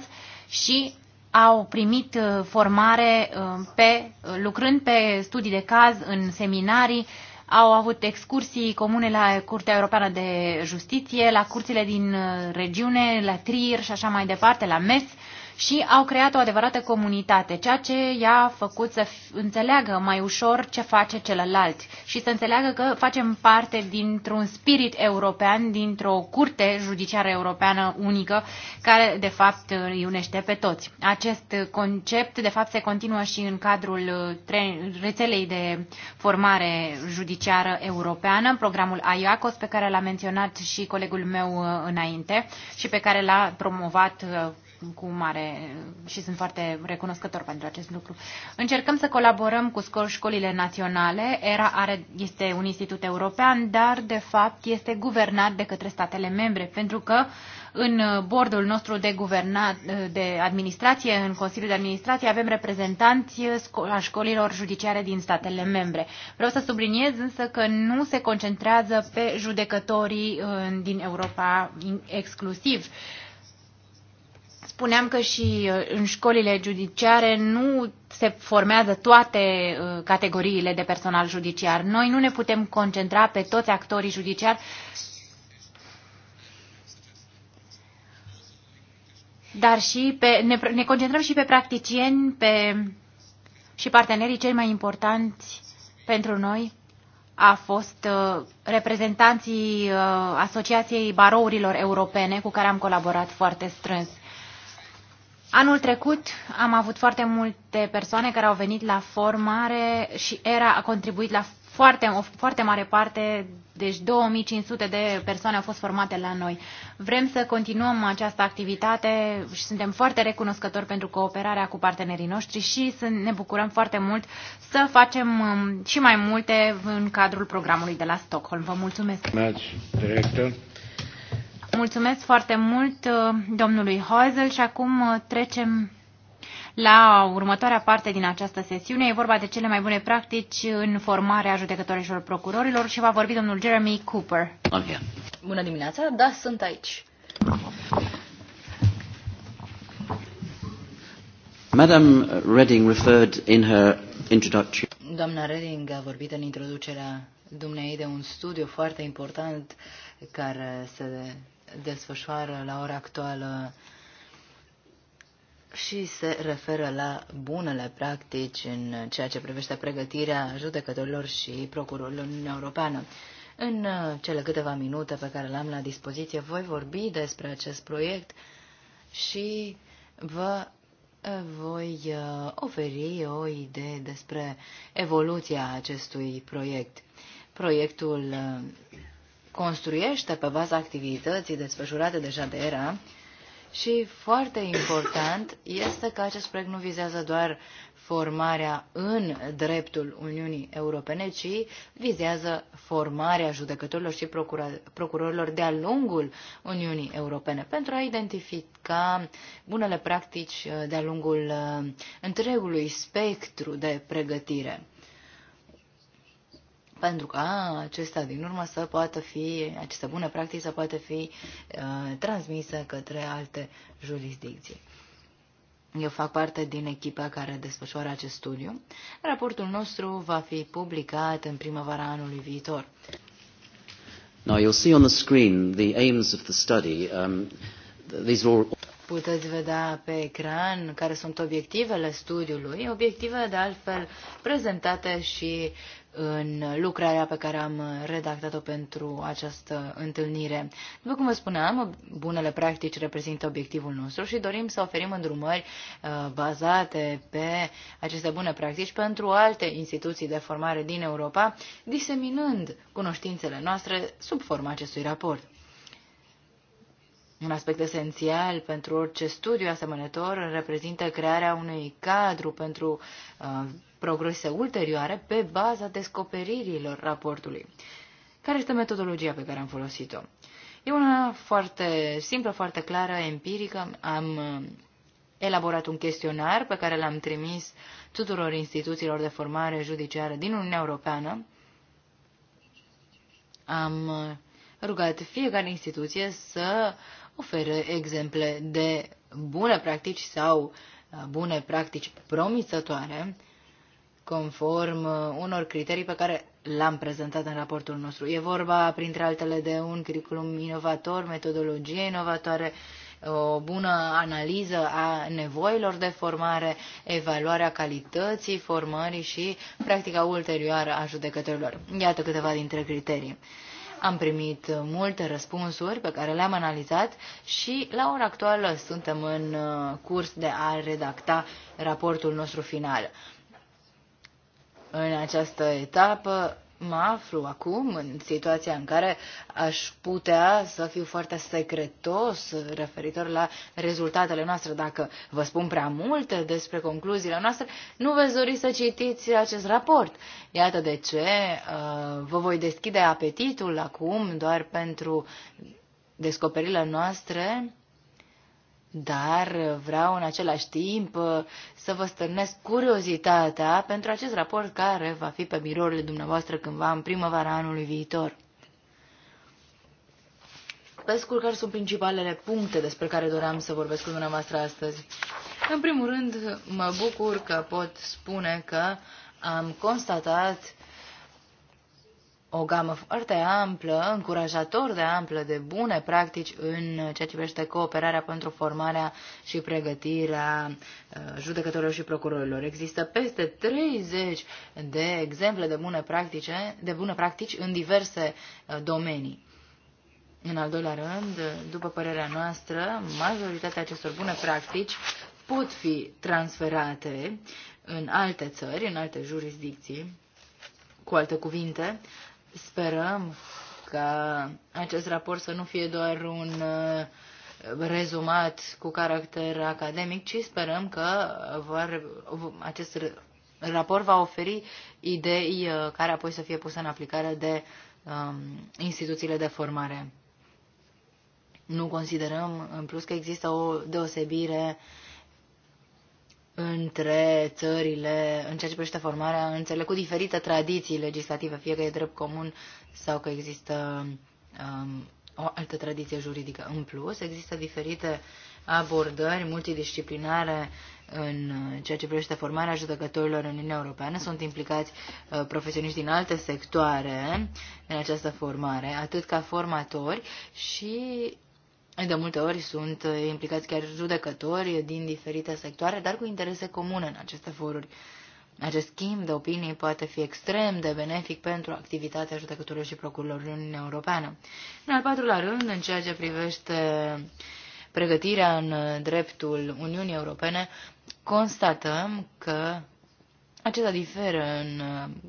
și au primit uh, formare uh, pe, uh, lucrând pe studii de caz în seminarii, au avut excursii comune la Curtea Europeană de Justiție, la curțile din regiune, la Trier și așa mai departe, la MES și au creat o adevărată comunitate, ceea ce i-a făcut să înțeleagă mai ușor ce face celălalt și să înțeleagă că facem parte dintr-un spirit european, dintr-o curte judiciară europeană unică, care de fapt îi unește pe toți. Acest concept de fapt se continuă și în cadrul uh, rețelei de formare judiciară europeană, programul AIACOS pe care l-a menționat și colegul meu uh, înainte și pe care l-a promovat uh, cu mare și sunt foarte recunoscător pentru acest lucru. Încercăm să colaborăm cu școlile naționale. ERA are, este un institut european, dar de fapt este guvernat de către statele membre, pentru că în bordul nostru de, guvernat, de administrație, în Consiliul de Administrație, avem reprezentanți a școlilor judiciare din statele membre. Vreau să subliniez însă că nu se concentrează pe judecătorii din Europa exclusiv. Uh, Spuneam că și uh, în școlile judiciare nu se formează toate uh, categoriile de personal judiciar. Noi nu ne putem concentra pe toți actorii judiciari. Dar și pe, ne, ne concentrăm și pe practicieni pe, și partenerii cei mai importanți pentru noi a fost uh, reprezentanții uh, Asociației Barourilor Europene cu care am colaborat foarte strâns. Anul trecut am avut foarte multe persoane care au venit la formare și ERA a contribuit la foarte, o foarte mare parte, deci 2500 de persoane au fost formate la noi. Vrem să continuăm această activitate și suntem foarte recunoscători pentru cooperarea cu partenerii noștri și să ne bucurăm foarte mult să facem um, și mai multe în cadrul programului de la Stockholm. Vă mulțumesc! Mulțumesc, director! Mulțumesc foarte mult uh, domnului Heusel și acum uh, trecem la următoarea parte din această sesiune. E vorba de cele mai bune practici în formarea judecătorilor și procurorilor și va vorbi domnul Jeremy Cooper. Okay. Bună dimineața, da, sunt aici. Madam Redding referred in her introduction. Doamna Redding a vorbit în introducerea dumneei de un studiu foarte important care se desfășoară la ora actuală și se referă la bunele practici în ceea ce privește pregătirea judecătorilor și procurorilor în Uniunea Europeană. În cele câteva minute pe care le-am la dispoziție, voi vorbi despre acest proiect și vă eh, voi eh, oferi o idee despre evoluția acestui proiect. Proiectul eh, construiește pe baza activității desfășurate deja de ERA și foarte important este că acest proiect nu vizează doar formarea în dreptul Uniunii Europene, ci vizează formarea judecătorilor și procurorilor de-a lungul Uniunii Europene pentru a identifica bunele practici uh, de-a lungul uh, întregului spectru de pregătire pentru ca acestea din urmă să poată fi, aceste bune practici să poată fi uh, transmise către alte jurisdicții. Eu fac parte din echipa care desfășoară acest studiu. Raportul nostru va fi publicat în primăvara anului viitor. Now you'll see on the screen the aims of the study. Um, these are all... Puteți vedea pe ecran care sunt obiectivele studiului, obiective de altfel prezentate și în lucrarea pe care am redactat-o pentru această întâlnire. După cum vă spuneam, bunele practici reprezintă obiectivul nostru și dorim să oferim îndrumări uh, bazate pe aceste bune practici pentru alte instituții de formare din Europa, diseminând cunoștințele noastre sub forma acestui raport. Un aspect esențial pentru orice studiu asemănător reprezintă crearea unui cadru pentru uh, progrese ulterioare pe baza descoperirilor raportului. Care este metodologia pe care am folosit-o? E una foarte simplă, foarte clară, empirică. Am uh, elaborat un chestionar pe care l-am trimis tuturor instituțiilor de formare judiciară din Uniunea Europeană. Am uh, rugat fiecare instituție să ofere exemple de bune practici sau uh, bune practici promițătoare conform uh, unor criterii pe care l-am prezentat în raportul nostru. E vorba, printre altele, de un curriculum inovator, metodologie inovatoare, o bună analiză a nevoilor de formare, evaluarea calității formării și practica ulterioară a judecătorilor. Iată câteva dintre criterii. Am primit multe răspunsuri pe care le-am analizat și la ora actuală suntem în uh, curs de a redacta raportul nostru final. În această etapă mă aflu acum în situația în care aș putea să fiu foarte secretos referitor la rezultatele noastre. Dacă vă spun prea multe despre concluziile noastre, nu veți dori să citiți acest raport. Iată de ce uh, vă voi deschide apetitul acum doar pentru descoperirile noastre dar vreau în același timp uh, să vă stârnesc curiozitatea pentru acest raport care va fi pe birourile dumneavoastră cândva în primăvara anului viitor. Pe scurt, care sunt principalele puncte despre care doream să vorbesc cu dumneavoastră astăzi? În primul rând, mă bucur că pot spune că am constatat o gamă foarte amplă, încurajator de amplă, de bune practici în ceea ce privește cooperarea pentru formarea și pregătirea uh, judecătorilor și procurorilor. Există peste 30 de exemple de bune, practice, de bune practici în diverse uh, domenii. În al doilea rând, după părerea noastră, majoritatea acestor bune practici pot fi transferate în alte țări, în alte jurisdicții, cu alte cuvinte, Sperăm ca acest raport să nu fie doar un uh, rezumat cu caracter academic, ci sperăm că vor, acest raport va oferi idei uh, care apoi să fie puse în aplicare de um, instituțiile de formare. Nu considerăm, în plus, că există o deosebire uh, între țările, în ceea ce privește formarea în țările cu diferite tradiții legislative, fie că e drept comun sau că există um, o altă tradiție juridică. În plus, există diferite abordări multidisciplinare în ceea ce privește formarea judecătorilor în Uniunea Europeană. Sunt implicați uh, profesioniști din alte sectoare în această formare, atât ca formatori și de multe ori sunt uh, implicați chiar judecători din diferite sectoare, dar cu interese comune în aceste foruri. Acest schimb de opinii poate fi extrem de benefic pentru activitatea judecătorilor și procurilor în Uniunea Europeană. În al patrulea rând, în ceea ce privește pregătirea în dreptul Uniunii Europene, constatăm că acesta diferă în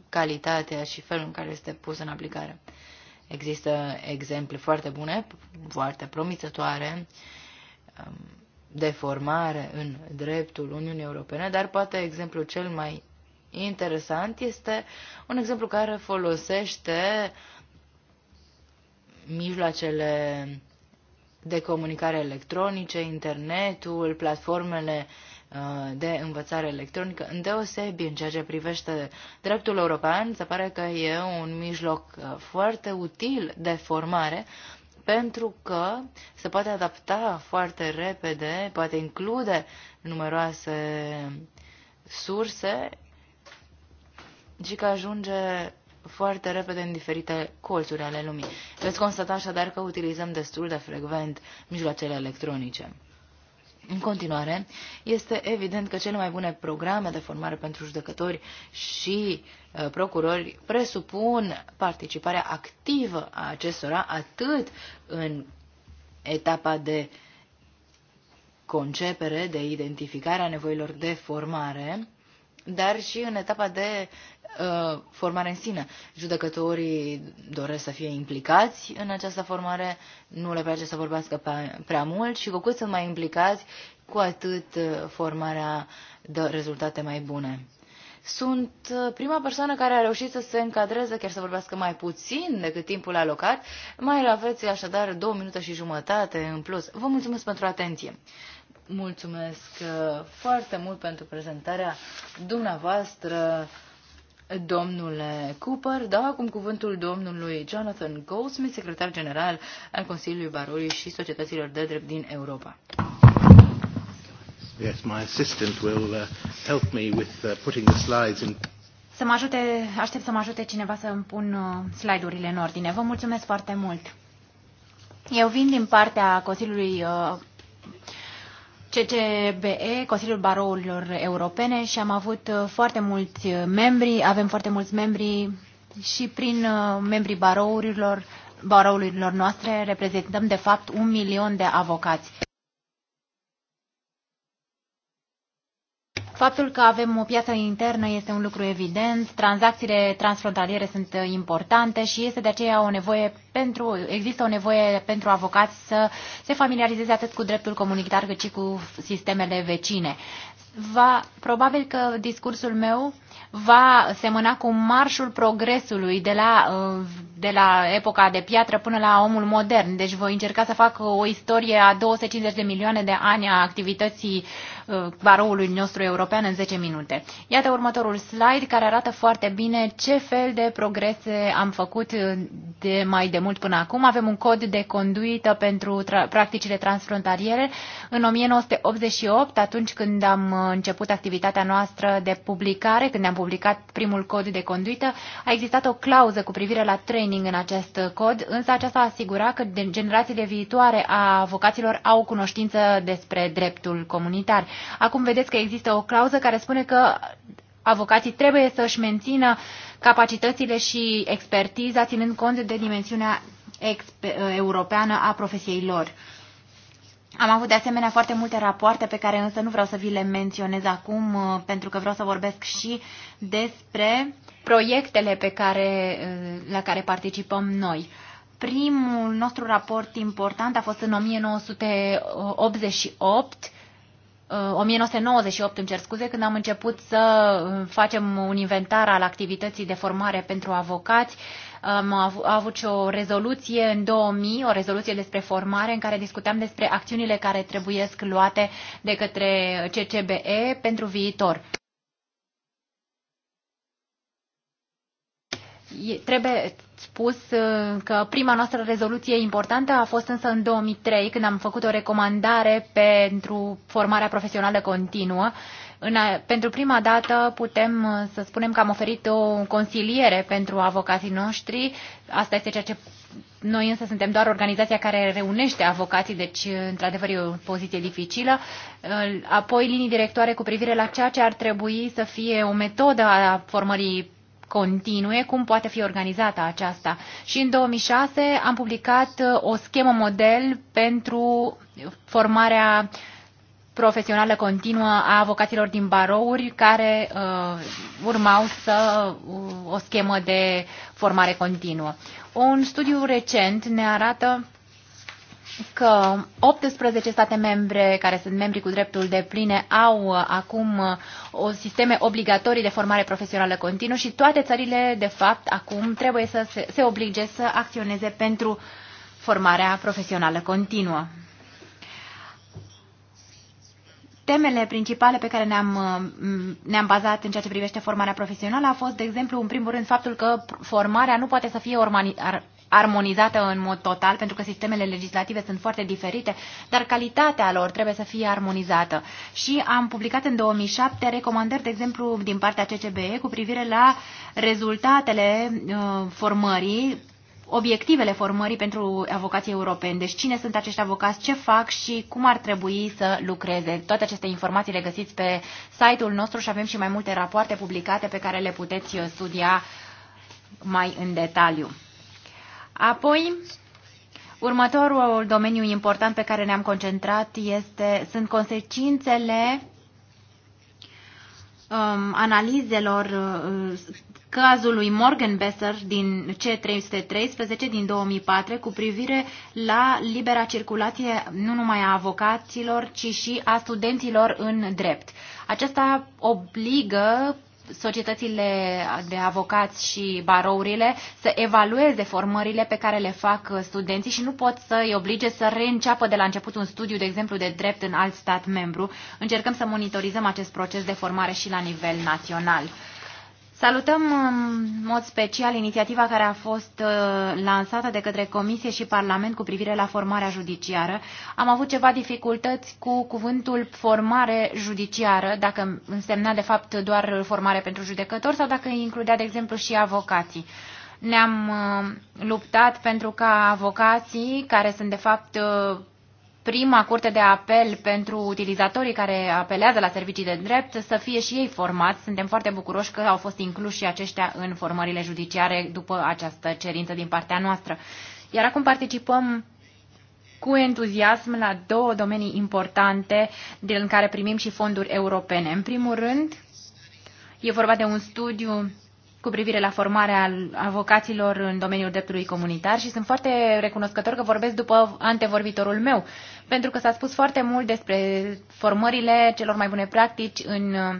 calitatea și felul în care este pus în aplicare. Există exemple foarte bune, foarte promițătoare um, de formare în dreptul Uniunii Europene, dar poate exemplul cel mai interesant este un exemplu care folosește mijloacele de comunicare electronice, internetul, platformele uh, Uh, de învățare electronică, îndeosebi în ceea ce privește dreptul european, se pare că e un mijloc uh, foarte util de formare, pentru că se poate adapta foarte repede, poate include numeroase surse și că ajunge foarte repede în diferite colțuri ale lumii. Veți constata așadar că utilizăm destul de frecvent mijloacele electronice. În continuare, este evident că cele mai bune programe de formare pentru judecători și uh, procurori presupun participarea activă a acestora atât în etapa de concepere, de identificare a nevoilor de formare, dar și în etapa de uh, formare în sine. Judecătorii doresc să fie implicați în această formare, nu le place să vorbească prea mult și cu cât sunt mai implicați, cu atât uh, formarea dă rezultate mai bune. Sunt uh, prima persoană care a reușit să se încadreze, chiar să vorbească mai puțin decât timpul alocat. Mai aveți așadar două minute și jumătate în plus. Vă mulțumesc pentru atenție. Mulțumesc uh, foarte mult pentru prezentarea dumneavoastră, domnule Cooper. Dau acum cuvântul domnului Jonathan Goldsmith, secretar general al Consiliului Barului și Societăților de Drept din Europa. Yes, my assistant will uh, help me with uh, putting the slides in să mă ajute, aștept să mă ajute cineva să îmi pun uh, slide-urile în ordine. Vă mulțumesc foarte mult. Eu vin din partea Consiliului uh, CCBE, Consiliul Barourilor Europene și am avut uh, foarte mulți uh, membri, avem foarte mulți membri și prin uh, membrii barourilor, barourilor noastre reprezentăm de fapt un milion de avocați. Faptul că avem o piață internă este un lucru evident, tranzacțiile transfrontaliere sunt importante și este de aceea o nevoie pentru, există o nevoie pentru avocați să se familiarizeze atât cu dreptul comunitar cât și cu sistemele vecine. Va, probabil că discursul meu va semăna cu marșul progresului de la, uh, de la epoca de piatră până la omul modern. Deci voi încerca să fac o istorie a 250 de milioane de ani a activității uh, baroului nostru european în 10 minute. Iată următorul slide care arată foarte bine ce fel de progrese am făcut uh, de mai de mult până acum. Avem un cod de conduită pentru tra- practicile transfrontaliere. În 1988, atunci când am început activitatea noastră de publicare, când am publicat primul cod de conduită, a existat o clauză cu privire la training în acest cod, însă aceasta asigura că generațiile viitoare a avocaților au cunoștință despre dreptul comunitar. Acum vedeți că există o clauză care spune că avocații trebuie să-și mențină capacitățile și expertiza, ținând cont de dimensiunea uh, europeană a profesiei lor. Am avut de asemenea foarte multe rapoarte pe care însă nu vreau să vi le menționez acum uh, pentru că vreau să vorbesc și despre proiectele pe care, uh, la care participăm noi. Primul nostru raport important a fost în 1988 1998, uh, îmi cer scuze, când am început să uh, facem un inventar al activității de formare pentru avocați, am avut și o rezoluție în 2000, o rezoluție despre formare, în care discutam despre acțiunile care trebuiesc luate de către CCBE pentru viitor. trebuie spus uh, că prima noastră rezoluție importantă a fost însă în 2003, când am făcut o recomandare pentru formarea profesională continuă. În, pentru prima dată putem uh, să spunem că am oferit o consiliere pentru avocații noștri. Asta este ceea ce noi însă suntem doar organizația care reunește avocații, deci uh, într-adevăr e o poziție dificilă. Apoi linii directoare cu privire la ceea ce ar trebui să fie o metodă a formării continue, cum poate fi organizată aceasta. Și în 2006 am publicat uh, o schemă model pentru formarea profesională continuă a avocaților din barouri care uh, urmau să uh, o schemă de formare continuă. Un studiu recent ne arată că 18 state membre care sunt membri cu dreptul de pline au uh, acum uh, o sisteme obligatorii de formare profesională continuă și toate țările, de fapt, acum trebuie să se, se oblige să acționeze pentru formarea profesională continuă. Temele principale pe care ne-am, uh, ne bazat în ceea ce privește formarea profesională a fost, de exemplu, în primul rând, faptul că formarea nu poate să fie armonizată în mod total, pentru că sistemele legislative sunt foarte diferite, dar calitatea lor trebuie să fie armonizată. Și am publicat în 2007 recomandări, de exemplu, din partea CCBE cu privire la rezultatele uh, formării obiectivele formării pentru avocații europeni. Deci cine sunt acești avocați, ce fac și cum ar trebui să lucreze. Toate aceste informații le găsiți pe site-ul nostru și avem și mai multe rapoarte publicate pe care le puteți uh, studia mai în detaliu. Apoi, următorul domeniu important pe care ne-am concentrat este, sunt consecințele um, analizelor uh, cazului Morgan Besser din C313 din 2004 cu privire la libera circulație nu numai a avocaților, ci și a studenților în drept. Aceasta obligă societățile de avocați și barourile să evalueze formările pe care le fac uh, studenții și nu pot să îi oblige să reînceapă de la început un studiu, de exemplu, de drept în alt stat membru. Încercăm să monitorizăm acest proces de formare și la nivel național. Salutăm um, în mod special inițiativa care a fost uh, lansată de către Comisie și Parlament cu privire la formarea judiciară. Am avut ceva dificultăți cu cuvântul formare judiciară, dacă însemna de fapt doar formare pentru judecători sau dacă includea, de exemplu, și avocații ne-am uh, luptat pentru ca avocații, care sunt de fapt uh, prima curte de apel pentru utilizatorii care apelează la servicii de drept să fie și ei formați. Suntem foarte bucuroși că au fost incluși și aceștia în formările judiciare după această cerință din partea noastră. Iar acum participăm cu entuziasm la două domenii importante din care primim și fonduri europene. În primul rând, e vorba de un studiu cu privire la formarea avocaților în domeniul dreptului comunitar și sunt foarte recunoscător că vorbesc după antevorbitorul meu, pentru că s-a spus foarte mult despre formările celor mai bune practici în uh,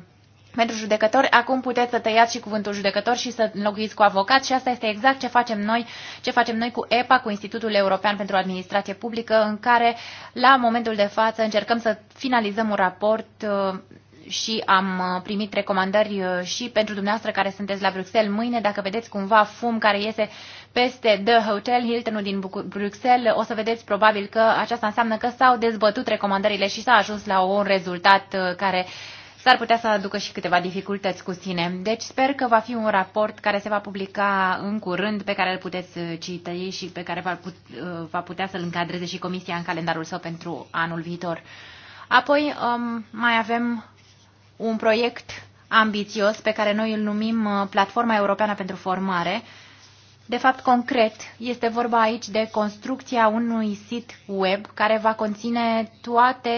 pentru judecători, acum puteți să tăiați și cuvântul judecător și să înlocuiți cu avocat și asta este exact ce facem noi, ce facem noi cu EPA, cu Institutul European pentru Administrație Publică, în care la momentul de față încercăm să finalizăm un raport uh, și am uh, primit recomandări uh, și pentru dumneavoastră care sunteți la Bruxelles mâine. Dacă vedeți cumva fum care iese peste The Hotel Hilton din Bruxelles, o să vedeți probabil că aceasta înseamnă că s-au dezbătut recomandările și s-a ajuns la un rezultat uh, care s-ar putea să aducă și câteva dificultăți cu sine. Deci sper că va fi un raport care se va publica în curând, pe care îl puteți citi și pe care va, va putea să-l încadreze și Comisia în calendarul său pentru anul viitor. Apoi um, mai avem un proiect ambițios pe care noi îl numim uh, Platforma Europeană pentru Formare. De fapt, concret, este vorba aici de construcția unui sit web care va conține toate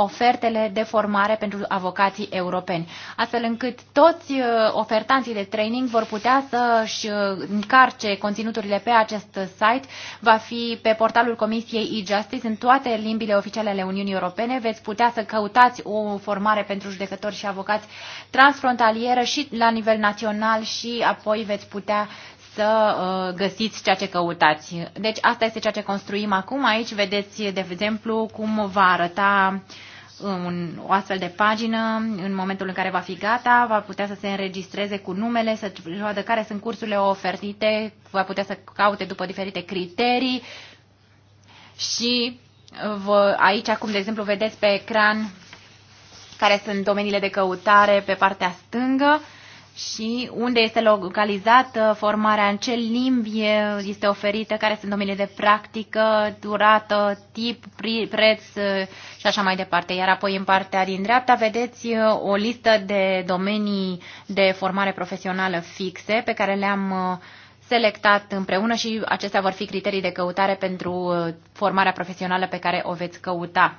ofertele de formare pentru avocații europeni, astfel încât toți uh, ofertanții de training vor putea să-și uh, încarce conținuturile pe acest site. Va fi pe portalul Comisiei e-Justice în toate limbile oficiale ale Uniunii Europene. Veți putea să căutați o formare pentru judecători și avocați transfrontalieră și la nivel național și apoi veți putea să uh, găsiți ceea ce căutați. Deci asta este ceea ce construim acum. Aici vedeți, de exemplu, cum va arăta uh, Um, un, o astfel de pagină, în momentul în care va fi gata, va putea să se înregistreze cu numele, să vadă care sunt cursurile oferite, va putea să caute după diferite criterii și uh, vă, aici acum, de exemplu, vedeți pe ecran care sunt domeniile de căutare pe partea stângă și unde este localizată uh, formarea, în ce limbi este oferită, care sunt domeniile de practică, durată, tip, preț uh, și așa mai departe. Iar apoi în partea din dreapta vedeți uh, o listă de domenii de formare profesională fixe pe care le-am selectat împreună și acestea vor fi criterii de căutare pentru formarea profesională pe care o veți căuta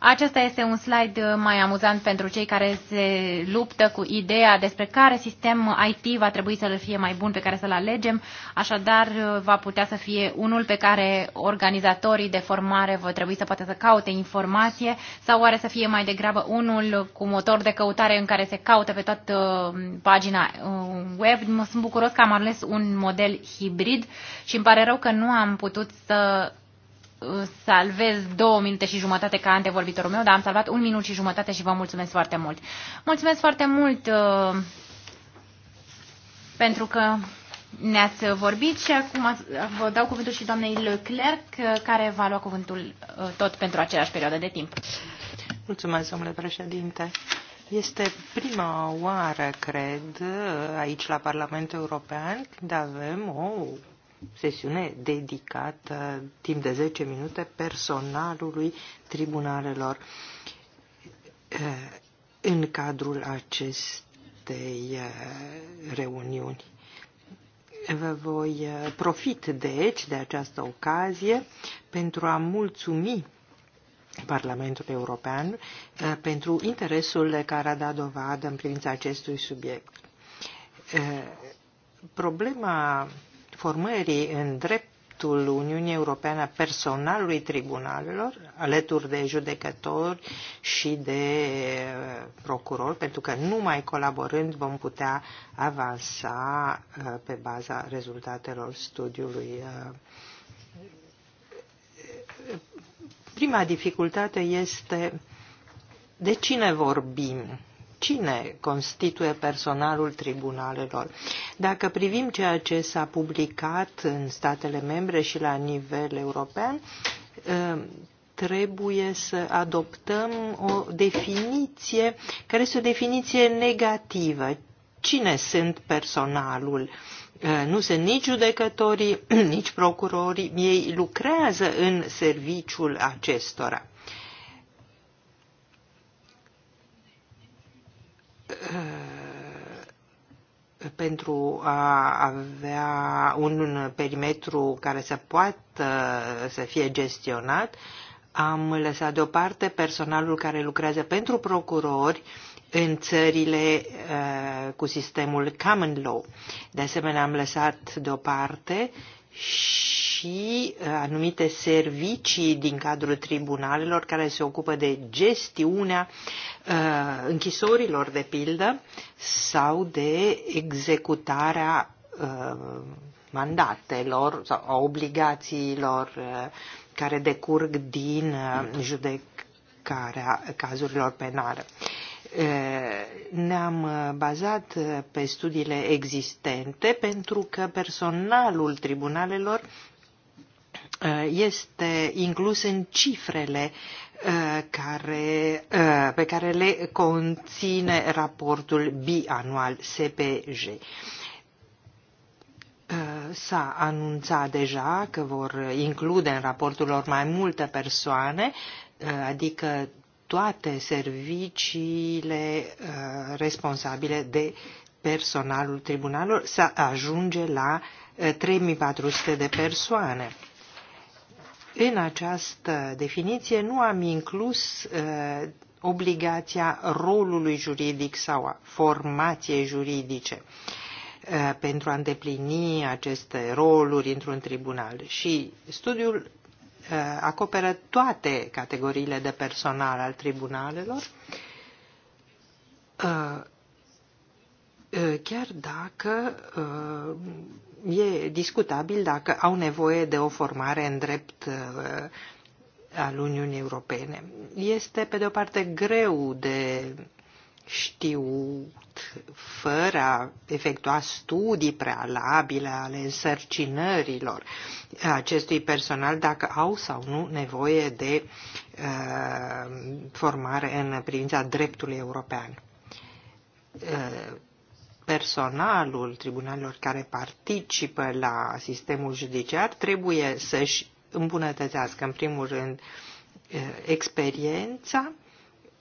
acesta este un slide uh, mai amuzant pentru cei care se luptă cu ideea despre care sistem IT va trebui să-l fie mai bun pe care să-l alegem, așadar uh, va putea să fie unul pe care organizatorii de formare vor trebui să poată să caute informație sau oare să fie mai degrabă unul cu motor de căutare în care se caută pe toată uh, pagina web. Mă sunt bucuros că am ales un model hibrid și îmi pare rău că nu am putut să salvez două minute și jumătate ca antevorbitorul meu, dar am salvat un minut și jumătate și vă mulțumesc foarte mult. Mulțumesc foarte mult uh, pentru că ne-ați vorbit și acum vă dau cuvântul și doamnei Leclerc, uh, care va lua cuvântul uh, tot pentru aceeași perioadă de timp. Mulțumesc, domnule președinte. Este prima oară, cred, aici la Parlamentul European când avem o sesiune dedicată timp de 10 minute personalului tribunalelor eh, în cadrul acestei eh, reuniuni. Vă voi eh, profit deci de această ocazie pentru a mulțumi Parlamentul European pentru interesul de care a dat dovadă în privința acestui subiect. Problema formării în dreptul Uniunii Europene a personalului tribunalelor, alături de judecători și de uh, procurori, pentru că numai colaborând vom putea avansa uh, pe baza rezultatelor studiului uh, prima dificultate este de cine vorbim cine constituie personalul tribunalelor. Dacă privim ceea ce s-a publicat în statele membre și la nivel european, um, trebuie să adoptăm o definiție care este o definiție negativă. Cine sunt personalul? Uh, nu sunt nici judecătorii, nici procurorii, ei lucrează în serviciul acestora. Uh, pentru a avea un perimetru care să poată să fie gestionat, am lăsat deoparte personalul care lucrează pentru procurori în țările uh, cu sistemul common law. De asemenea, am lăsat deoparte și uh, anumite servicii din cadrul tribunalelor care se ocupă de gestiunea uh, închisorilor, de pildă, sau de executarea uh, mandatelor sau obligațiilor care decurg din judecarea cazurilor penale. Eh, ne-am eh, bazat eh, pe studiile existente pentru că personalul tribunalelor este inclus în cifrele care, pe care le conține raportul bianual SPJ. S-a anunțat deja că vor include în raportul lor mai multe persoane, adică toate serviciile uh, responsabile de personalul tribunalului să ajunge la uh, 3400 de persoane. În această definiție nu am inclus uh, obligația rolului juridic sau a formației juridice uh, pentru a îndeplini aceste roluri într-un tribunal. Și studiul Uh, acoperă toate categoriile de personal al tribunalelor, uh, uh, chiar dacă e discutabil dacă au nevoie de o formare în drept al Uniunii Europene. Este, pe de o parte, greu de știut, fără a efectua studii prealabile ale însărcinărilor acestui personal, dacă au sau nu nevoie de uh, formare în privința dreptului european. Uh, personalul tribunalelor care participă la sistemul judiciar trebuie să-și îmbunătățească, în primul rând, uh, experiența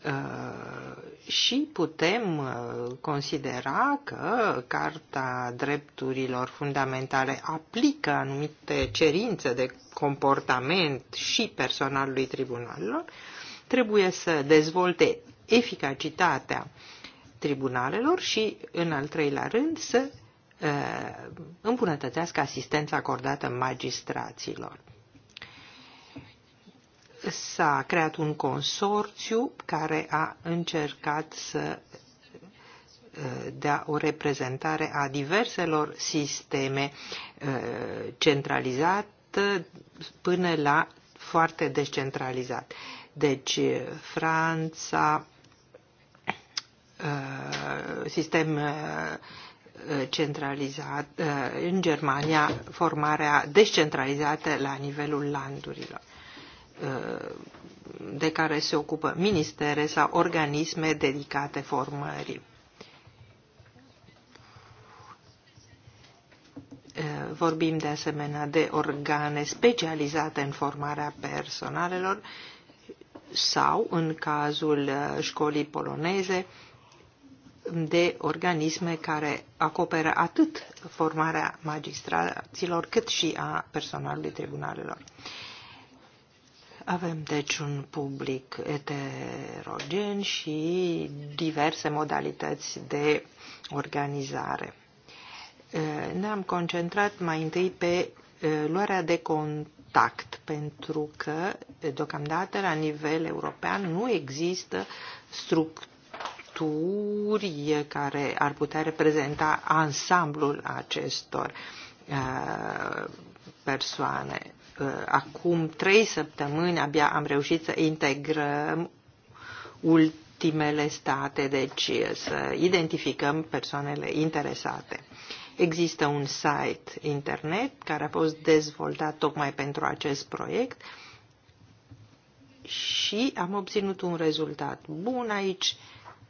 Uh, și putem uh, considera că Carta Drepturilor Fundamentale aplică anumite cerințe de comportament și personalului tribunalelor, trebuie să dezvolte eficacitatea tribunalelor și, în al treilea rând, să uh, îmbunătățească asistența acordată magistraților s-a creat un consorțiu care a încercat să uh, dea o reprezentare a diverselor sisteme uh, centralizate uh, până la foarte descentralizat. Deci Franța, sistem centralizat, în Germania formarea descentralizată la nivelul landurilor. Uh, de care se ocupă ministere sau organisme dedicate formării. Uh, vorbim de asemenea de organe specializate în formarea personalelor sau, în cazul uh, școlii poloneze, de organisme care acoperă atât formarea magistraților cât și a personalului tribunalelor. Avem deci un public eterogen și diverse modalități de organizare. Ne-am concentrat mai întâi pe luarea de contact, pentru că deocamdată la nivel european nu există structuri care ar putea reprezenta ansamblul acestor persoane Uh, acum trei săptămâni abia am reușit să integrăm ultimele state, deci uh, să identificăm persoanele interesate. Există un site internet care a fost dezvoltat tocmai pentru acest proiect și am obținut un rezultat bun aici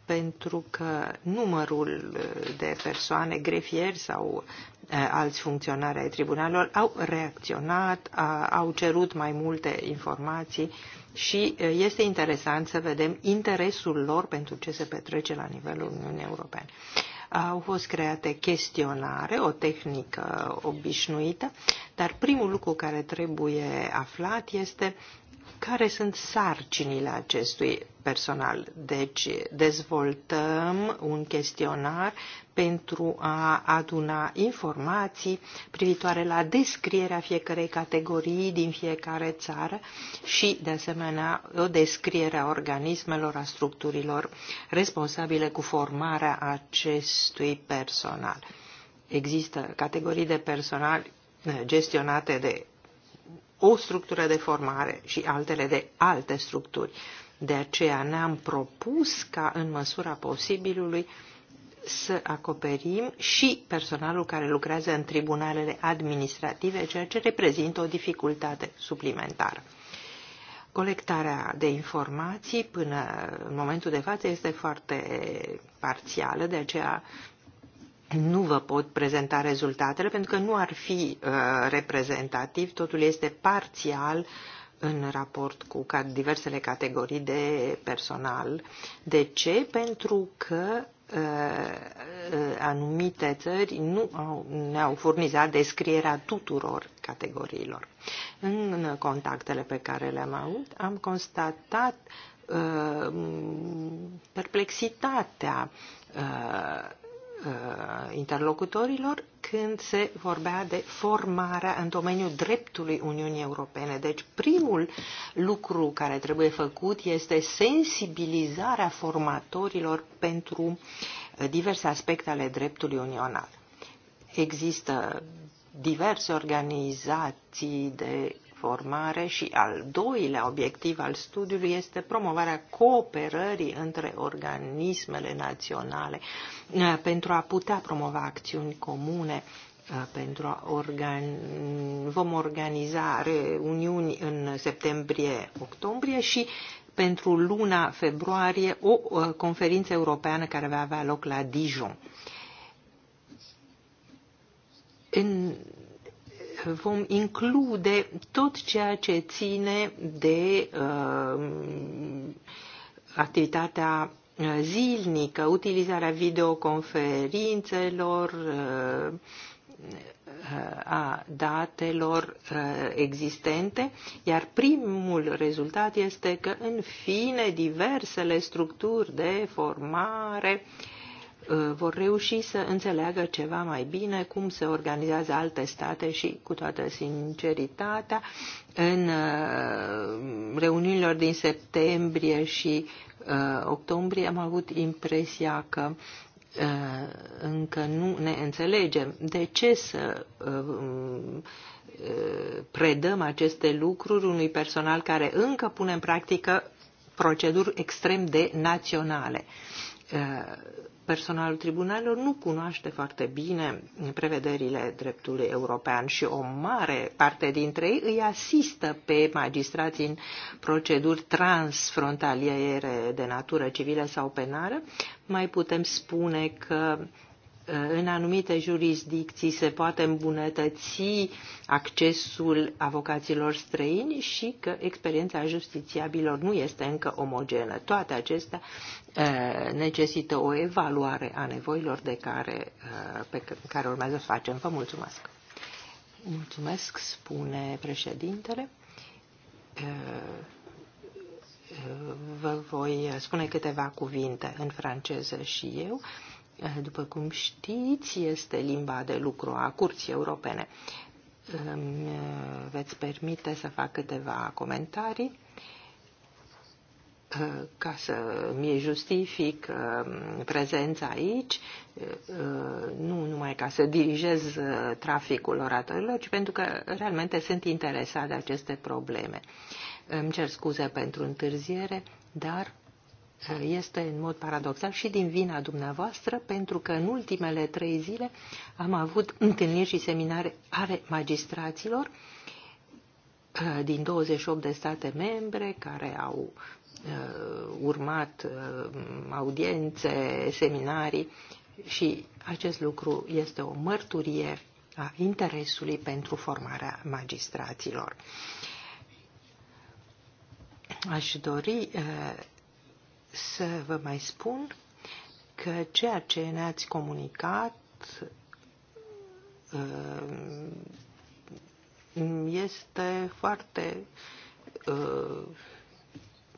pentru că numărul uh, de persoane grefieri sau uh, alți funcționari ai tribunalului au reacționat, au cerut mai multe informații și uh, este interesant să vedem interesul lor pentru ce se petrece la nivelul Uniunii Europene. Au fost create chestionare, o tehnică obișnuită, dar primul lucru care trebuie aflat este care sunt sarcinile acestui personal. Deci dezvoltăm un chestionar pentru a aduna informații privitoare la descrierea fiecarei categorii din fiecare țară și, de asemenea, o descriere a organismelor, a structurilor responsabile cu formarea acestui personal. Există categorii de personal gestionate de o structură de formare și altele de alte structuri. De aceea ne-am propus ca în măsura posibilului să acoperim și personalul care lucrează în tribunalele administrative, ceea ce reprezintă o dificultate suplimentară. Colectarea de informații până în momentul de față este foarte parțială, de aceea nu vă pot prezenta rezultatele pentru că nu ar fi uh, reprezentativ, totul este parțial în raport cu diversele categorii de personal. De ce? Pentru că uh, uh, anumite țări nu au, ne-au furnizat descrierea tuturor categoriilor. În contactele pe care le-am avut, am constatat uh, perplexitatea uh, Uh, interlocutorilor când se vorbea de formarea în domeniul dreptului Uniunii Europene. Deci primul lucru care trebuie făcut este sensibilizarea formatorilor pentru uh, diverse aspecte ale dreptului unional. Există diverse organizații de formare și al doilea obiectiv al studiului este promovarea cooperării între organismele naționale uh, pentru a putea promova acțiuni comune uh, pentru a organi... vom organiza reuniuni în septembrie-octombrie și pentru luna februarie o uh, conferință europeană care va avea loc la Dijon. În vom include tot ceea ce ține de uh, activitatea uh, zilnică, utilizarea videoconferințelor, uh, uh a datelor uh, existente, iar primul rezultat este că, în fine, diversele structuri de formare uh, Uh, vor reuși să înțeleagă ceva mai bine cum se organizează alte state și, cu toată sinceritatea, în uh, reuniunilor din septembrie și uh, octombrie am avut impresia că încă nu ne înțelegem. De ce să predăm aceste lucruri unui personal care încă pune în practică proceduri extrem de naționale? personalul tribunalelor nu cunoaște foarte bine prevederile dreptului european și o mare parte dintre ei îi asistă pe magistrații în proceduri transfrontaliere de natură civilă sau penală. Mai putem spune că în anumite jurisdicții se poate îmbunătăți accesul avocaților străini și că experiența justițiabilor nu este încă omogenă. Toate acestea uh, necesită o evaluare a nevoilor de care, uh, pe care urmează să facem. Vă mulțumesc! Mulțumesc, spune președintele. Uh, vă voi spune câteva cuvinte în franceză și eu. Eh, după cum știți, este limba de lucru a Curții Europene. Eh, veți permite să fac câteva comentarii eh, ca să mi justific prezența aici, nu numai ca să dirigez traficul oratorilor, ci pentru că realmente sunt interesat de aceste probleme. Îmi cer scuze pentru întârziere, dar este în mod paradoxal și din vina dumneavoastră, pentru că în ultimele trei zile am avut întâlniri și seminare ale magistraților uh, din 28 de state membre care au uh, urmat uh, audiențe, seminarii și acest lucru este o mărturie a interesului pentru formarea magistraților. Aș dori să vă mai spun că ceea ce ne-ați comunicat uh, este foarte uh,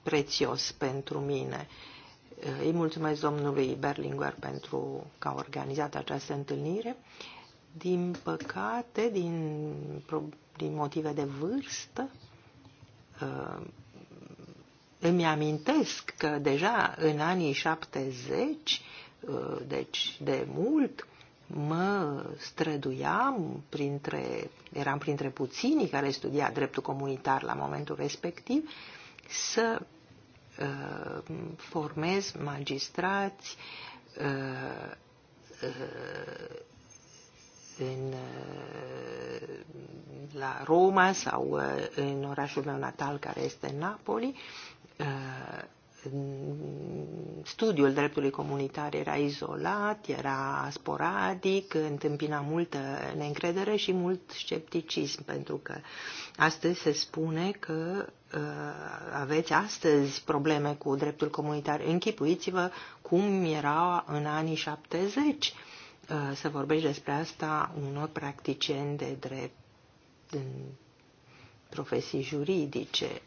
prețios pentru mine. Uh, îi mulțumesc domnului Berlinguer pentru că a organizat această întâlnire. Din păcate, din, din motive de vârstă, îmi amintesc că deja în anii 70, uh, deci de mult, mă străduiam, printre, eram printre puținii care studia dreptul comunitar la momentul respectiv, să uh, formez magistrați uh, uh, în, uh, la Roma sau uh, în orașul meu natal care este Napoli Uh, studiul dreptului comunitar era izolat, era sporadic, întâmpina multă neîncredere și mult scepticism, pentru că astăzi se spune că uh, aveți astăzi probleme cu dreptul comunitar. Închipuiți-vă cum era în anii 70 uh, să vorbești despre asta unor practicieni de drept în profesii juridice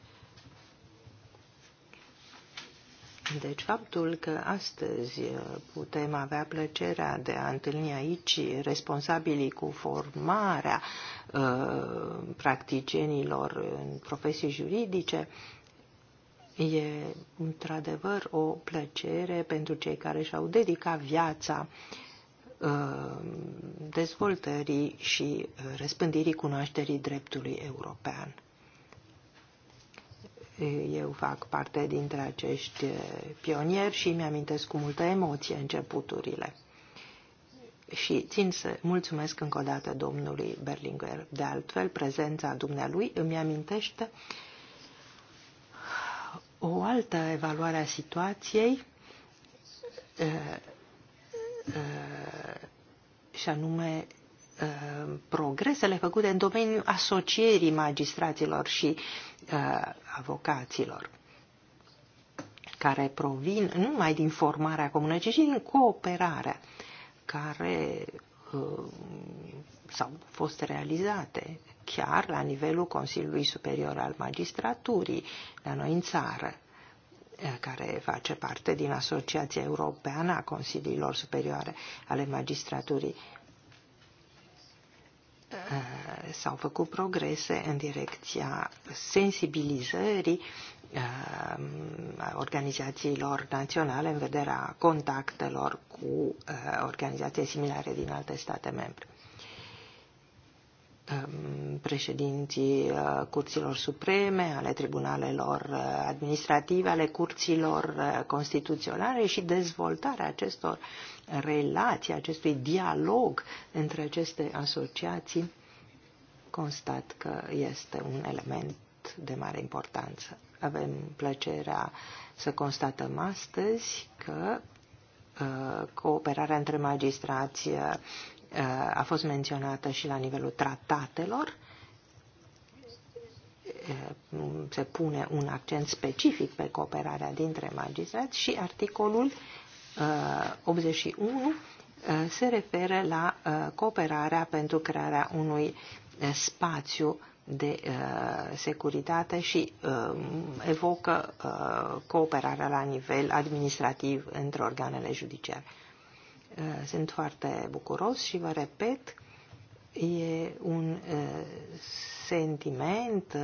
Deci faptul că astăzi uh, putem avea plăcerea de a întâlni aici responsabilii cu formarea uh, practicienilor în profesii juridice e într-adevăr o plăcere pentru cei care și-au dedicat viața uh, dezvoltării și uh, răspândirii cunoașterii dreptului european. Eu fac parte dintre acești eh, pionieri și mi-amintesc cu multă emoție începuturile. Și țin să mulțumesc încă o dată domnului Berlinguer. De altfel, prezența dumnealui îmi amintește o altă evaluare a situației eh, eh, și anume Uh, progresele făcute în domeniul asocierii magistraților și uh, avocaților care provin nu numai din formarea comună, ci și din cooperarea care uh, s-au fost realizate chiar la nivelul Consiliului Superior al Magistraturii la noi în țară, uh, care face parte din Asociația Europeană a Consiliilor Superioare ale Magistraturii. Eh, s-au făcut progrese în direcția sensibilizării eh, organizațiilor naționale în vederea contactelor cu eh, organizații similare din alte state membre. Um, președinții uh, curților supreme, ale tribunalelor uh, administrative, ale curților uh, constituționale și dezvoltarea acestor relații, acestui dialog între aceste asociații, constat că este un element de mare importanță. Avem plăcerea să constatăm astăzi că cooperarea între magistrați Uh, a fost menționată și la nivelul tratatelor. Uh, se pune un accent specific pe cooperarea dintre magistrați și articolul 81 uh, se referă la cooperarea pentru crearea unui spațiu de uh, securitate și uh, evocă uh, cooperarea la nivel administrativ între organele judiciare. Eh, sunt foarte bucuros și vă repet, e un eh, sentiment eh,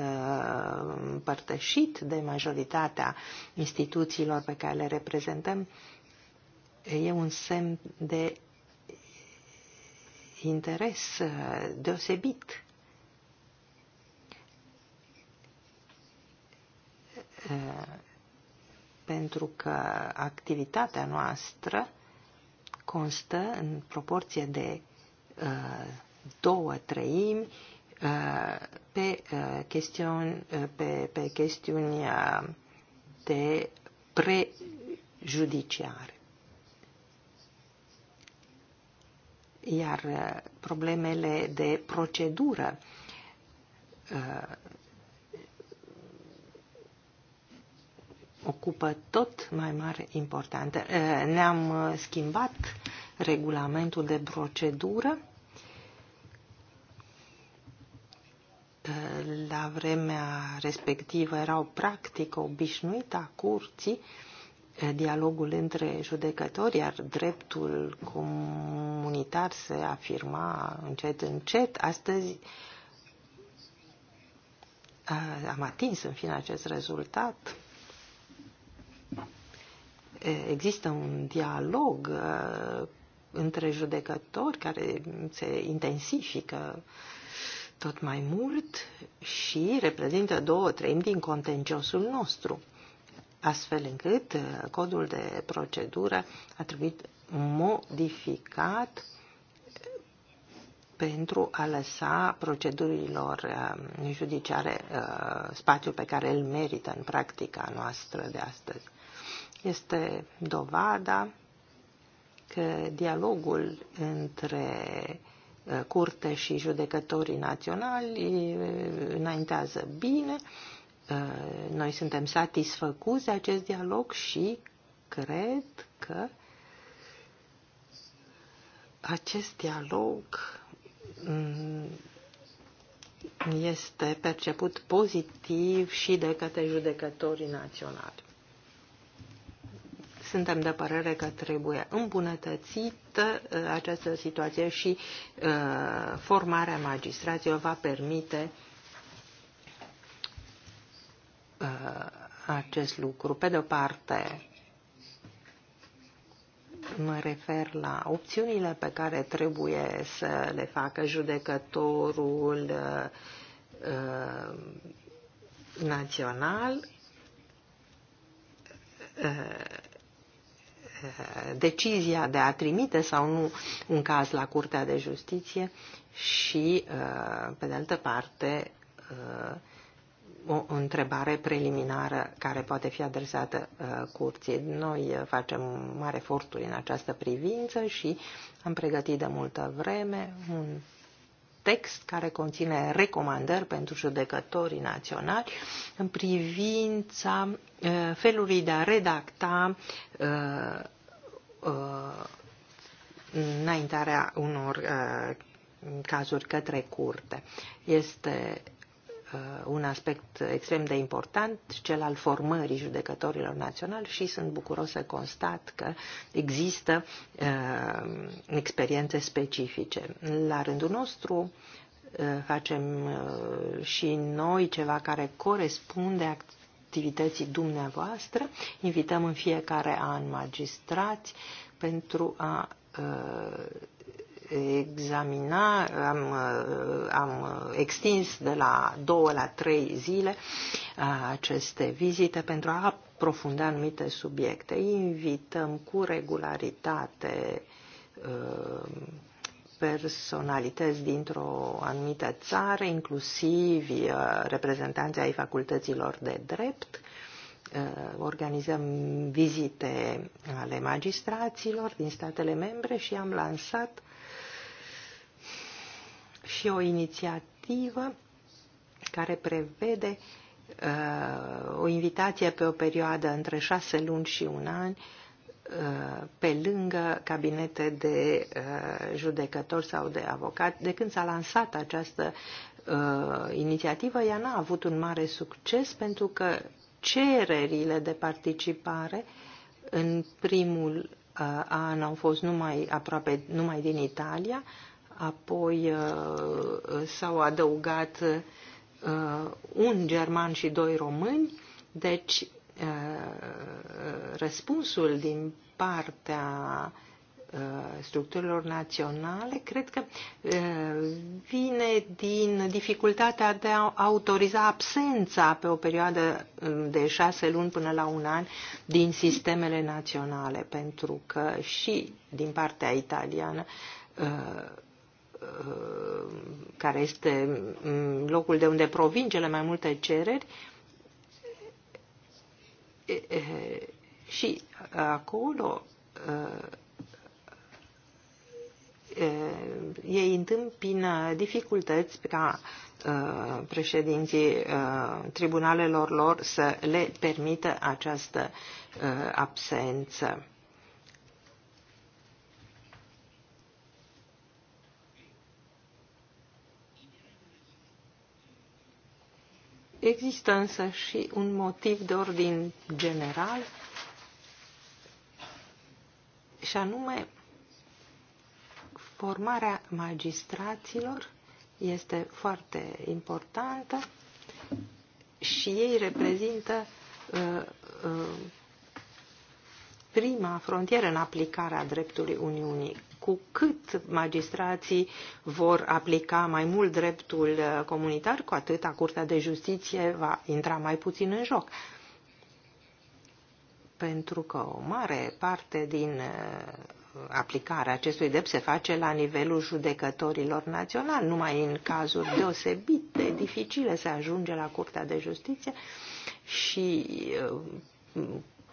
împărtășit de majoritatea instituțiilor pe care le reprezentăm. E un semn de interes deosebit pentru că activitatea noastră constă în proporție de uh, două treimi uh, pe uh, chestiuni, pe, pe chestiuni de prejudiciare. Iar problemele de procedură ocupă tot mai mare importanță. Eh, ne-am eh, schimbat regulamentul de procedură. Eh, la vremea respectivă erau practic obișnuită a curții dialogul între judecători, iar dreptul comunitar se afirma încet, încet. Astăzi am atins în fine acest rezultat există un dialog uh, între judecători care se intensifică tot mai mult și reprezintă două treimi din contenciosul nostru, astfel încât uh, codul de procedură a trebuit modificat pentru a lăsa procedurilor uh, judiciare spațiul pe care îl merită în practica noastră de astăzi este dovada că dialogul între uh, curte și judecătorii naționali uh, înaintează bine. Uh, noi suntem satisfăcuți de acest dialog și cred că acest dialog mm, este perceput pozitiv și de către judecătorii naționali suntem de părere că trebuie îmbunătățită uh, această situație și uh, formarea magistraților va permite uh, acest lucru. Pe de-o parte, mă refer la opțiunile pe care trebuie să le facă judecătorul național decizia de a trimite sau nu un caz la Curtea de Justiție și, uh, pe de altă parte, uh, o întrebare preliminară care poate fi adresată uh, curții. Noi facem mari eforturi în această privință și am pregătit de multă vreme un text care conține recomandări pentru judecătorii naționali în privința uh, felului de a redacta uh, uh, înaintarea unor cazuri către curte. Este Uh, un aspect extrem de important, cel al formării judecătorilor naționali și sunt bucuros să constat că există uh, experiențe specifice. La rândul nostru uh, facem și noi ceva care corespunde activității dumneavoastră. Invităm în fiecare an magistrați pentru a examina, am, uh, am extins de la două la trei zile uh, aceste vizite pentru a aprofunda anumite subiecte. Invităm cu regularitate uh, personalități dintr-o anumită țară, inclusiv reprezentanții ai facultăților de drept, organizăm vizite ale magistraților din statele membre și am lansat și o inițiativă care prevede uh, o invitație pe o perioadă între șase luni și un an uh, pe lângă cabinete de uh, judecători sau de avocat. De când s-a lansat această uh, inițiativă, ea n-a avut un mare succes pentru că cererile de participare în primul uh, an au fost numai aproape numai din Italia, uh, apoi uh, uh, s-au adăugat uh, un german și doi români, deci răspunsul din partea structurilor naționale, cred că vine din dificultatea de a autoriza absența pe o perioadă um, de șase luni până la un an din sistemele naționale, pentru că și din partea italiană Uh, care este mm, locul de unde provin cele mai multe cereri. Și acolo uh, ei întâmpină dificultăți ca uh, președinții tribunalelor lor să le permită această absență. Există însă și un motiv de ordin general și anume formarea magistraților este foarte importantă și ei reprezintă uh, uh, prima frontieră în aplicarea dreptului Uniunii cu cât magistrații vor aplica mai mult dreptul uh, comunitar, cu a Curtea de Justiție va intra mai puțin în joc. Pentru că o mare parte din uh, aplicarea acestui drept se face la nivelul judecătorilor naționali. Numai în cazuri deosebite, dificile se ajunge la Curtea de Justiție și uh,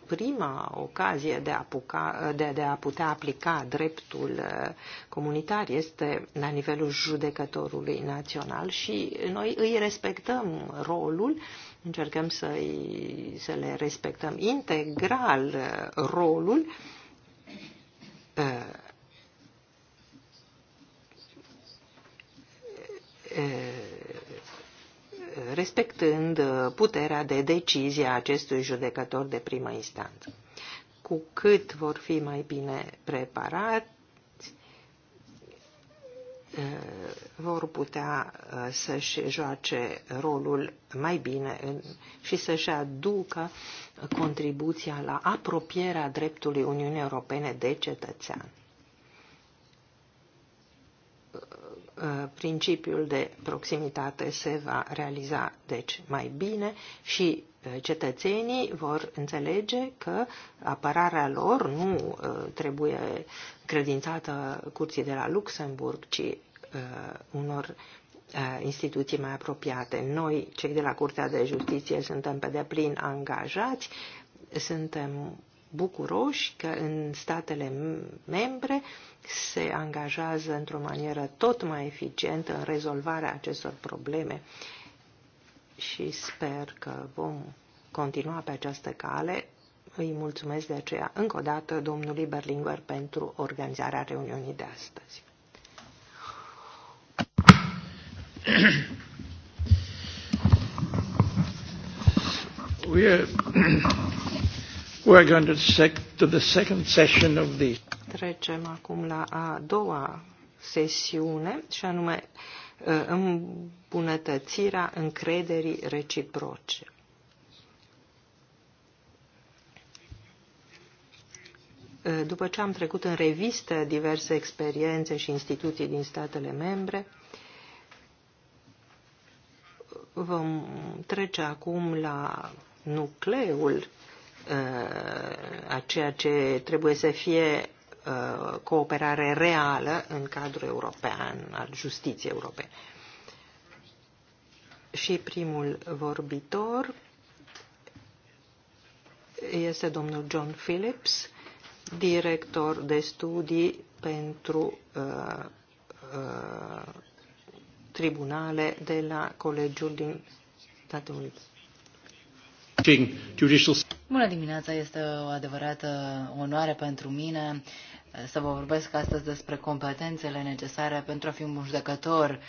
prima ocazie de a, apuca, de, de a putea aplica dreptul uh, comunitar este la nivelul judecătorului național și noi îi respectăm rolul, încercăm să, -i, să le respectăm integral uh, rolul uh, uh respectând uh, puterea de decizie a acestui judecător de primă instanță. Cu cât vor fi mai bine preparați, uh, vor putea uh, să-și joace rolul mai bine și să-și aducă contribuția la apropierea dreptului Uniunii Europene de cetățean. Uh, principiul de proximitate se va realiza deci mai bine și uh, cetățenii vor înțelege că apărarea lor nu uh, trebuie credințată curții de la Luxemburg, ci unor instituții mai apropiate. Noi, cei de la Curtea de Justiție, suntem pe deplin angajați, suntem bucuroși că în statele membre se angajează într-o manieră tot mai eficientă în rezolvarea acestor probleme și sper că vom continua pe această cale. Îi mulțumesc de aceea încă o dată domnului Berlinguer pentru organizarea reuniunii de astăzi. We are We're going to, sec- to the second session of the... Trecem acum la a doua sesiune, și anume ă, îmbunătățirea încrederii reciproce. Ă, după ce am trecut în revistă diverse experiențe și instituții din statele membre, vom trece acum la nucleul Uh, a ceea ce trebuie să fie uh, cooperare reală în cadrul european, al justiției europene. Și primul vorbitor este domnul John Phillips, director de studii pentru uh, uh, tribunale de la Colegiul din Statele Unite. Judicial Bună dimineața, este o adevărată onoare pentru mine eh, să vă vorbesc astăzi despre competențele necesare pentru a fi un judecător.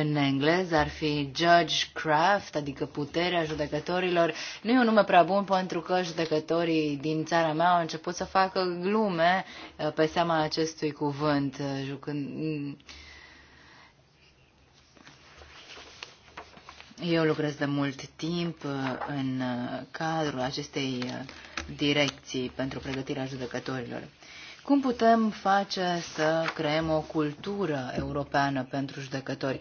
În engleză ar fi judge craft, adică puterea judecătorilor. Nu e un nume prea bun pentru că judecătorii din țara mea au început să facă glume eh, pe seama acestui cuvânt, eh, jucând Eu lucrez de mult timp uh, în uh, cadrul acestei uh, direcții pentru pregătirea judecătorilor. Cum putem face să creăm o cultură europeană pentru judecători?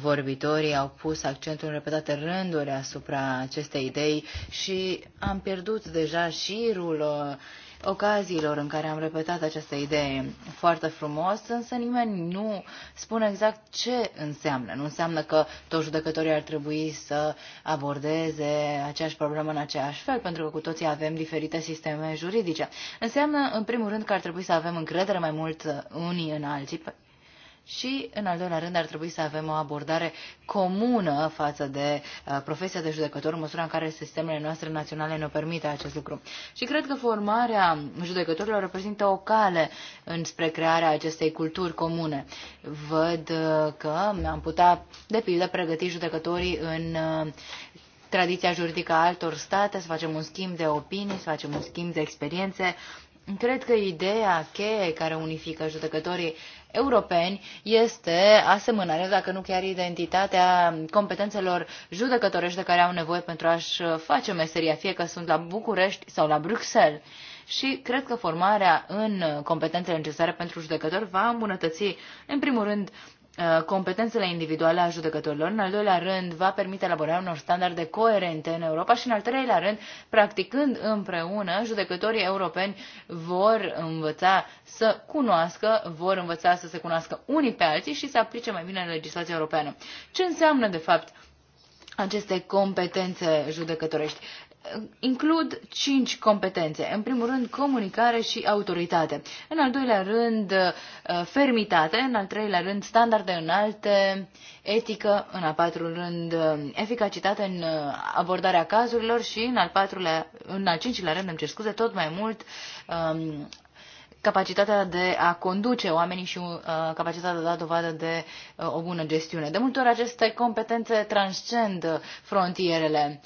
Vorbitorii au pus accentul în repetate rânduri asupra acestei idei și am pierdut deja șirul ocaziilor în care am repetat această idee foarte frumos, însă nimeni nu spune exact ce înseamnă. Nu înseamnă că toți judecătorii ar trebui să abordeze aceeași problemă în aceeași fel, pentru că cu toții avem diferite sisteme juridice. Înseamnă, în primul rând, că ar trebui să avem încredere mai mult unii în alții, și, în al doilea rând, ar trebui să avem o abordare comună față de uh, profesia de judecător, în măsura în care sistemele noastre naționale ne permite acest lucru. Și cred că formarea judecătorilor reprezintă o cale înspre crearea acestei culturi comune. Văd uh, că am putea, de pildă, pregăti judecătorii în uh, tradiția juridică a altor state, să facem un schimb de opinii, să facem un schimb de experiențe, Cred că ideea cheie care unifică judecătorii europeni este asemănarea, dacă nu chiar identitatea competențelor judecătorești de care au nevoie pentru a-și face meseria, fie că sunt la București sau la Bruxelles. Și cred că formarea în competențele necesare pentru judecători va îmbunătăți, în primul rând, Uh, competențele individuale a judecătorilor, în al doilea rând va permite elaborarea unor standarde coerente în Europa și în al treilea rând, practicând împreună, judecătorii europeni vor învăța să cunoască, vor învăța să se cunoască unii pe alții și să aplice mai bine legislația europeană. Ce înseamnă, de fapt, aceste competențe judecătorești includ cinci competențe. În primul rând, comunicare și autoritate. În al doilea rând, uh, fermitate. În al treilea rând, standarde înalte, etică. În al patrulea rând, uh, eficacitate în uh, abordarea cazurilor și în al, patrulea, în al cincilea rând, îmi cer scuze, tot mai mult, um, capacitatea de a conduce oamenii și uh, capacitatea de a da dovadă de uh, o bună gestiune. De multe ori aceste competențe transcend frontierele.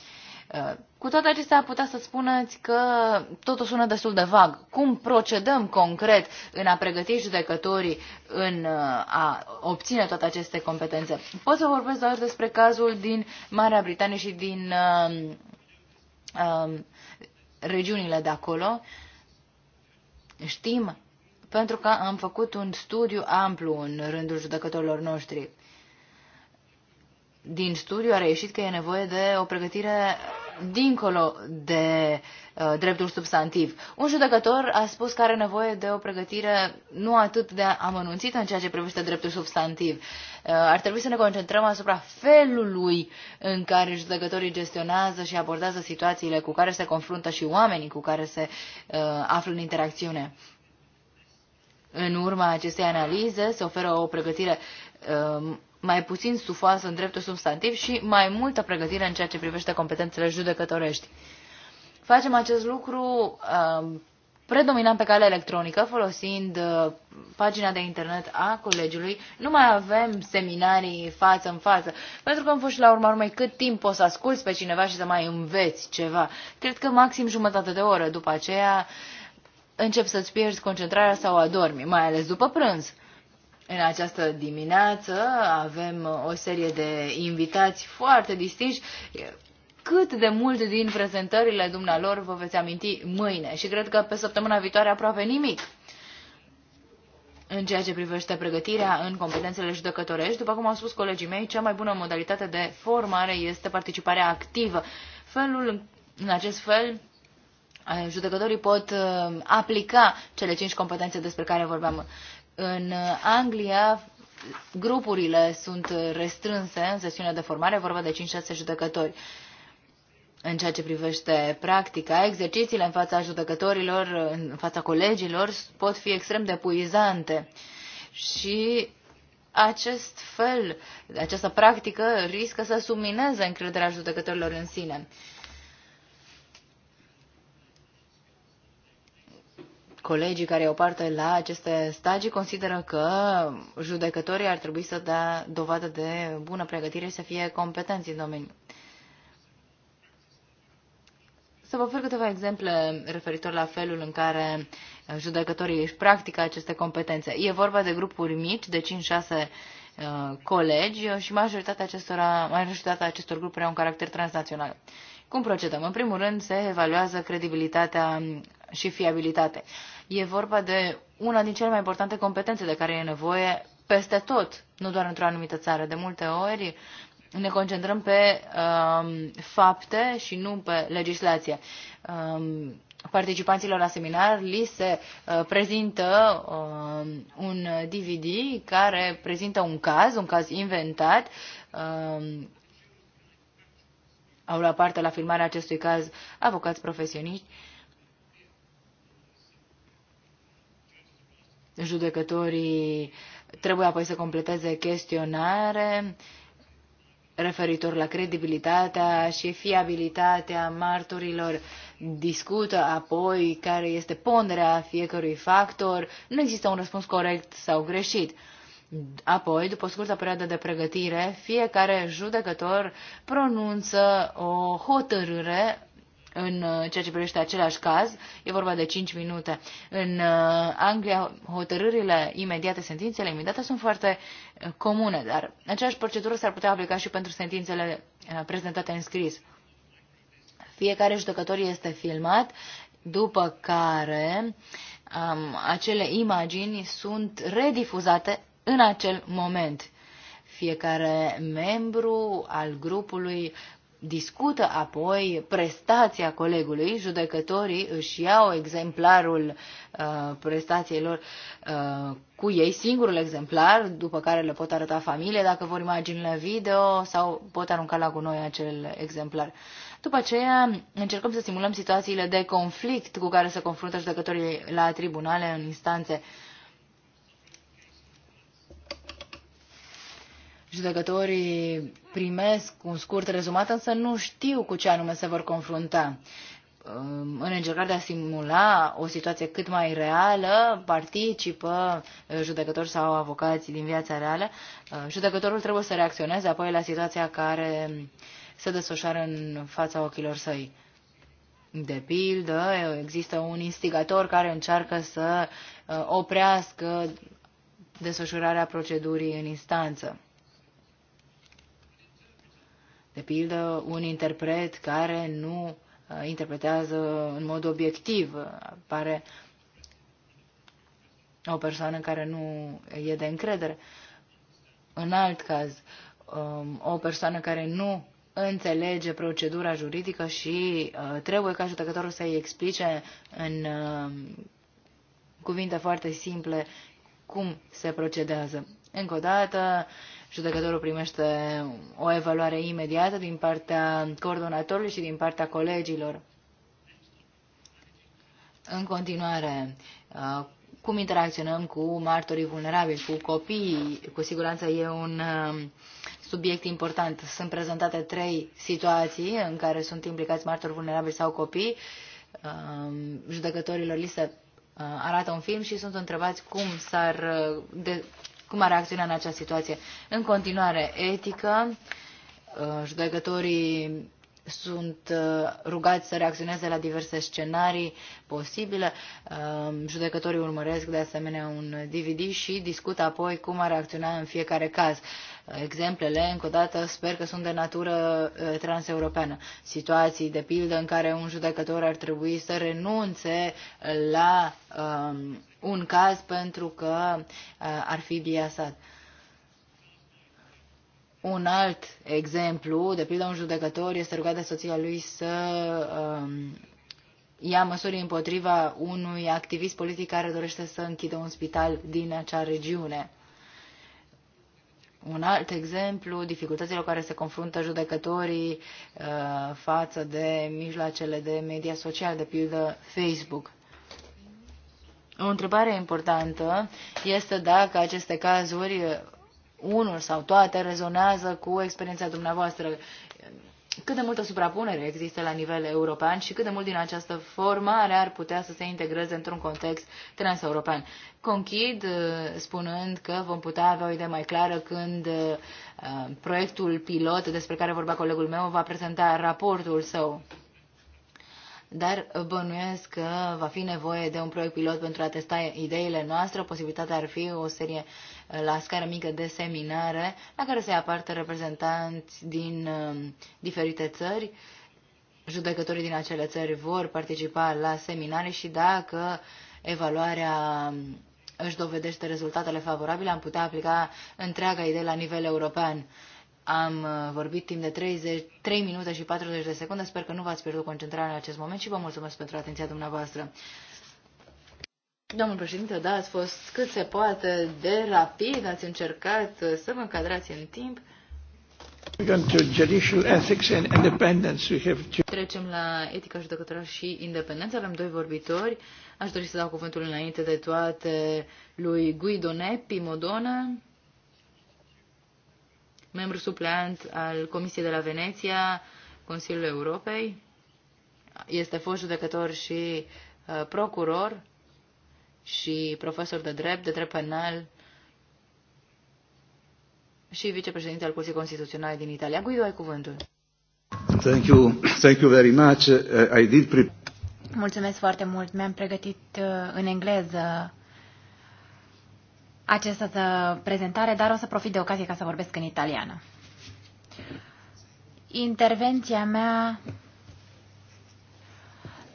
Uh, cu toate acestea, putea să spuneți că totul sună destul de vag. Cum procedăm concret în a pregăti judecătorii în uh, a obține toate aceste competențe? Pot să vorbesc doar despre cazul din Marea Britanie și din uh, uh, regiunile de acolo. Știm, pentru că am făcut un studiu amplu în rândul judecătorilor noștri. Din studiu a reieșit că e nevoie de o pregătire dincolo de uh, dreptul substantiv. Un judecător a spus că are nevoie de o pregătire nu atât de amănunțită în ceea ce privește dreptul substantiv. Uh, ar trebui să ne concentrăm asupra felului în care judecătorii gestionează și abordează situațiile cu care se confruntă și oamenii cu care se uh, află în interacțiune. În urma acestei analize se oferă o pregătire mai puțin sufoasă în dreptul substantiv și mai multă pregătire în ceea ce privește competențele judecătorești. Facem acest lucru uh, predominant pe cale electronică, folosind uh, pagina de internet a colegiului. Nu mai avem seminarii față în față, pentru că, în și la urma urmei, cât timp poți să asculți pe cineva și să mai înveți ceva? Cred că maxim jumătate de oră. După aceea, încep să-ți pierzi concentrarea sau adormi, mai ales după prânz. În această dimineață avem o serie de invitați foarte distinși. Cât de mult din prezentările dumnealor vă veți aminti mâine și cred că pe săptămâna viitoare aproape nimic în ceea ce privește pregătirea în competențele judecătorești. După cum au spus colegii mei, cea mai bună modalitate de formare este participarea activă. Felul, în acest fel, eh, judecătorii pot eh, aplica cele cinci competențe despre care vorbeam. În Anglia, grupurile sunt restrânse în sesiunea de formare, vorba de 5-6 judecători. În ceea ce privește practica, exercițiile în fața judecătorilor, în fața colegilor, pot fi extrem de puizante. Și acest fel, această practică riscă să submineze încrederea judecătorilor în sine. colegii care au parte la aceste stagii consideră că judecătorii ar trebui să dea dovadă de bună pregătire și să fie competenți în domeniu. Să vă ofer câteva exemple referitor la felul în care judecătorii își practică aceste competențe. E vorba de grupuri mici, de 5-6 uh, colegi și majoritatea, acestora, majoritatea acestor grupuri au un caracter transnațional. Cum procedăm? În primul rând, se evaluează credibilitatea și fiabilitate. E vorba de una din cele mai importante competențe de care e nevoie peste tot, nu doar într-o anumită țară. De multe ori ne concentrăm pe um, fapte și nu pe legislație. Um, participanților la seminar li se uh, prezintă um, un DVD care prezintă un caz, un caz inventat, um, au luat parte la filmarea acestui caz avocați profesioniști, judecătorii trebuie apoi să completeze chestionare referitor la credibilitatea și fiabilitatea martorilor, discută apoi care este ponderea fiecărui factor, nu există un răspuns corect sau greșit. Apoi, după o scurtă perioadă de pregătire, fiecare judecător pronunță o hotărâre în uh, ceea ce privește același caz, e vorba de 5 minute. În uh, Anglia, hotărârile imediate, sentințele imediate sunt foarte uh, comune, dar aceeași procedură s-ar putea aplica și pentru sentințele prezentate în scris. Fiecare judecător este filmat, după care um, acele imagini sunt redifuzate în acel moment. Fiecare membru al grupului discută apoi prestația colegului, judecătorii își iau exemplarul uh, prestației lor uh, cu ei, singurul exemplar, după care le pot arăta familie dacă vor imaginile video sau pot arunca la gunoi acel exemplar. După aceea încercăm să simulăm situațiile de conflict cu care se confruntă judecătorii la tribunale în instanțe. Uh, judecătorii primesc un scurt rezumat, însă nu știu cu ce anume se vor confrunta. În încercarea de a simula o situație cât mai reală, participă uh, judecători sau avocații din viața reală. Uh, judecătorul trebuie să reacționeze apoi la situația care se desfășoară în fața ochilor săi. De pildă, există un instigator care încearcă să uh, oprească desfășurarea procedurii în instanță. De pildă, un interpret care nu uh, interpretează în mod obiectiv, pare o persoană care nu e de încredere. În alt caz, um, o persoană care nu înțelege procedura juridică și uh, trebuie ca judecătorul să-i explice în um, cuvinte foarte simple cum se procedează. Încă o dată, judecătorul primește o evaluare imediată din partea coordonatorului și din partea colegilor. În continuare, uh, cum interacționăm cu martorii vulnerabili, cu copiii, cu siguranță e un uh, subiect important. Sunt prezentate trei situații în care sunt implicați martori vulnerabili sau copii. Uh, judecătorilor li se arată un film și sunt întrebați cum s-ar cum ar reacționa în această situație. În continuare, etică, uh, judecătorii sunt uh, rugați să reacționeze la diverse scenarii posibile. Uh, judecătorii urmăresc de asemenea un DVD și discută apoi cum ar reacționa în fiecare caz exemplele, încă o dată, sper că sunt de natură transeuropeană. Situații, de pildă, în care un judecător ar trebui să renunțe la um, un caz pentru că uh, ar fi biasat. Un alt exemplu, de pildă, un judecător este rugat de soția lui să um, ia măsuri împotriva unui activist politic care dorește să închidă un spital din acea regiune un alt exemplu, dificultăților care se confruntă judecătorii uh, față de mijloacele de media social, de pildă Facebook. O întrebare importantă este dacă aceste cazuri, unul sau toate, rezonează cu experiența dumneavoastră cât de multă suprapunere există la nivel european și cât de mult din această formare ar putea să se integreze într-un context transeuropean. Conchid uh, spunând că vom putea avea o idee mai clară când uh, uh, proiectul pilot despre care vorbea colegul meu va prezenta raportul său dar uh, bănuiesc că va fi nevoie de un proiect pilot pentru a testa ideile noastre. Posibilitatea ar fi o serie uh, la scară mică de seminare la care se ia parte reprezentanți din uh, diferite țări. Judecătorii din acele țări vor participa la seminare și dacă evaluarea um, își dovedește rezultatele favorabile, am putea aplica întreaga idee la nivel european. Am uh, vorbit timp de 30, 3 minute și 40 de secunde. Sper că nu v-ați pierdut concentrarea în acest moment și vă mulțumesc pentru atenția dumneavoastră. Domnul președinte, da, ați fost cât se poate de rapid, ați încercat uh, să vă încadrați în timp. Trecem la etica judecătorilor și independență. Avem doi vorbitori. Aș dori să dau cuvântul înainte de toate lui Guido Nepi Modona, membru supleant al Comisiei de la Veneția, Consiliul Europei. Este fost judecător și uh, procuror și profesor de drept, de drept penal și vicepreședinte al Curții Constituționale din Italia. Guido, ai cuvântul. Thank you, thank you very much. Uh, I did pre- Mulțumesc foarte mult. Mi-am pregătit uh, în engleză această prezentare, dar o să profit de ocazie ca să vorbesc în italiană. Intervenția mea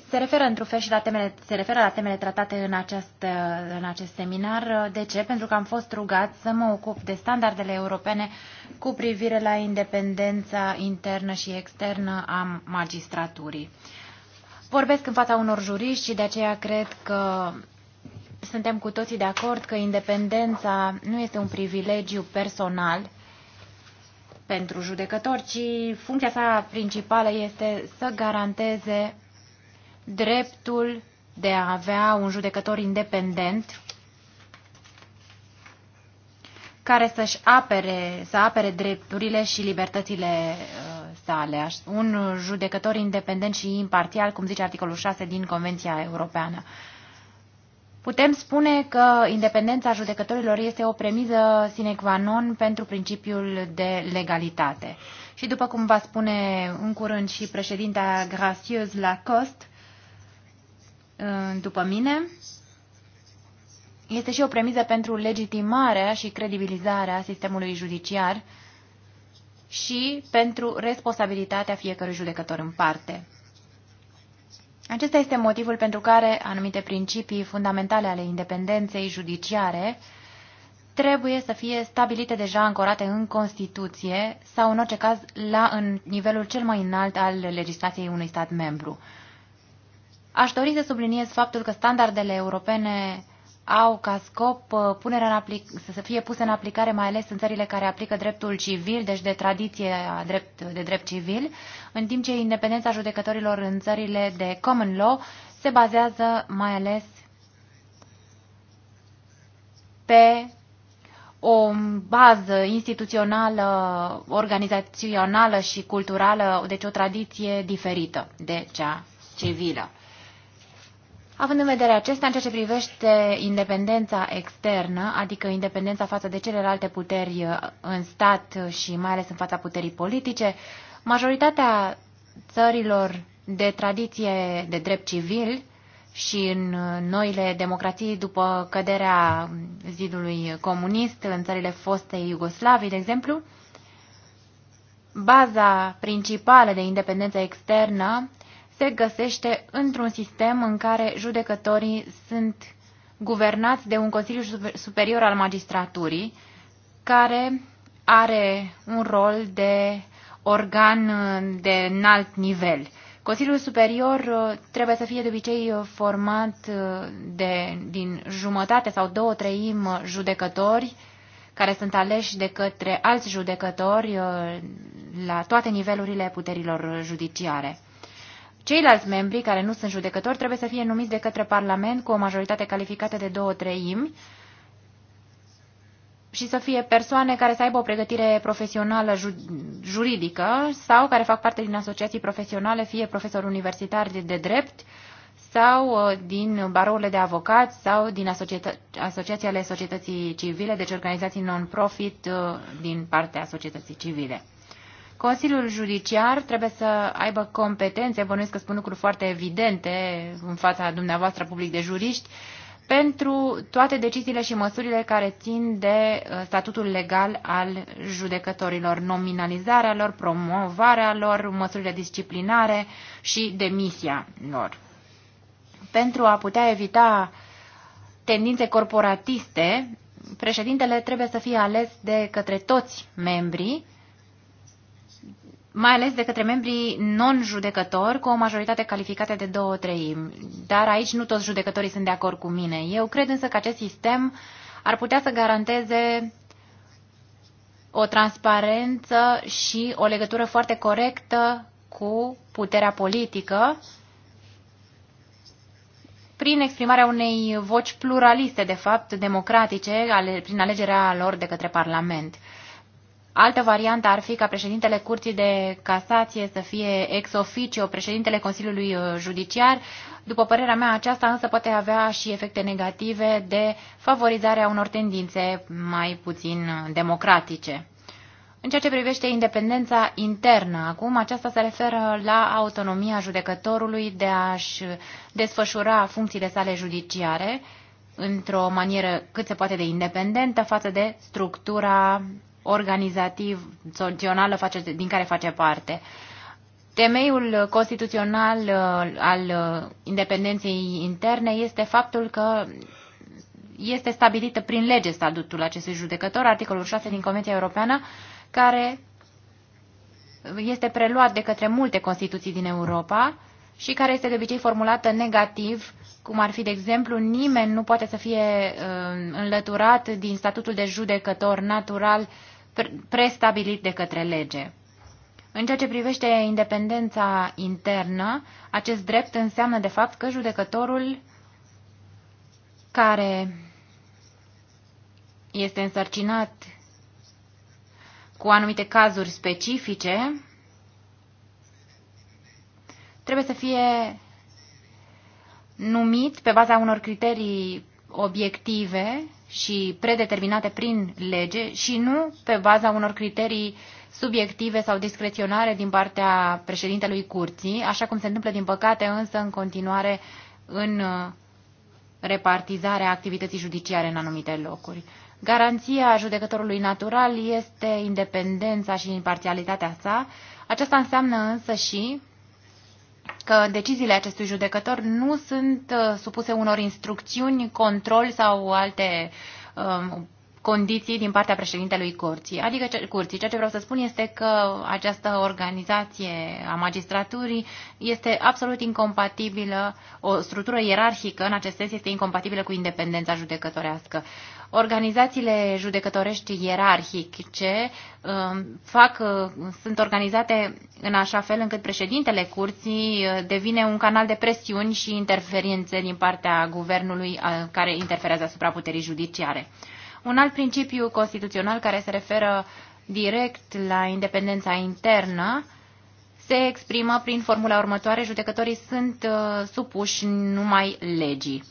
se referă într-un fel și la temele, se referă la temele tratate în acest, în acest seminar. De ce? Pentru că am fost rugat să mă ocup de standardele europene cu privire la independența internă și externă a magistraturii. Vorbesc în fața unor juriști și de aceea cred că suntem cu toții de acord că independența nu este un privilegiu personal pentru judecători, ci funcția sa principală este să garanteze dreptul de a avea un judecător independent care să-și apere, să apere drepturile și libertățile uh, sale. Un judecător independent și imparțial, cum zice articolul 6 din Convenția Europeană. Putem spune că independența judecătorilor este o premiză sine qua non pentru principiul de legalitate. Și după cum va spune în curând și președinta Gracius Lacoste, după mine, este și o premiză pentru legitimarea și credibilizarea sistemului judiciar și pentru responsabilitatea fiecărui judecător în parte. Acesta este motivul pentru care anumite principii fundamentale ale independenței judiciare trebuie să fie stabilite deja ancorate în Constituție sau, în orice caz, la în nivelul cel mai înalt al legislației unui stat membru. Aș dori să subliniez faptul că standardele europene au ca scop uh, punerea în aplic- să fie puse în aplicare mai ales în țările care aplică dreptul civil, deci de tradiție drept, de drept civil, în timp ce independența judecătorilor în țările de common law se bazează mai ales pe o bază instituțională, organizațională și culturală, deci o tradiție diferită de cea civilă. Având în vedere acesta, în ceea ce privește independența externă, adică independența față de celelalte puteri uh, în stat și mai ales în fața puterii politice, majoritatea țărilor de tradiție de drept civil și în uh, noile democrații după căderea zidului comunist în țările fostei Iugoslavii, de exemplu, baza principală de independență externă se găsește într-un sistem în care judecătorii sunt guvernați de un Consiliu Superior al Magistraturii, care are un rol de organ uh, de înalt nivel. Consiliul Superior uh, trebuie să fie de obicei uh, format de, din jumătate sau două treimi judecători care sunt aleși de către alți judecători la toate nivelurile puterilor judiciare. Ceilalți membri care nu sunt judecători trebuie să fie numiți de către Parlament cu o majoritate calificată de două treimi și să fie persoane care să aibă o pregătire profesională ju juridică sau care fac parte din asociații profesionale, fie profesori universitari de, de drept sau uh, din barourile de avocați sau din asociațiile societății civile, deci organizații non-profit uh, din partea societății civile. Consiliul Judiciar trebuie să aibă competențe, bănuiesc că spun lucruri foarte evidente în fața dumneavoastră public de juriști, pentru toate deciziile și măsurile care țin de uh, statutul legal al judecătorilor, nominalizarea lor, promovarea lor, măsurile disciplinare și demisia lor. Pentru a putea evita tendințe corporatiste, președintele trebuie să fie ales de către toți membrii mai ales de către membrii non-judecători cu o majoritate calificată de două treimi. Dar aici nu toți judecătorii sunt de acord cu mine. Eu cred însă că acest sistem ar putea să garanteze o transparență și o legătură foarte corectă cu puterea politică prin exprimarea unei voci pluraliste, de fapt, democratice, ale, prin alegerea lor de către Parlament. Altă variantă ar fi ca președintele Curții de Casație să fie ex officio președintele Consiliului uh, Judiciar. După părerea mea, aceasta însă poate avea și efecte negative de favorizarea unor tendințe mai puțin uh, democratice. În ceea ce privește independența internă, acum aceasta se referă la autonomia judecătorului de a-și desfășura funcțiile sale judiciare într-o manieră cât se poate de independentă față de structura organizativ, funcțională face, din care face parte. Temeiul constituțional uh, al uh, independenței interne este faptul că este stabilită prin lege statutul acestui judecător, articolul 6 din Convenția Europeană, care este preluat de către multe constituții din Europa și care este de obicei formulată negativ, cum ar fi, de exemplu, nimeni nu poate să fie uh, înlăturat din statutul de judecător natural uh, prestabilit de către lege. În ceea ce privește independența internă, acest drept înseamnă de fapt că judecătorul care este însărcinat cu anumite cazuri specifice trebuie să fie numit pe baza unor criterii obiective și predeterminate prin lege și nu pe baza unor criterii subiective sau discreționare din partea președintelui curții, așa cum se întâmplă din păcate însă în continuare în uh, repartizarea activității judiciare în anumite locuri. Garanția judecătorului natural este independența și imparțialitatea sa. Aceasta înseamnă însă și că deciziile acestui judecător nu sunt uh, supuse unor instrucțiuni, control sau alte um, condiții din partea președintelui curții. Adică ce, curții, ceea ce vreau să spun este că această organizație a magistraturii este absolut incompatibilă, o structură ierarhică în acest sens este incompatibilă cu independența judecătorească. Organizațiile judecătorești ierarhice um, fac, uh, sunt organizate în așa fel încât președintele curții uh, devine un canal de presiuni și interferințe din partea guvernului uh, care interferează asupra puterii judiciare. Un alt principiu constituțional care se referă direct la independența internă se exprimă prin formula următoare, judecătorii sunt supuși numai legii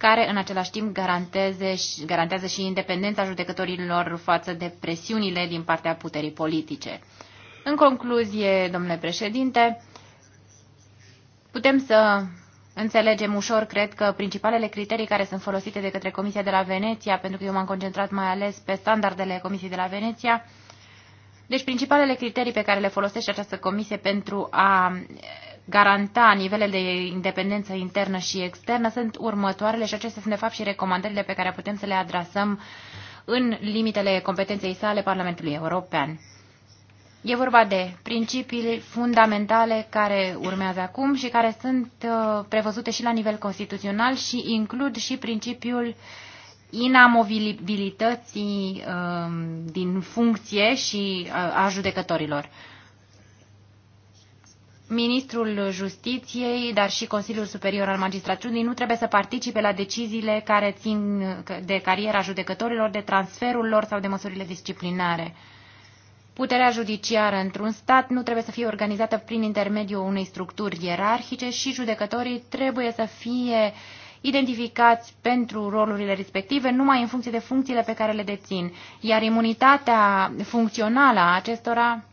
care în același timp garanteze, garantează și independența judecătorilor față de presiunile din partea puterii politice. În concluzie, domnule președinte, putem să înțelegem ușor, cred că principalele criterii care sunt folosite de către Comisia de la Veneția, pentru că eu m-am concentrat mai ales pe standardele Comisiei de la Veneția, deci principalele criterii pe care le folosește această comisie pentru a garanta nivelele de independență internă și externă sunt următoarele și acestea sunt de fapt și recomandările pe care putem să le adresăm în limitele competenței sale Parlamentului European. E vorba de principii fundamentale care urmează acum și care sunt uh, prevăzute și la nivel constituțional și includ și principiul inamovibilității uh, din funcție și uh, a judecătorilor ministrul justiției, dar și Consiliul Superior al Magistraturii nu trebuie să participe la deciziile care țin de cariera judecătorilor, de transferul lor sau de măsurile disciplinare. Puterea judiciară într-un stat nu trebuie să fie organizată prin intermediul unei structuri ierarhice și judecătorii trebuie să fie identificați pentru rolurile respective numai în funcție de funcțiile pe care le dețin, iar imunitatea funcțională a acestora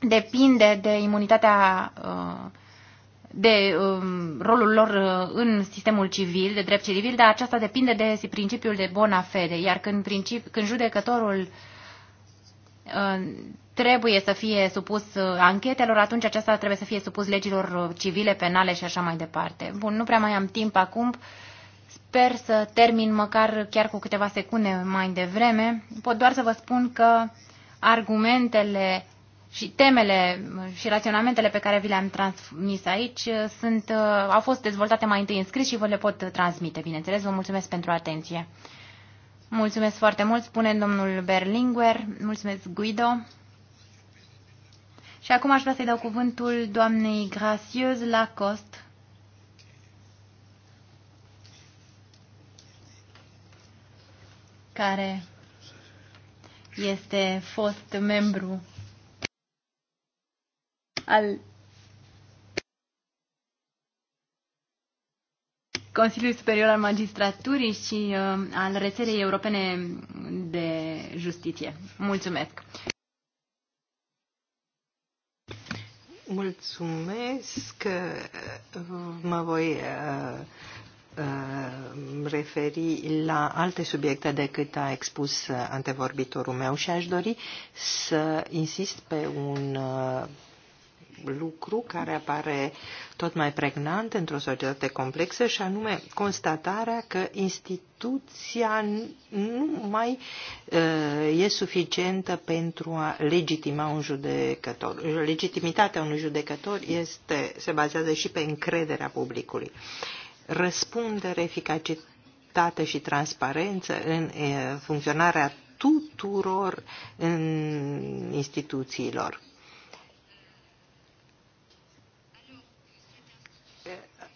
depinde de imunitatea, uh, de um, rolul lor uh, în sistemul civil, de drept civil, dar aceasta depinde de principiul de bona fede. Iar când, princip, când judecătorul uh, trebuie să fie supus anchetelor, atunci aceasta trebuie să fie supus legilor civile, penale și așa mai departe. Bun, nu prea mai am timp acum. Sper să termin măcar chiar cu câteva secunde mai devreme. Pot doar să vă spun că argumentele și temele și raționamentele pe care vi le-am transmis aici uh, sunt, uh, au fost dezvoltate mai întâi în scris și vă le pot transmite, bineînțeles. Vă mulțumesc pentru atenție. Mulțumesc foarte mult, spune domnul Berlinguer. Mulțumesc, Guido. Și acum aș vrea să-i dau cuvântul doamnei Gracieuse Lacoste. care este fost membru al Consiliului Superior al Magistraturii și uh, al Rețelei Europene de Justiție. Mulțumesc! Mulțumesc! Mă voi uh, uh, referi la alte subiecte decât a expus antevorbitorul meu și aș dori să insist pe un lucru care apare tot mai pregnant într-o societate complexă și anume constatarea că instituția nu mai uh, e suficientă pentru a legitima un judecător. Legitimitatea unui judecător este, se bazează și pe încrederea publicului. Răspundere, eficacitate și transparență în uh, funcționarea tuturor în instituțiilor.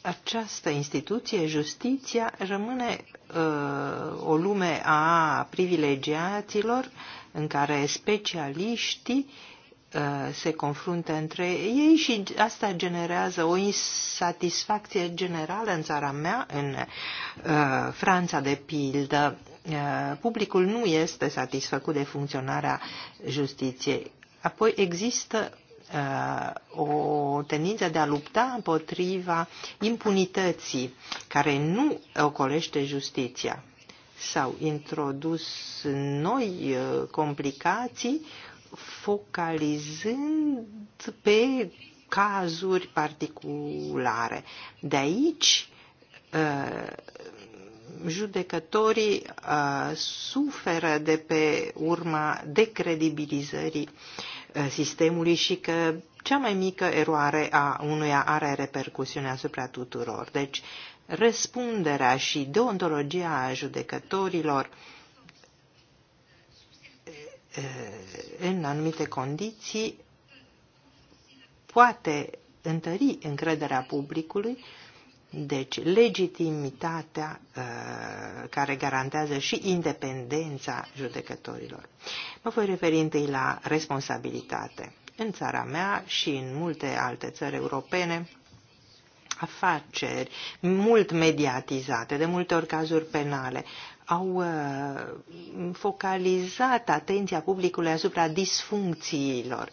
această instituție, justiția, rămâne uh, o lume a privilegiaților în care specialiștii uh, se confruntă între ei și asta generează o insatisfacție generală în țara mea, în uh, Franța de pildă. Uh, publicul nu este satisfăcut de funcționarea justiției. Apoi există Uh, o tendință de a lupta împotriva impunității care nu ocolește justiția. S-au introdus noi uh, complicații focalizând pe cazuri particulare. De aici uh, judecătorii suferă de pe urma decredibilizării uh, Uh, sistemului și că cea mai mică eroare a unuia are repercusiune asupra tuturor. Deci, răspunderea și deontologia a judecătorilor uh, în anumite condiții poate întări încrederea publicului deci, legitimitatea uh, care garantează și independența judecătorilor. Mă voi referi întâi la responsabilitate. În țara mea și în multe alte țări europene, afaceri mult mediatizate, de multe ori cazuri penale, au uh, focalizat atenția publicului asupra disfuncțiilor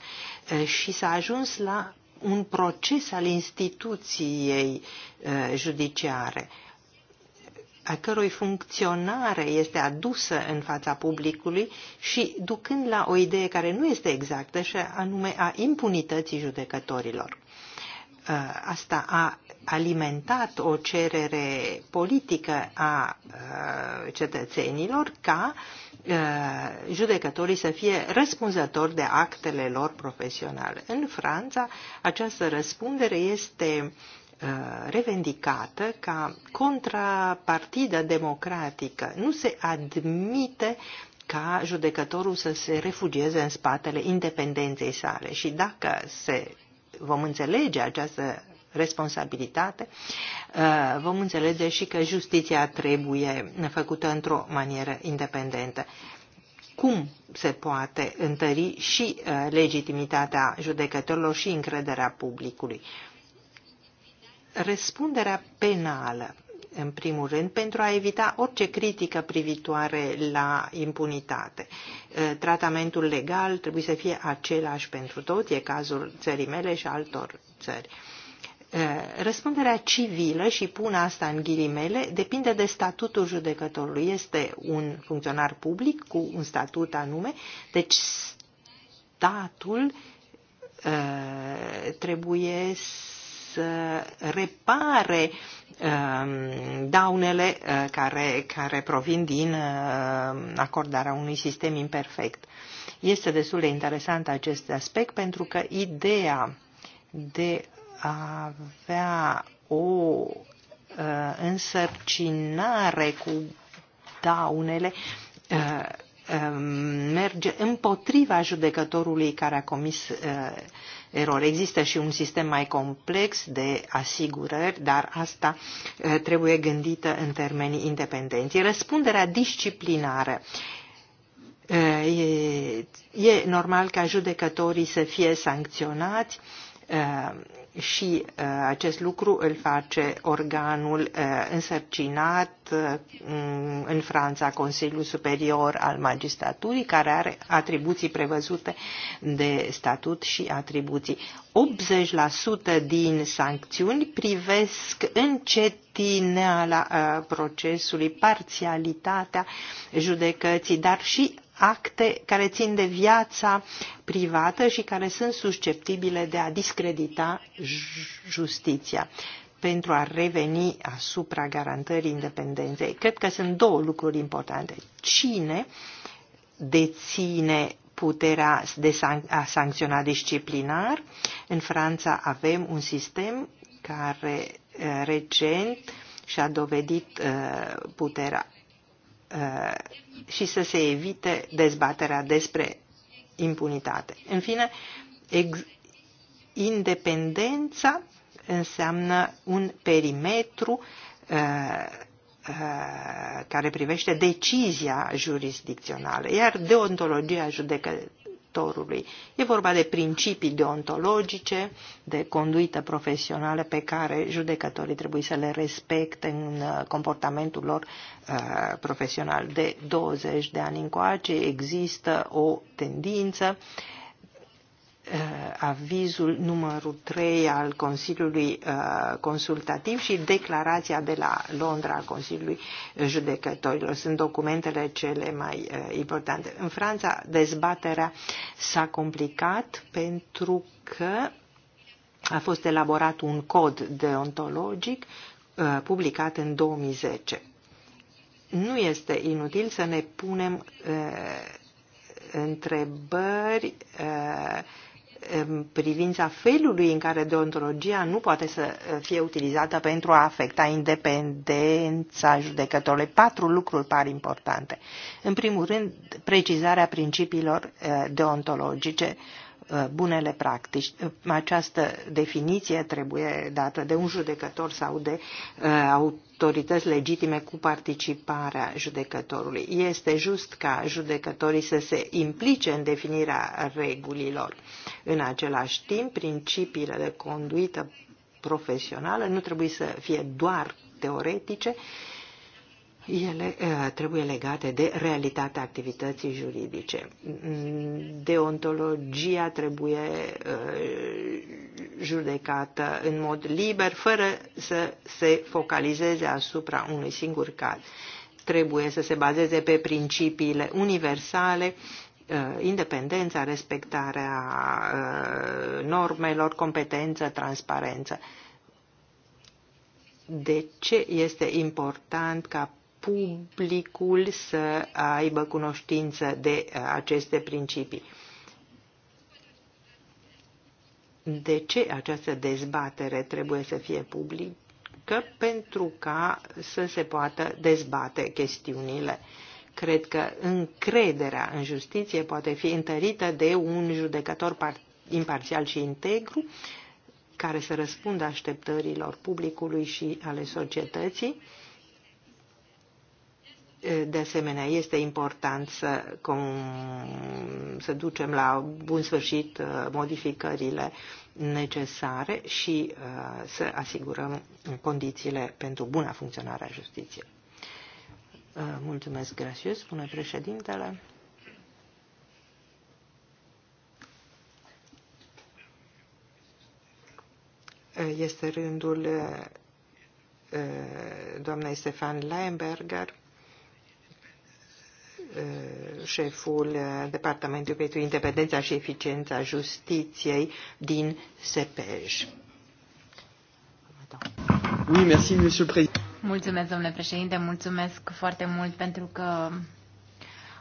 uh, și s-a ajuns la un proces al instituției uh, judiciare a cărui funcționare este adusă în fața publicului și ducând la o idee care nu este exactă și anume a impunității judecătorilor. Uh, asta a alimentat o cerere politică a cetățenilor ca judecătorii să fie răspunzători de actele lor profesionale. În Franța, această răspundere este revendicată ca contrapartidă democratică. Nu se admite ca judecătorul să se refugieze în spatele independenței sale. Și dacă se vom înțelege această responsabilitate, uh, vom înțelege și că justiția trebuie făcută într-o manieră independentă. Cum se poate întări și uh, legitimitatea judecătorilor și încrederea publicului? Răspunderea penală în primul rând, pentru a evita orice critică privitoare la impunitate. Uh, tratamentul legal trebuie să fie același pentru tot, e cazul țării mele și altor țări. Eh, răspunderea civilă, și pun asta în ghilimele, depinde de statutul judecătorului. Este un funcționar public cu un statut anume, deci statul eh, trebuie să repare ehm, daunele eh, care, care provin din acordarea unui sistem imperfect. Este destul de interesant acest aspect pentru că ideea de avea o uh, însărcinare cu daunele uh, um, merge împotriva judecătorului care a comis uh, erori. Există și un sistem mai complex de asigurări, dar asta trebuie gândită în termenii independenți. Răspunderea disciplinară. E, e normal ca judecătorii să fie sancționați și uh, acest lucru îl face organul uh, însărcinat uh, în Franța, Consiliul Superior al Magistraturii, care are atribuții prevăzute de statut și atribuții. 80% din sancțiuni privesc încetineala procesului, parțialitatea judecății, dar și acte care țin de viața privată și care sunt susceptibile de a discredita justiția pentru a reveni asupra garantării independenței. Cred că sunt două lucruri importante. Cine deține puterea de san- a sancționa disciplinar. În Franța avem un sistem care eh, recent și-a dovedit eh, puterea și să se evite dezbaterea despre impunitate. În fine, independența înseamnă un perimetru uh, uh, care privește decizia jurisdicțională, iar deontologia judecă, autorului. E vorba de principii deontologice, de conduită profesională pe care judecătorii trebuie să le respecte în uh, comportamentul lor uh, profesional. De 20 de ani încoace există o tendință uh, Uh, avizul numărul 3 al Consiliului uh, Consultativ și declarația de la Londra a Consiliului Judecătorilor. Sunt documentele cele mai uh, importante. În Franța dezbaterea s-a complicat pentru că a fost elaborat un cod deontologic publicat în 2010. Nu este inutil să ne punem întrebări în privința felului în care deontologia nu poate să uh, fie utilizată pentru a afecta independența judecătorului. Patru lucruri par importante. În primul rând, precizarea principiilor uh, deontologice Uh, bunele practici. Uh, această definiție trebuie dată de un judecător sau de uh, autorități legitime cu participarea judecătorului. Este just ca judecătorii să se implice în definirea regulilor. În același timp, principiile de conduită profesională nu trebuie să fie doar teoretice, ele uh, trebuie legate de realitatea activității juridice. Mm, deontologia trebuie uh, judecată în mod liber, fără să se focalizeze asupra unui singur caz. Trebuie să se bazeze pe principiile universale uh, independența, respectarea normelor, competență, transparență. De ce este important ca publicul să aibă cunoștință de uh, aceste principii. De ce această dezbatere trebuie să fie publică? Pentru ca să se poată dezbate chestiunile. Cred că încrederea în justiție poate fi întărită de un judecător imparțial și integru care să răspundă așteptărilor publicului și ale societății de asemenea, este important să, cum, să ducem la bun sfârșit uh, modificările necesare și uh, să asigurăm condițiile pentru buna funcționare a justiției. Uh, mulțumesc, gracios, spune președintele. Este rândul doamnei Stefan Leinberger. Uh, șeful uh, Departamentului pentru Independența și Eficiența Justiției din Sepej. Oui, merci, monsieur le président. Mulțumesc, domnule președinte, mulțumesc foarte mult pentru că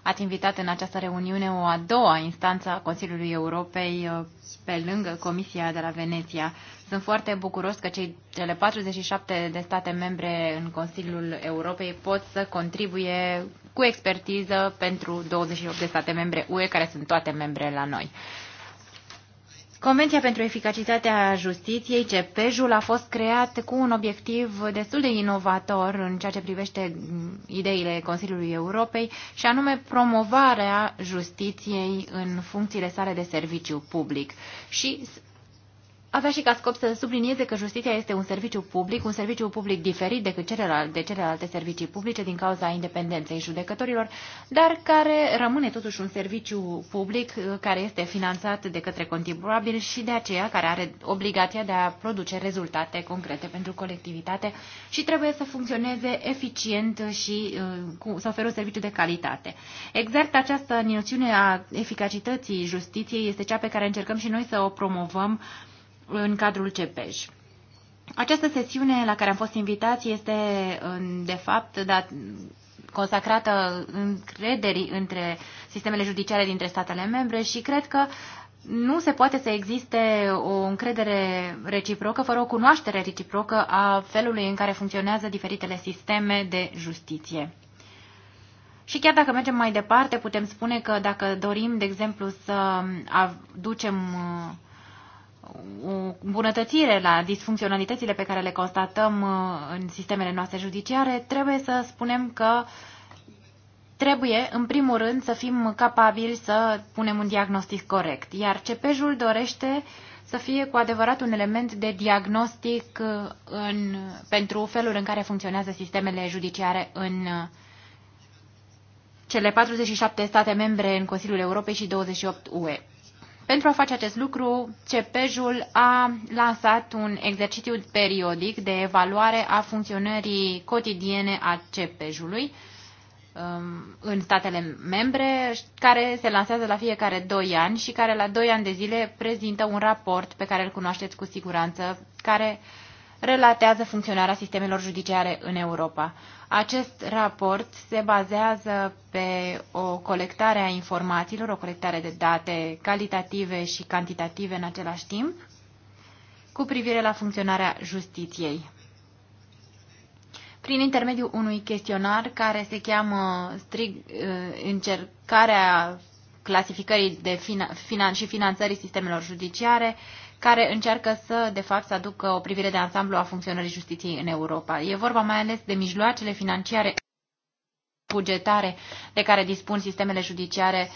ați invitat în această reuniune o a doua instanță a Consiliului Europei uh, pe lângă Comisia de la Veneția. Sunt foarte bucuros că cei, cele 47 de state membre în Consiliul Europei pot să contribuie cu expertiză pentru 28 de state membre UE, care sunt toate membre la noi. Convenția pentru eficacitatea justiției, CEPEJ-ul, a fost creat cu un obiectiv destul de inovator în ceea ce privește ideile Consiliului Europei și anume promovarea justiției în funcțiile sale de serviciu public. Și avea și ca scop să sublinieze că justiția este un serviciu public, un serviciu public diferit decât celelalte, de celelalte servicii publice din cauza independenței judecătorilor, dar care rămâne totuși un serviciu public uh, care este finanțat de către contribuabil și de aceea care are obligația de a produce rezultate concrete pentru colectivitate și trebuie să funcționeze eficient și uh, să ofere un serviciu de calitate. Exact această noțiune a eficacității justiției este cea pe care încercăm și noi să o promovăm în cadrul CEPEJ. Această sesiune la care am fost invitați este, de fapt, dat, consacrată încrederii între sistemele judiciare dintre statele membre și cred că nu se poate să existe o încredere reciprocă fără o cunoaștere reciprocă a felului în care funcționează diferitele sisteme de justiție. Și chiar dacă mergem mai departe, putem spune că dacă dorim, de exemplu, să aducem uh, o îmbunătățire la disfuncționalitățile pe care le constatăm uh, în sistemele noastre judiciare, trebuie să spunem că trebuie, în primul rând, să fim capabili să punem un diagnostic corect. Iar CPJ-ul dorește să fie cu adevărat un element de diagnostic uh, în, pentru felul în care funcționează sistemele judiciare în uh, cele 47 state membre în Consiliul Europei și 28 UE. Pentru a face acest lucru, CEPEJ-ul a lansat un exercițiu periodic de evaluare a funcționării cotidiene a CEPEJ-ului um, în statele membre, care se lansează la fiecare 2 ani și care la 2 ani de zile prezintă un raport pe care îl cunoașteți cu siguranță, care uh, relatează funcționarea sistemelor judiciare în Europa. Acest raport se bazează pe o colectare a informațiilor, o colectare de date calitative și cantitative în același timp, cu privire la funcționarea justiției. Prin intermediul unui chestionar care se cheamă strig, uh, încercarea clasificării de finan- și finanțării sistemelor judiciare, care încearcă să, de fapt, să aducă o privire de ansamblu a funcționării justiției în Europa. E vorba mai ales de mijloacele financiare bugetare de care dispun sistemele judiciare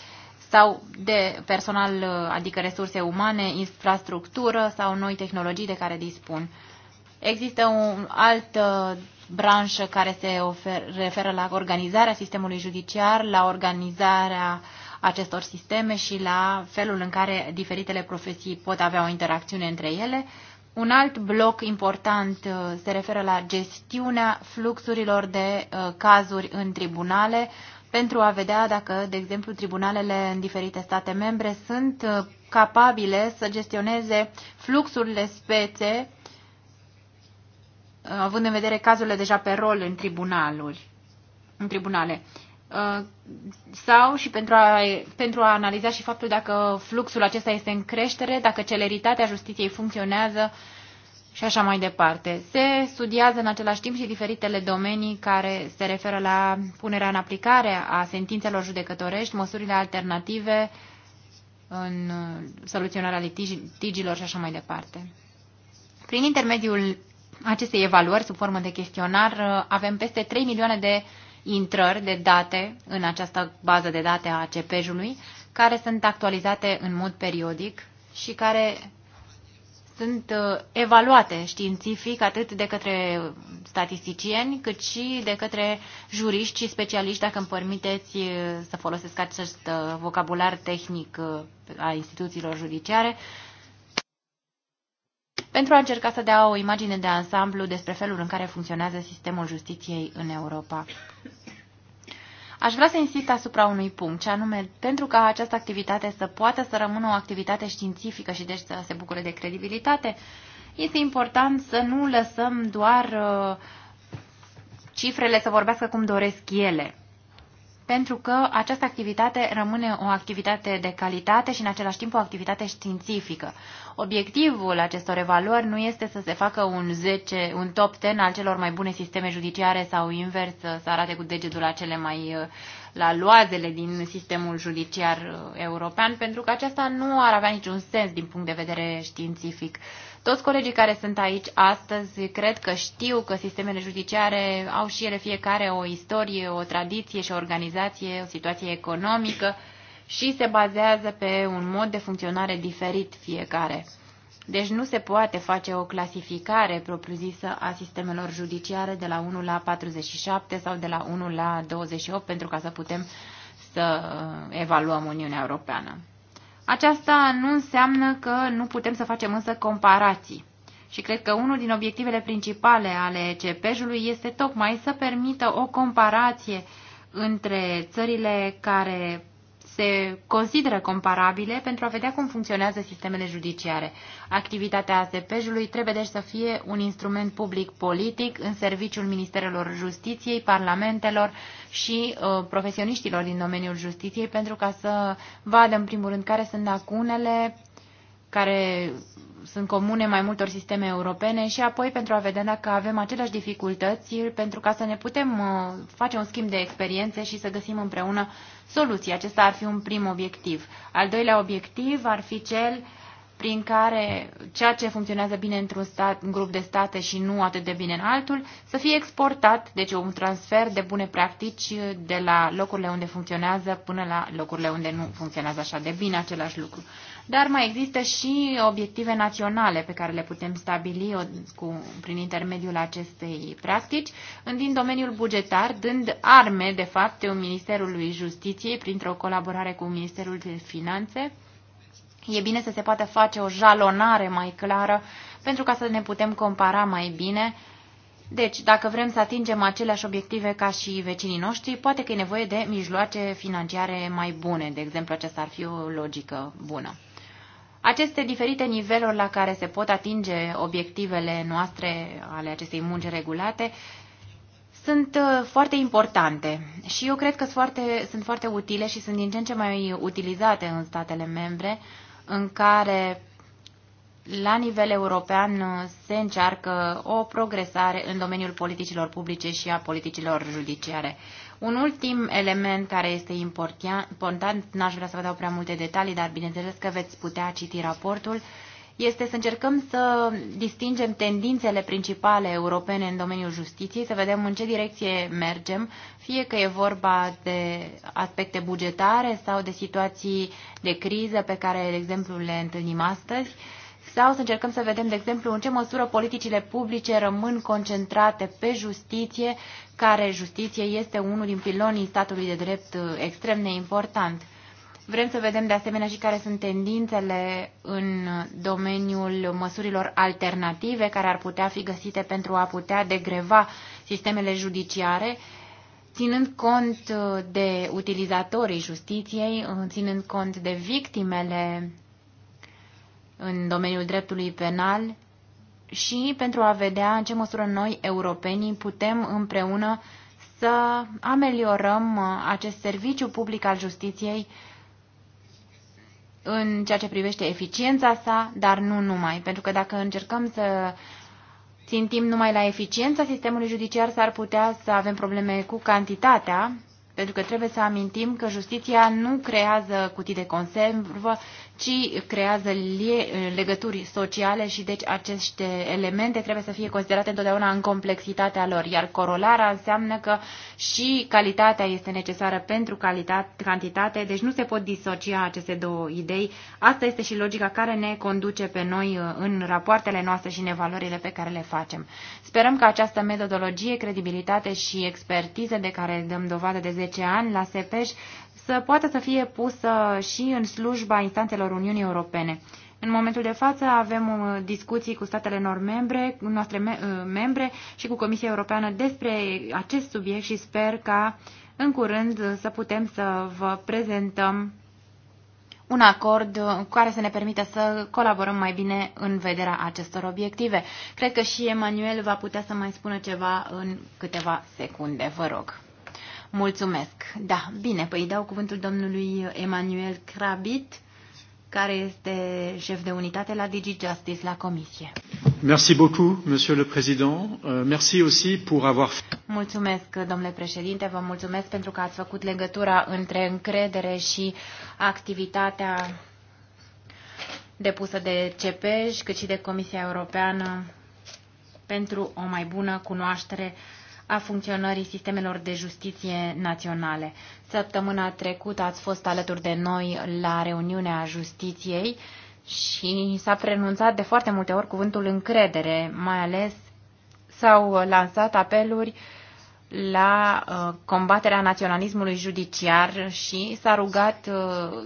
sau de personal, adică resurse umane, infrastructură sau noi tehnologii de care dispun. Există o altă branșă care se ofer, referă la organizarea sistemului judiciar, la organizarea uh, acestor sisteme și la felul în care diferitele profesii pot avea o interacțiune între ele. Un alt bloc important uh, se referă la gestiunea fluxurilor de uh, cazuri în tribunale pentru a vedea dacă, de exemplu, tribunalele în diferite state membre sunt uh, capabile să gestioneze fluxurile spețe, având în vedere cazurile deja pe rol în tribunaluri, în tribunale. Uh, sau și pentru a, pentru a analiza și faptul dacă fluxul acesta este în creștere, dacă celeritatea justiției funcționează și așa mai departe. Se studiază în același timp și diferitele domenii care se referă la punerea în aplicare a sentințelor judecătorești, măsurile alternative în soluționarea litigilor și așa mai departe. Prin intermediul acestei evaluări sub formă de chestionar uh, avem peste 3 milioane de intrări de date în această bază de date a CPJ-ului, care sunt actualizate în mod periodic și care sunt uh, evaluate științific atât de către statisticieni cât și de către juriști și specialiști, dacă îmi permiteți uh, să folosesc acest uh, vocabular tehnic a instituțiilor judiciare, pentru a încerca să dea o imagine de ansamblu despre felul în care funcționează sistemul justiției în Europa. Aș vrea să insist asupra unui punct, ce anume, pentru ca această activitate să poată să rămână o activitate științifică și deci să se bucure de credibilitate, este important să nu lăsăm doar uh, cifrele să vorbească cum doresc ele pentru că această activitate rămâne o activitate de calitate și în același timp o activitate științifică. Obiectivul acestor evaluări nu este să se facă un, 10, un top 10 al celor mai bune sisteme judiciare sau invers, să arate cu degetul la cele mai la loazele din sistemul judiciar uh, european, pentru că aceasta nu ar avea niciun sens din punct de vedere științific. Uh, toți colegii care sunt aici astăzi cred că știu că sistemele judiciare au și ele fiecare o istorie, o tradiție și o organizație, o situație economică și se bazează pe un mod de funcționare diferit fiecare. Deci nu se poate face o clasificare propriu-zisă a sistemelor judiciare de la 1 la 47 sau de la 1 la 28 pentru ca să putem să uh, evaluăm Uniunea Europeană. Aceasta nu înseamnă că nu putem să facem însă comparații. Și cred că unul din obiectivele principale ale cpj ului este tocmai să permită o comparație între țările care se consideră comparabile pentru a vedea cum funcționează sistemele judiciare. Activitatea asp ului trebuie deci să fie un instrument public politic în serviciul Ministerelor Justiției, Parlamentelor și uh, profesioniștilor din domeniul justiției pentru ca să vadă în primul rând care sunt lacunele care sunt comune mai multor sisteme europene și apoi pentru a vedea dacă avem aceleași dificultăți pentru ca să ne putem uh, face un schimb de experiențe și să găsim împreună soluții. Acesta ar fi un prim obiectiv. Al doilea obiectiv ar fi cel prin care ceea ce funcționează bine într-un stat, în grup de state și nu atât de bine în altul, să fie exportat, deci un transfer de bune practici de la locurile unde funcționează până la locurile unde nu funcționează așa de bine același lucru dar mai există și obiective naționale pe care le putem stabili cu, prin intermediul acestei practici, în din domeniul bugetar, dând arme, de fapt, Ministerului Justiției printr-o colaborare cu Ministerul de Finanțe. E bine să se poată face o jalonare mai clară pentru ca să ne putem compara mai bine deci, dacă vrem să atingem aceleași obiective ca și vecinii noștri, poate că e nevoie de mijloace financiare mai bune. De exemplu, aceasta ar fi o logică bună. Aceste diferite niveluri la care se pot atinge obiectivele noastre ale acestei munci regulate sunt uh, foarte importante și eu cred că sunt foarte, sunt foarte utile și sunt din ce în ce mai utilizate în statele membre în care la nivel european uh, se încearcă o progresare în domeniul politicilor publice și a politicilor judiciare. Un ultim element care este important, n-aș vrea să vă dau prea multe detalii, dar bineînțeles că veți putea citi raportul, este să încercăm să distingem tendințele principale europene în domeniul justiției, să vedem în ce direcție mergem, fie că e vorba de aspecte bugetare sau de situații de criză pe care, de exemplu, le întâlnim astăzi, sau să încercăm să vedem, de exemplu, în ce măsură politicile publice rămân concentrate pe justiție, care justiție este unul din pilonii statului de drept uh, extrem de important. Vrem să vedem de asemenea și care sunt tendințele în domeniul măsurilor alternative care ar putea fi găsite pentru a putea degreva sistemele judiciare, ținând cont uh, de utilizatorii justiției, uh, ținând cont de victimele în domeniul dreptului penal și pentru a vedea în ce măsură noi, europenii, putem împreună să ameliorăm uh, acest serviciu public al justiției în ceea ce privește eficiența sa, dar nu numai. Pentru că dacă încercăm să țintim numai la eficiența sistemului judiciar, s-ar putea să avem probleme cu cantitatea, pentru că trebuie să amintim că justiția nu creează cutii de conservă, ci creează legături sociale și deci aceste elemente trebuie să fie considerate întotdeauna în complexitatea lor, iar corolarea înseamnă că și calitatea este necesară pentru calitate, cantitate, deci nu se pot disocia aceste două idei. Asta este și logica care ne conduce pe noi uh, în rapoartele noastre și în evaluările pe care le facem. Sperăm că această metodologie, credibilitate și expertiză de care dăm dovadă de 10 ani la SEPEJ să poată să fie pusă și în slujba instanțelor Uniunii Europene. În momentul de față avem uh, discuții cu statele membre, noastre uh, membre și cu Comisia Europeană despre acest subiect și sper ca în curând să putem să vă prezentăm un acord uh, care să ne permită să colaborăm mai bine în vederea acestor obiective. Cred că și Emanuel va putea să mai spună ceva în câteva secunde. Vă rog. Mulțumesc. Da, bine, păi dau cuvântul domnului Emanuel Crabit, care este șef de unitate la Digi Justice la Comisie. Merci beaucoup, monsieur le président. Euh, merci aussi pour avoir Mulțumesc, domnule președinte, vă mulțumesc pentru că ați făcut legătura între încredere și activitatea depusă de CEPEJ, cât și de Comisia Europeană pentru o mai bună cunoaștere a funcționării sistemelor de justiție naționale. Săptămâna trecută ați fost alături de noi la reuniunea justiției și s-a prenunțat de foarte multe ori cuvântul încredere, mai ales s-au lansat apeluri la uh, combaterea naționalismului judiciar și s-a rugat, uh,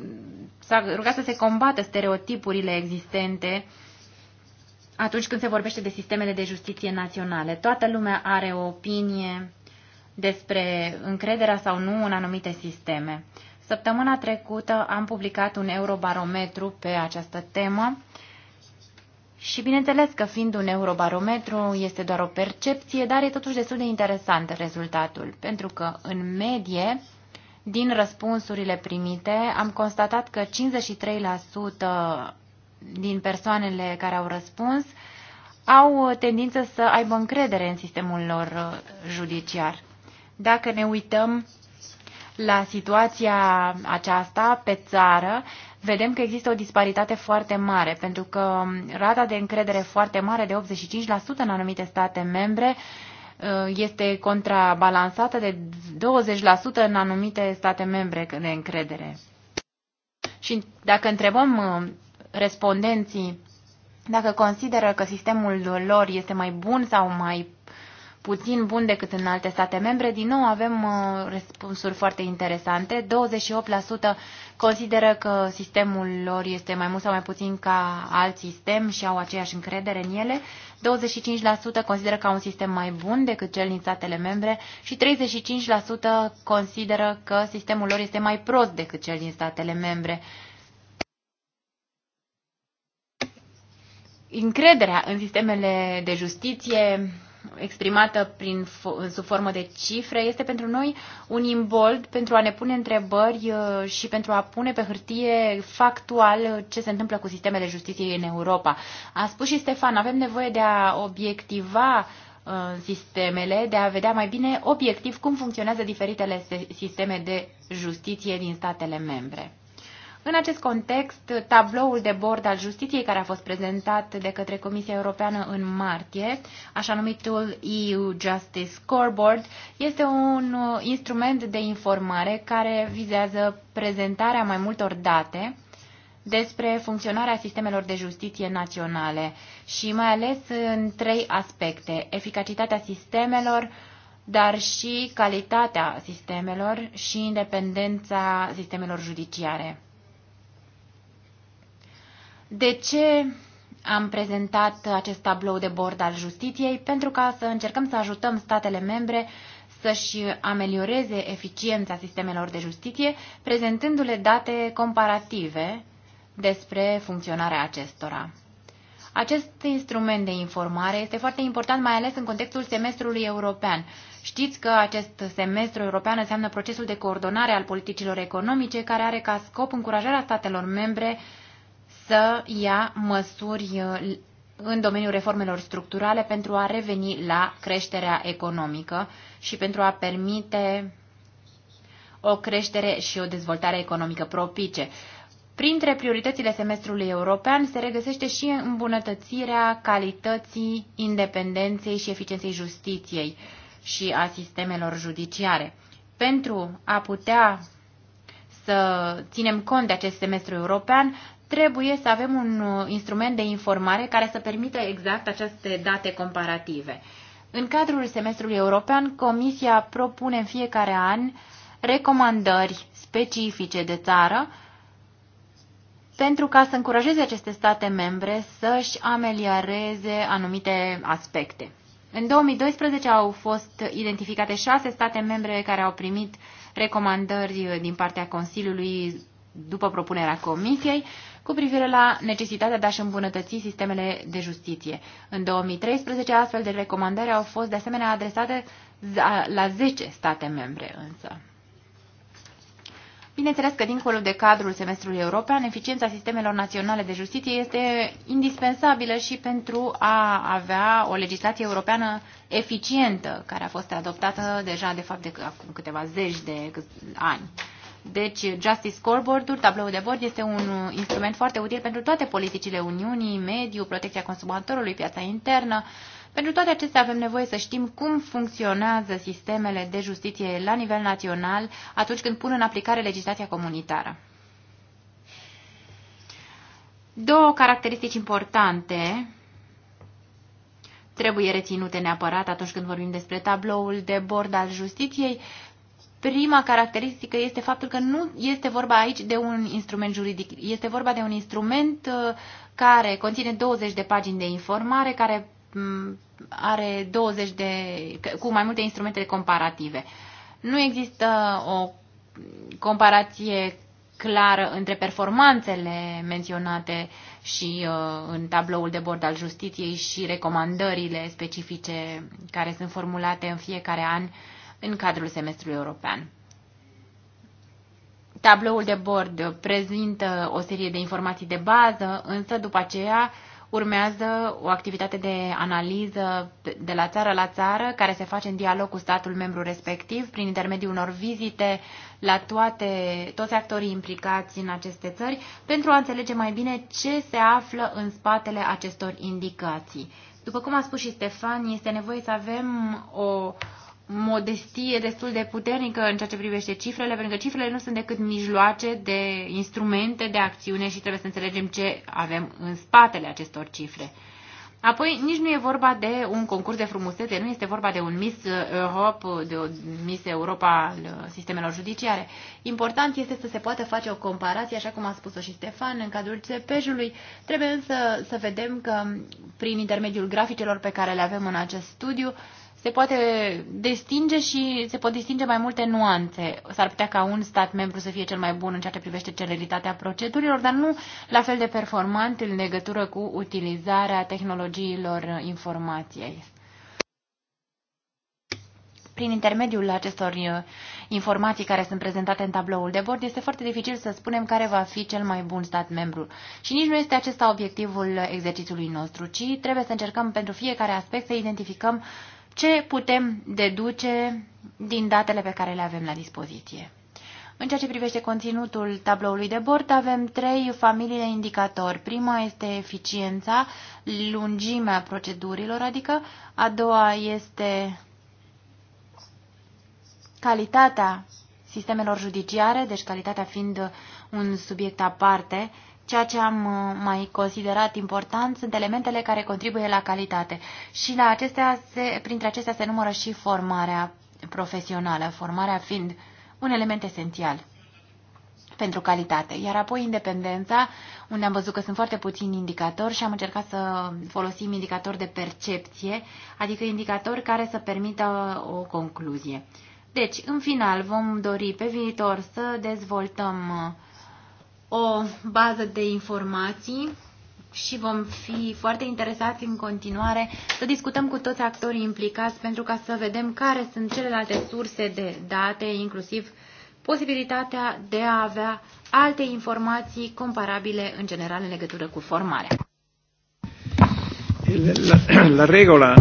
s-a rugat să se combată stereotipurile existente uh, atunci când se vorbește de sistemele de justiție naționale. Toată lumea are o opinie despre încrederea sau nu în anumite sisteme. Săptămâna trecută am publicat un eurobarometru pe această temă și bineînțeles că fiind un eurobarometru este doar o percepție, dar e totuși destul de interesant rezultatul, pentru că în medie din răspunsurile primite am constatat că 53% din persoanele care au răspuns au uh, tendință să aibă încredere în sistemul lor uh, judiciar. Dacă ne uităm la situația aceasta pe țară, vedem că există o disparitate foarte mare, pentru că um, rata de încredere foarte mare de 85% în anumite state membre uh, este contrabalansată de 20% în anumite state membre de încredere. Și dacă întrebăm respondenții dacă consideră că sistemul lor este mai bun sau mai puțin bun decât în alte state membre, din nou avem uh, răspunsuri foarte interesante. 28% consideră că sistemul lor este mai mult sau mai puțin ca alt sistem și au aceeași încredere în ele. 25% consideră că au un sistem mai bun decât cel din statele membre și 35% consideră că sistemul lor este mai prost decât cel din statele membre. încrederea în sistemele de justiție exprimată prin, sub formă de cifre este pentru noi un imbold pentru a ne pune întrebări uh, și pentru a pune pe hârtie factual ce se întâmplă cu sistemele justiției în Europa. A spus și Stefan, avem nevoie de a obiectiva uh, sistemele, de a vedea mai bine obiectiv cum funcționează diferitele sisteme de justiție din statele membre. În acest context, tabloul de bord al justiției care a fost prezentat de către Comisia Europeană în martie, așa numitul EU Justice Scoreboard, este un uh, instrument de informare care vizează prezentarea mai multor date despre funcționarea sistemelor de justiție naționale și mai ales în trei aspecte, eficacitatea sistemelor, dar și calitatea sistemelor și independența sistemelor judiciare. De ce am prezentat acest tablou de bord al justiției? Pentru ca să încercăm să ajutăm statele membre să-și amelioreze eficiența sistemelor de justiție, prezentându-le date comparative despre funcționarea acestora. Acest instrument de informare este foarte important, mai ales în contextul semestrului european. Știți că acest semestru european înseamnă procesul de coordonare al politicilor economice, care are ca scop încurajarea statelor membre să ia măsuri uh, în domeniul reformelor structurale pentru a reveni la creșterea economică și pentru a permite o creștere și o dezvoltare economică propice. Printre prioritățile semestrului european se regăsește și îmbunătățirea calității, independenței și eficienței justiției și a sistemelor judiciare. Pentru a putea să ținem cont de acest semestru european, trebuie să avem un uh, instrument de informare care să permită exact aceste date comparative. În cadrul semestrului european, Comisia propune în fiecare an recomandări specifice de țară pentru ca să încurajeze aceste state membre să-și amelioreze anumite aspecte. În 2012 au fost identificate șase state membre care au primit recomandări din partea Consiliului după propunerea Comisiei cu privire la necesitatea de a-și îmbunătăți sistemele de justiție. În 2013, astfel de recomandări au fost de asemenea adresate la 10 state membre însă. Bineînțeles că, dincolo de cadrul semestrului european, eficiența sistemelor naționale de justiție este indispensabilă și pentru a avea o legislație europeană eficientă, care a fost adoptată deja, de fapt, de acum câteva zeci de ani. Deci, Justice Scoreboard-ul, tabloul de bord, este un uh, instrument foarte util pentru toate politicile Uniunii, mediu, protecția consumatorului, piața internă. Pentru toate acestea avem nevoie să știm cum funcționează sistemele de justiție la nivel național atunci când pun în aplicare legislația comunitară. Două caracteristici importante trebuie reținute neapărat atunci când vorbim despre tabloul de bord al justiției. Prima caracteristică este faptul că nu este vorba aici de un instrument juridic, este vorba de un instrument uh, care conține 20 de pagini de informare, care mm, are 20 de, cu mai multe instrumente comparative. Nu există o comparație clară între performanțele menționate și uh, în tabloul de bord al justiției și recomandările specifice care sunt formulate în fiecare an uh, în cadrul semestrului european. Tabloul de bord prezintă o serie de informații de bază, însă după aceea urmează o activitate de analiză de la țară la țară, care se face în dialog cu statul membru respectiv, prin intermediul unor vizite la toate, toți actorii implicați în aceste țări, pentru a înțelege mai bine ce se află în spatele acestor indicații. După cum a spus și Stefan, este nevoie să avem o modestie destul de puternică în ceea ce privește cifrele, pentru că cifrele nu sunt decât mijloace de instrumente de acțiune și trebuie să înțelegem ce avem în spatele acestor cifre. Apoi, nici nu e vorba de un concurs de frumusețe, nu este vorba de un Miss Europe, de o Miss Europa al sistemelor judiciare. Important este să se poată face o comparație, așa cum a spus-o și Stefan, în cadrul cpj ului Trebuie însă să vedem că, prin intermediul graficelor pe care le avem în acest studiu, se poate distinge și se pot distinge mai multe nuanțe. S-ar putea ca un stat membru să fie cel mai bun în ceea ce privește celeritatea procedurilor, dar nu la fel de performant în legătură cu utilizarea tehnologiilor informației. Prin intermediul acestor uh, informații care sunt prezentate în tabloul de bord, este foarte dificil să spunem care va fi cel mai bun stat membru. Și nici nu este acesta obiectivul exercițiului nostru, ci trebuie să încercăm pentru fiecare aspect să identificăm uh, ce putem deduce din datele pe care le avem la dispoziție? În ceea ce privește conținutul tabloului de bord, avem trei familii de indicatori. Prima este eficiența, lungimea procedurilor, adică a doua este calitatea sistemelor judiciare, deci calitatea fiind un subiect aparte Ceea ce am uh, mai considerat important sunt elementele care contribuie la calitate și la acestea se, printre acestea se numără și formarea profesională, formarea fiind un element esențial pentru calitate. Iar apoi independența, unde am văzut că sunt foarte puțini indicatori și am încercat să folosim indicatori de percepție, adică indicatori care să permită o concluzie. Deci, în final, vom dori pe viitor să dezvoltăm uh, o bază de informații și vom fi foarte interesați în continuare să discutăm cu toți actorii implicați pentru ca să vedem care sunt celelalte surse de date, inclusiv posibilitatea de a avea alte informații comparabile în general în legătură cu formarea. La, la, regola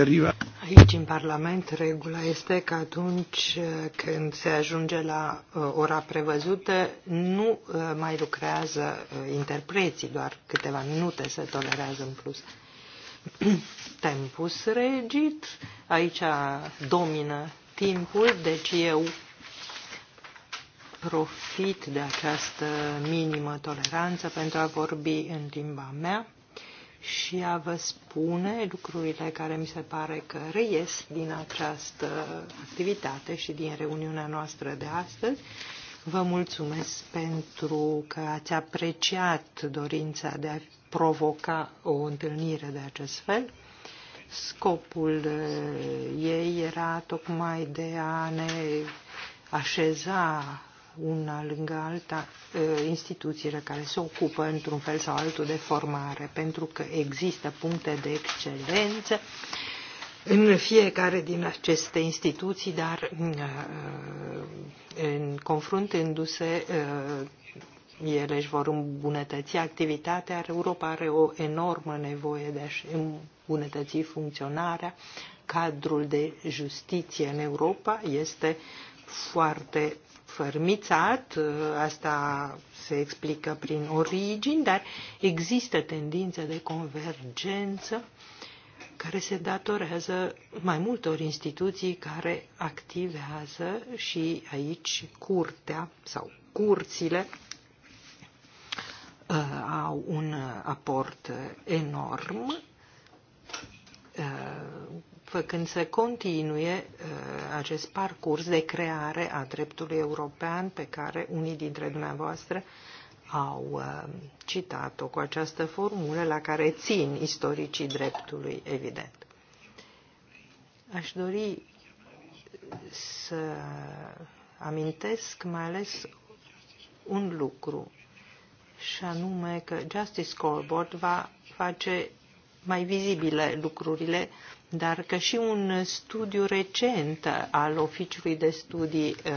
arriva... Aici în Parlament regula este că atunci eh, când se ajunge la eh, ora prevăzută nu eh, mai lucrează interpreții, doar câteva minute se tolerează în plus. Tempus regit, aici domină timpul, deci eu profit de această minimă toleranță pentru a vorbi în limba mea și a vă spune lucrurile care mi se pare că reies din această activitate și din reuniunea noastră de astăzi. Vă mulțumesc pentru că ați apreciat dorința de a provoca o întâlnire de acest fel. Scopul eh, ei era tocmai de a ne așeza una lângă alta ă, instituțiile care se ocupă într-un fel sau altul de formare, pentru că există puncte de excelență în fiecare din aceste instituții, dar ă, în confruntându-se ă, ele își vor îmbunătăți activitatea, Europa are o enormă nevoie de a-și îmbunătăți funcționarea. Cadrul de justiție în Europa este foarte fărmițat, asta se explică prin origini, dar există tendințe de convergență care se datorează mai multor instituții care activează și aici curtea sau curțile uh, au un aport enorm. Uh, făcând să continue uh, acest parcurs de creare a dreptului european pe care unii dintre dumneavoastră au uh, citat-o cu această formulă la care țin istoricii dreptului, evident. Aș dori să amintesc mai ales un lucru, și anume că Justice Scoreboard va face mai vizibile lucrurile dar că și un studiu recent al Oficiului de Studii uh,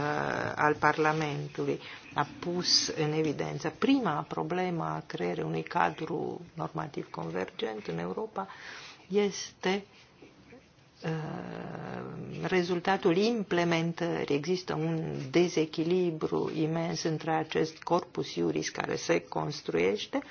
al Parlamentului a pus în evidență prima problemă a creierii unui cadru normativ convergent în Europa este uh, rezultatul implementării. Există un dezechilibru imens între acest corpus iuris care se construiește uh,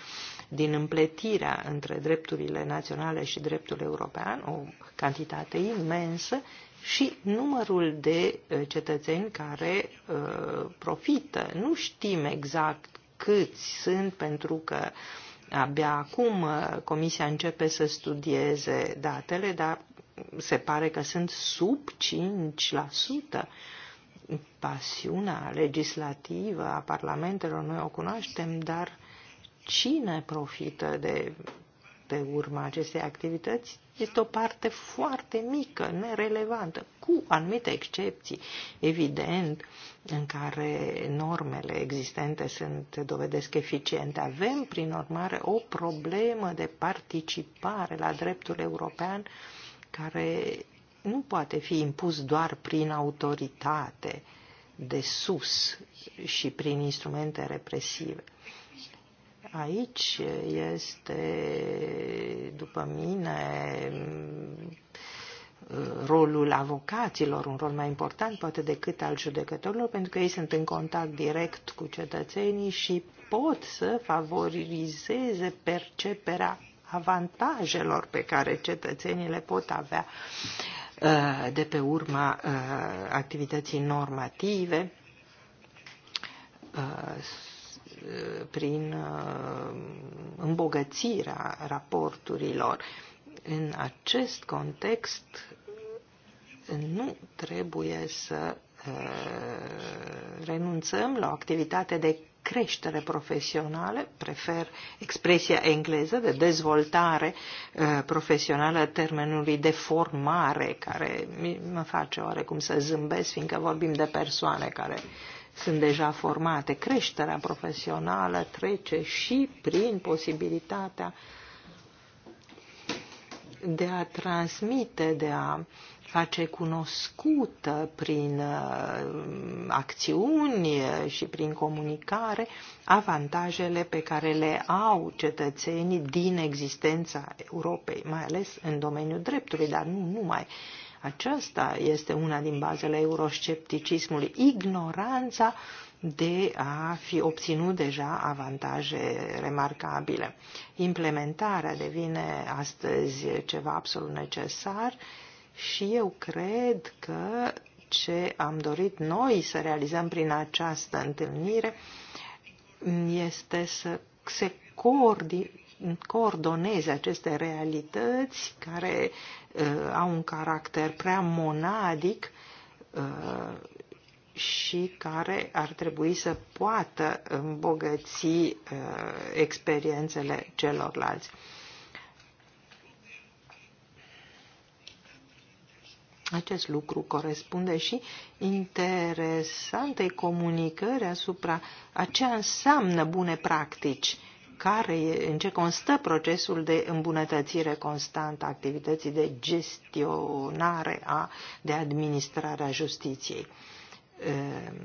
din împletirea între drepturile naționale și dreptul european, o cantitate imensă, și numărul de uh, cetățeni care uh, profită. Nu știm exact câți sunt, pentru că abia acum uh, Comisia începe să studieze datele, dar se pare că sunt sub 5%. Pasiunea legislativă a parlamentelor noi o cunoaștem, dar cine profită de de urma acestei activități este o parte foarte mică, nerelevantă, cu anumite excepții, evident, în care normele existente sunt dovedesc eficiente. Avem, prin urmare, o problemă de participare la dreptul european care nu poate fi impus doar prin autoritate de sus și prin instrumente represive. Aici este, după mine, rolul avocaților, un rol mai important poate decât al judecătorilor, pentru că ei sunt în contact direct cu cetățenii și pot să favorizeze perceperea avantajelor pe care cetățenii le pot avea uh, de pe urma uh, activității normative uh, prin uh, îmbogățirea raporturilor. În acest context nu trebuie să uh, renunțăm la o activitate de creștere profesională, prefer expresia engleză de dezvoltare uh, profesională termenului de formare, care mă face oarecum să zâmbesc, fiindcă vorbim de persoane care sunt deja formate. Creșterea profesională trece și prin posibilitatea de a transmite, de a face cunoscută prin uh, acțiuni și prin comunicare avantajele pe care le au cetățenii din existența Europei, mai ales în domeniul dreptului, dar nu numai. Uh, aceasta este una din bazele euroscepticismului, ignoranța de a fi obținut deja avantaje remarcabile. Implementarea devine astăzi ceva absolut necesar și eu cred că ce am dorit noi să realizăm prin această întâlnire este să se coordoneze aceste realități care Uh, au un caracter prea monadic uh, și care ar trebui să poată îmbogăți uh, experiențele celorlalți. Acest lucru corespunde și interesantei comunicări asupra a ce înseamnă bune practici care, în ce constă procesul de îmbunătățire constantă a activității de gestionare a, de administrare a justiției. Ehm,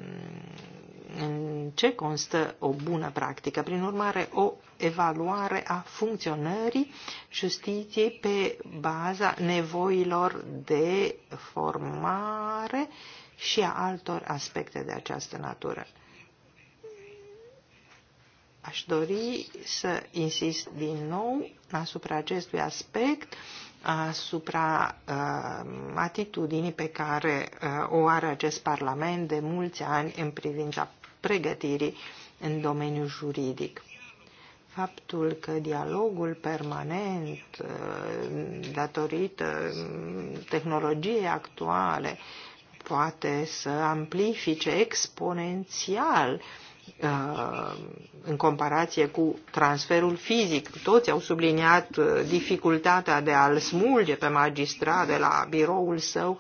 în ce constă o bună practică? Prin urmare, o evaluare a funcționării justiției pe baza nevoilor de formare și a altor aspecte de această natură. Aș dori să insist din nou asupra acestui aspect, asupra uh, atitudinii pe care uh, o are acest Parlament de mulți ani în privința pregătirii în domeniul juridic. Faptul că dialogul permanent, uh, datorită uh, tehnologiei actuale, poate să amplifice exponențial uh, Uh, în comparație cu transferul fizic. Toți au subliniat uh, dificultatea de a-l smulge pe magistrat de la biroul său,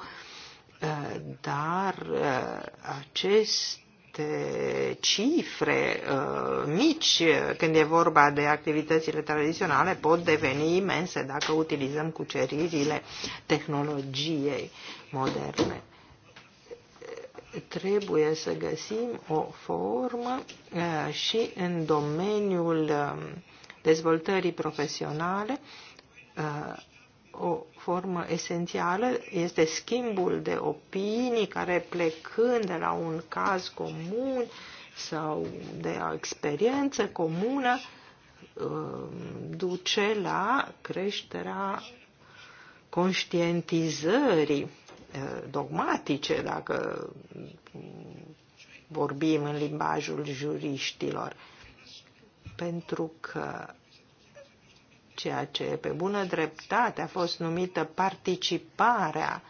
uh, dar aceste cifre mici, când e vorba de activitățile tradiționale, pot deveni imense dacă utilizăm cuceririle tehnologiei moderne trebuie să găsim o formă eh, și în domeniul eh, dezvoltării profesionale eh, o formă esențială este schimbul de opinii care plecând de la un caz comun sau de o experiență comună duce la creșterea conștientizării dogmatice, dacă vorbim în limbajul juriștilor, pentru că ceea ce pe bună dreptate a fost numită participarea,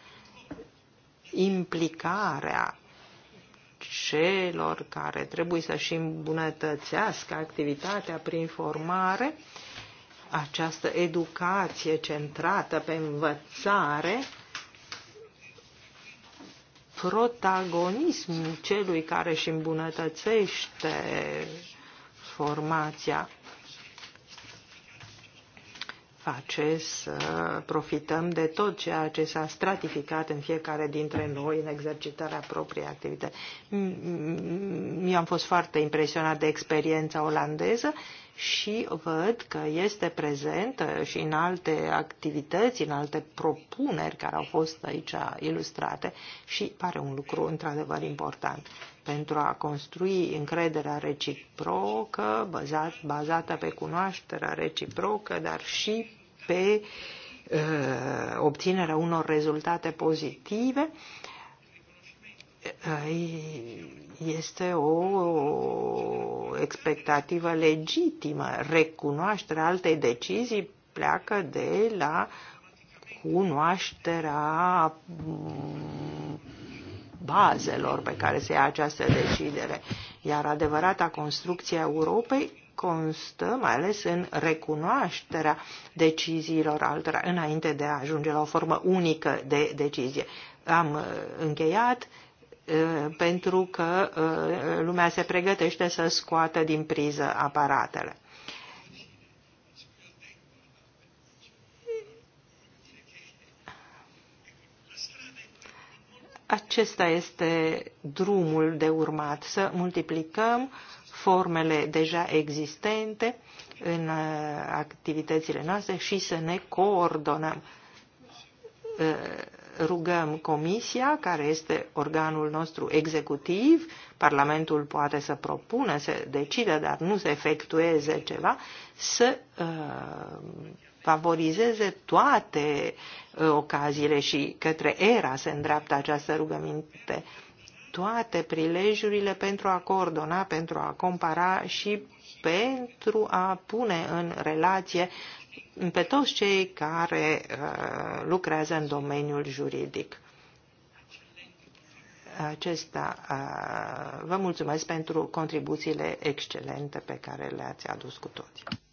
implicarea celor care trebuie să-și îmbunătățească activitatea prin formare, această educație centrată pe învățare, Protagonismul celui care își îmbunătățește formația face să profităm de tot ceea ce s-a stratificat în fiecare dintre noi în exercitarea propriei activități. mi am fost foarte impresionat de experiența olandeză și văd că este prezentă și în alte activități, în alte propuneri care au fost aici ilustrate și pare un lucru într-adevăr important pentru a construi încrederea reciprocă, bazat, bazată pe cunoașterea reciprocă, dar și pe uh, obținerea unor rezultate pozitive, este o expectativă legitimă. Recunoașterea altei decizii pleacă de la cunoașterea mm, bazelor pe care se ia această decidere. Iar adevărata construcție a Europei constă mai ales în recunoașterea deciziilor altora înainte de a ajunge la o formă unică de decizie. Am uh, încheiat pentru că lumea se pregătește să scoată din priză aparatele. Acesta este drumul de urmat, să multiplicăm formele deja existente în activitățile noastre și să ne coordonăm rugăm Comisia, care este organul nostru executiv, Parlamentul poate să propună, să decide, dar nu să efectueze ceva, să uh, favorizeze toate uh, ocaziile și către era se îndreaptă această rugăminte, toate prilejurile pentru a coordona, pentru a compara și pentru a pune în relație pe toți cei care uh, lucrează în domeniul juridic. Acesta, uh, vă mulțumesc pentru contribuțiile excelente pe care le-ați adus cu toții.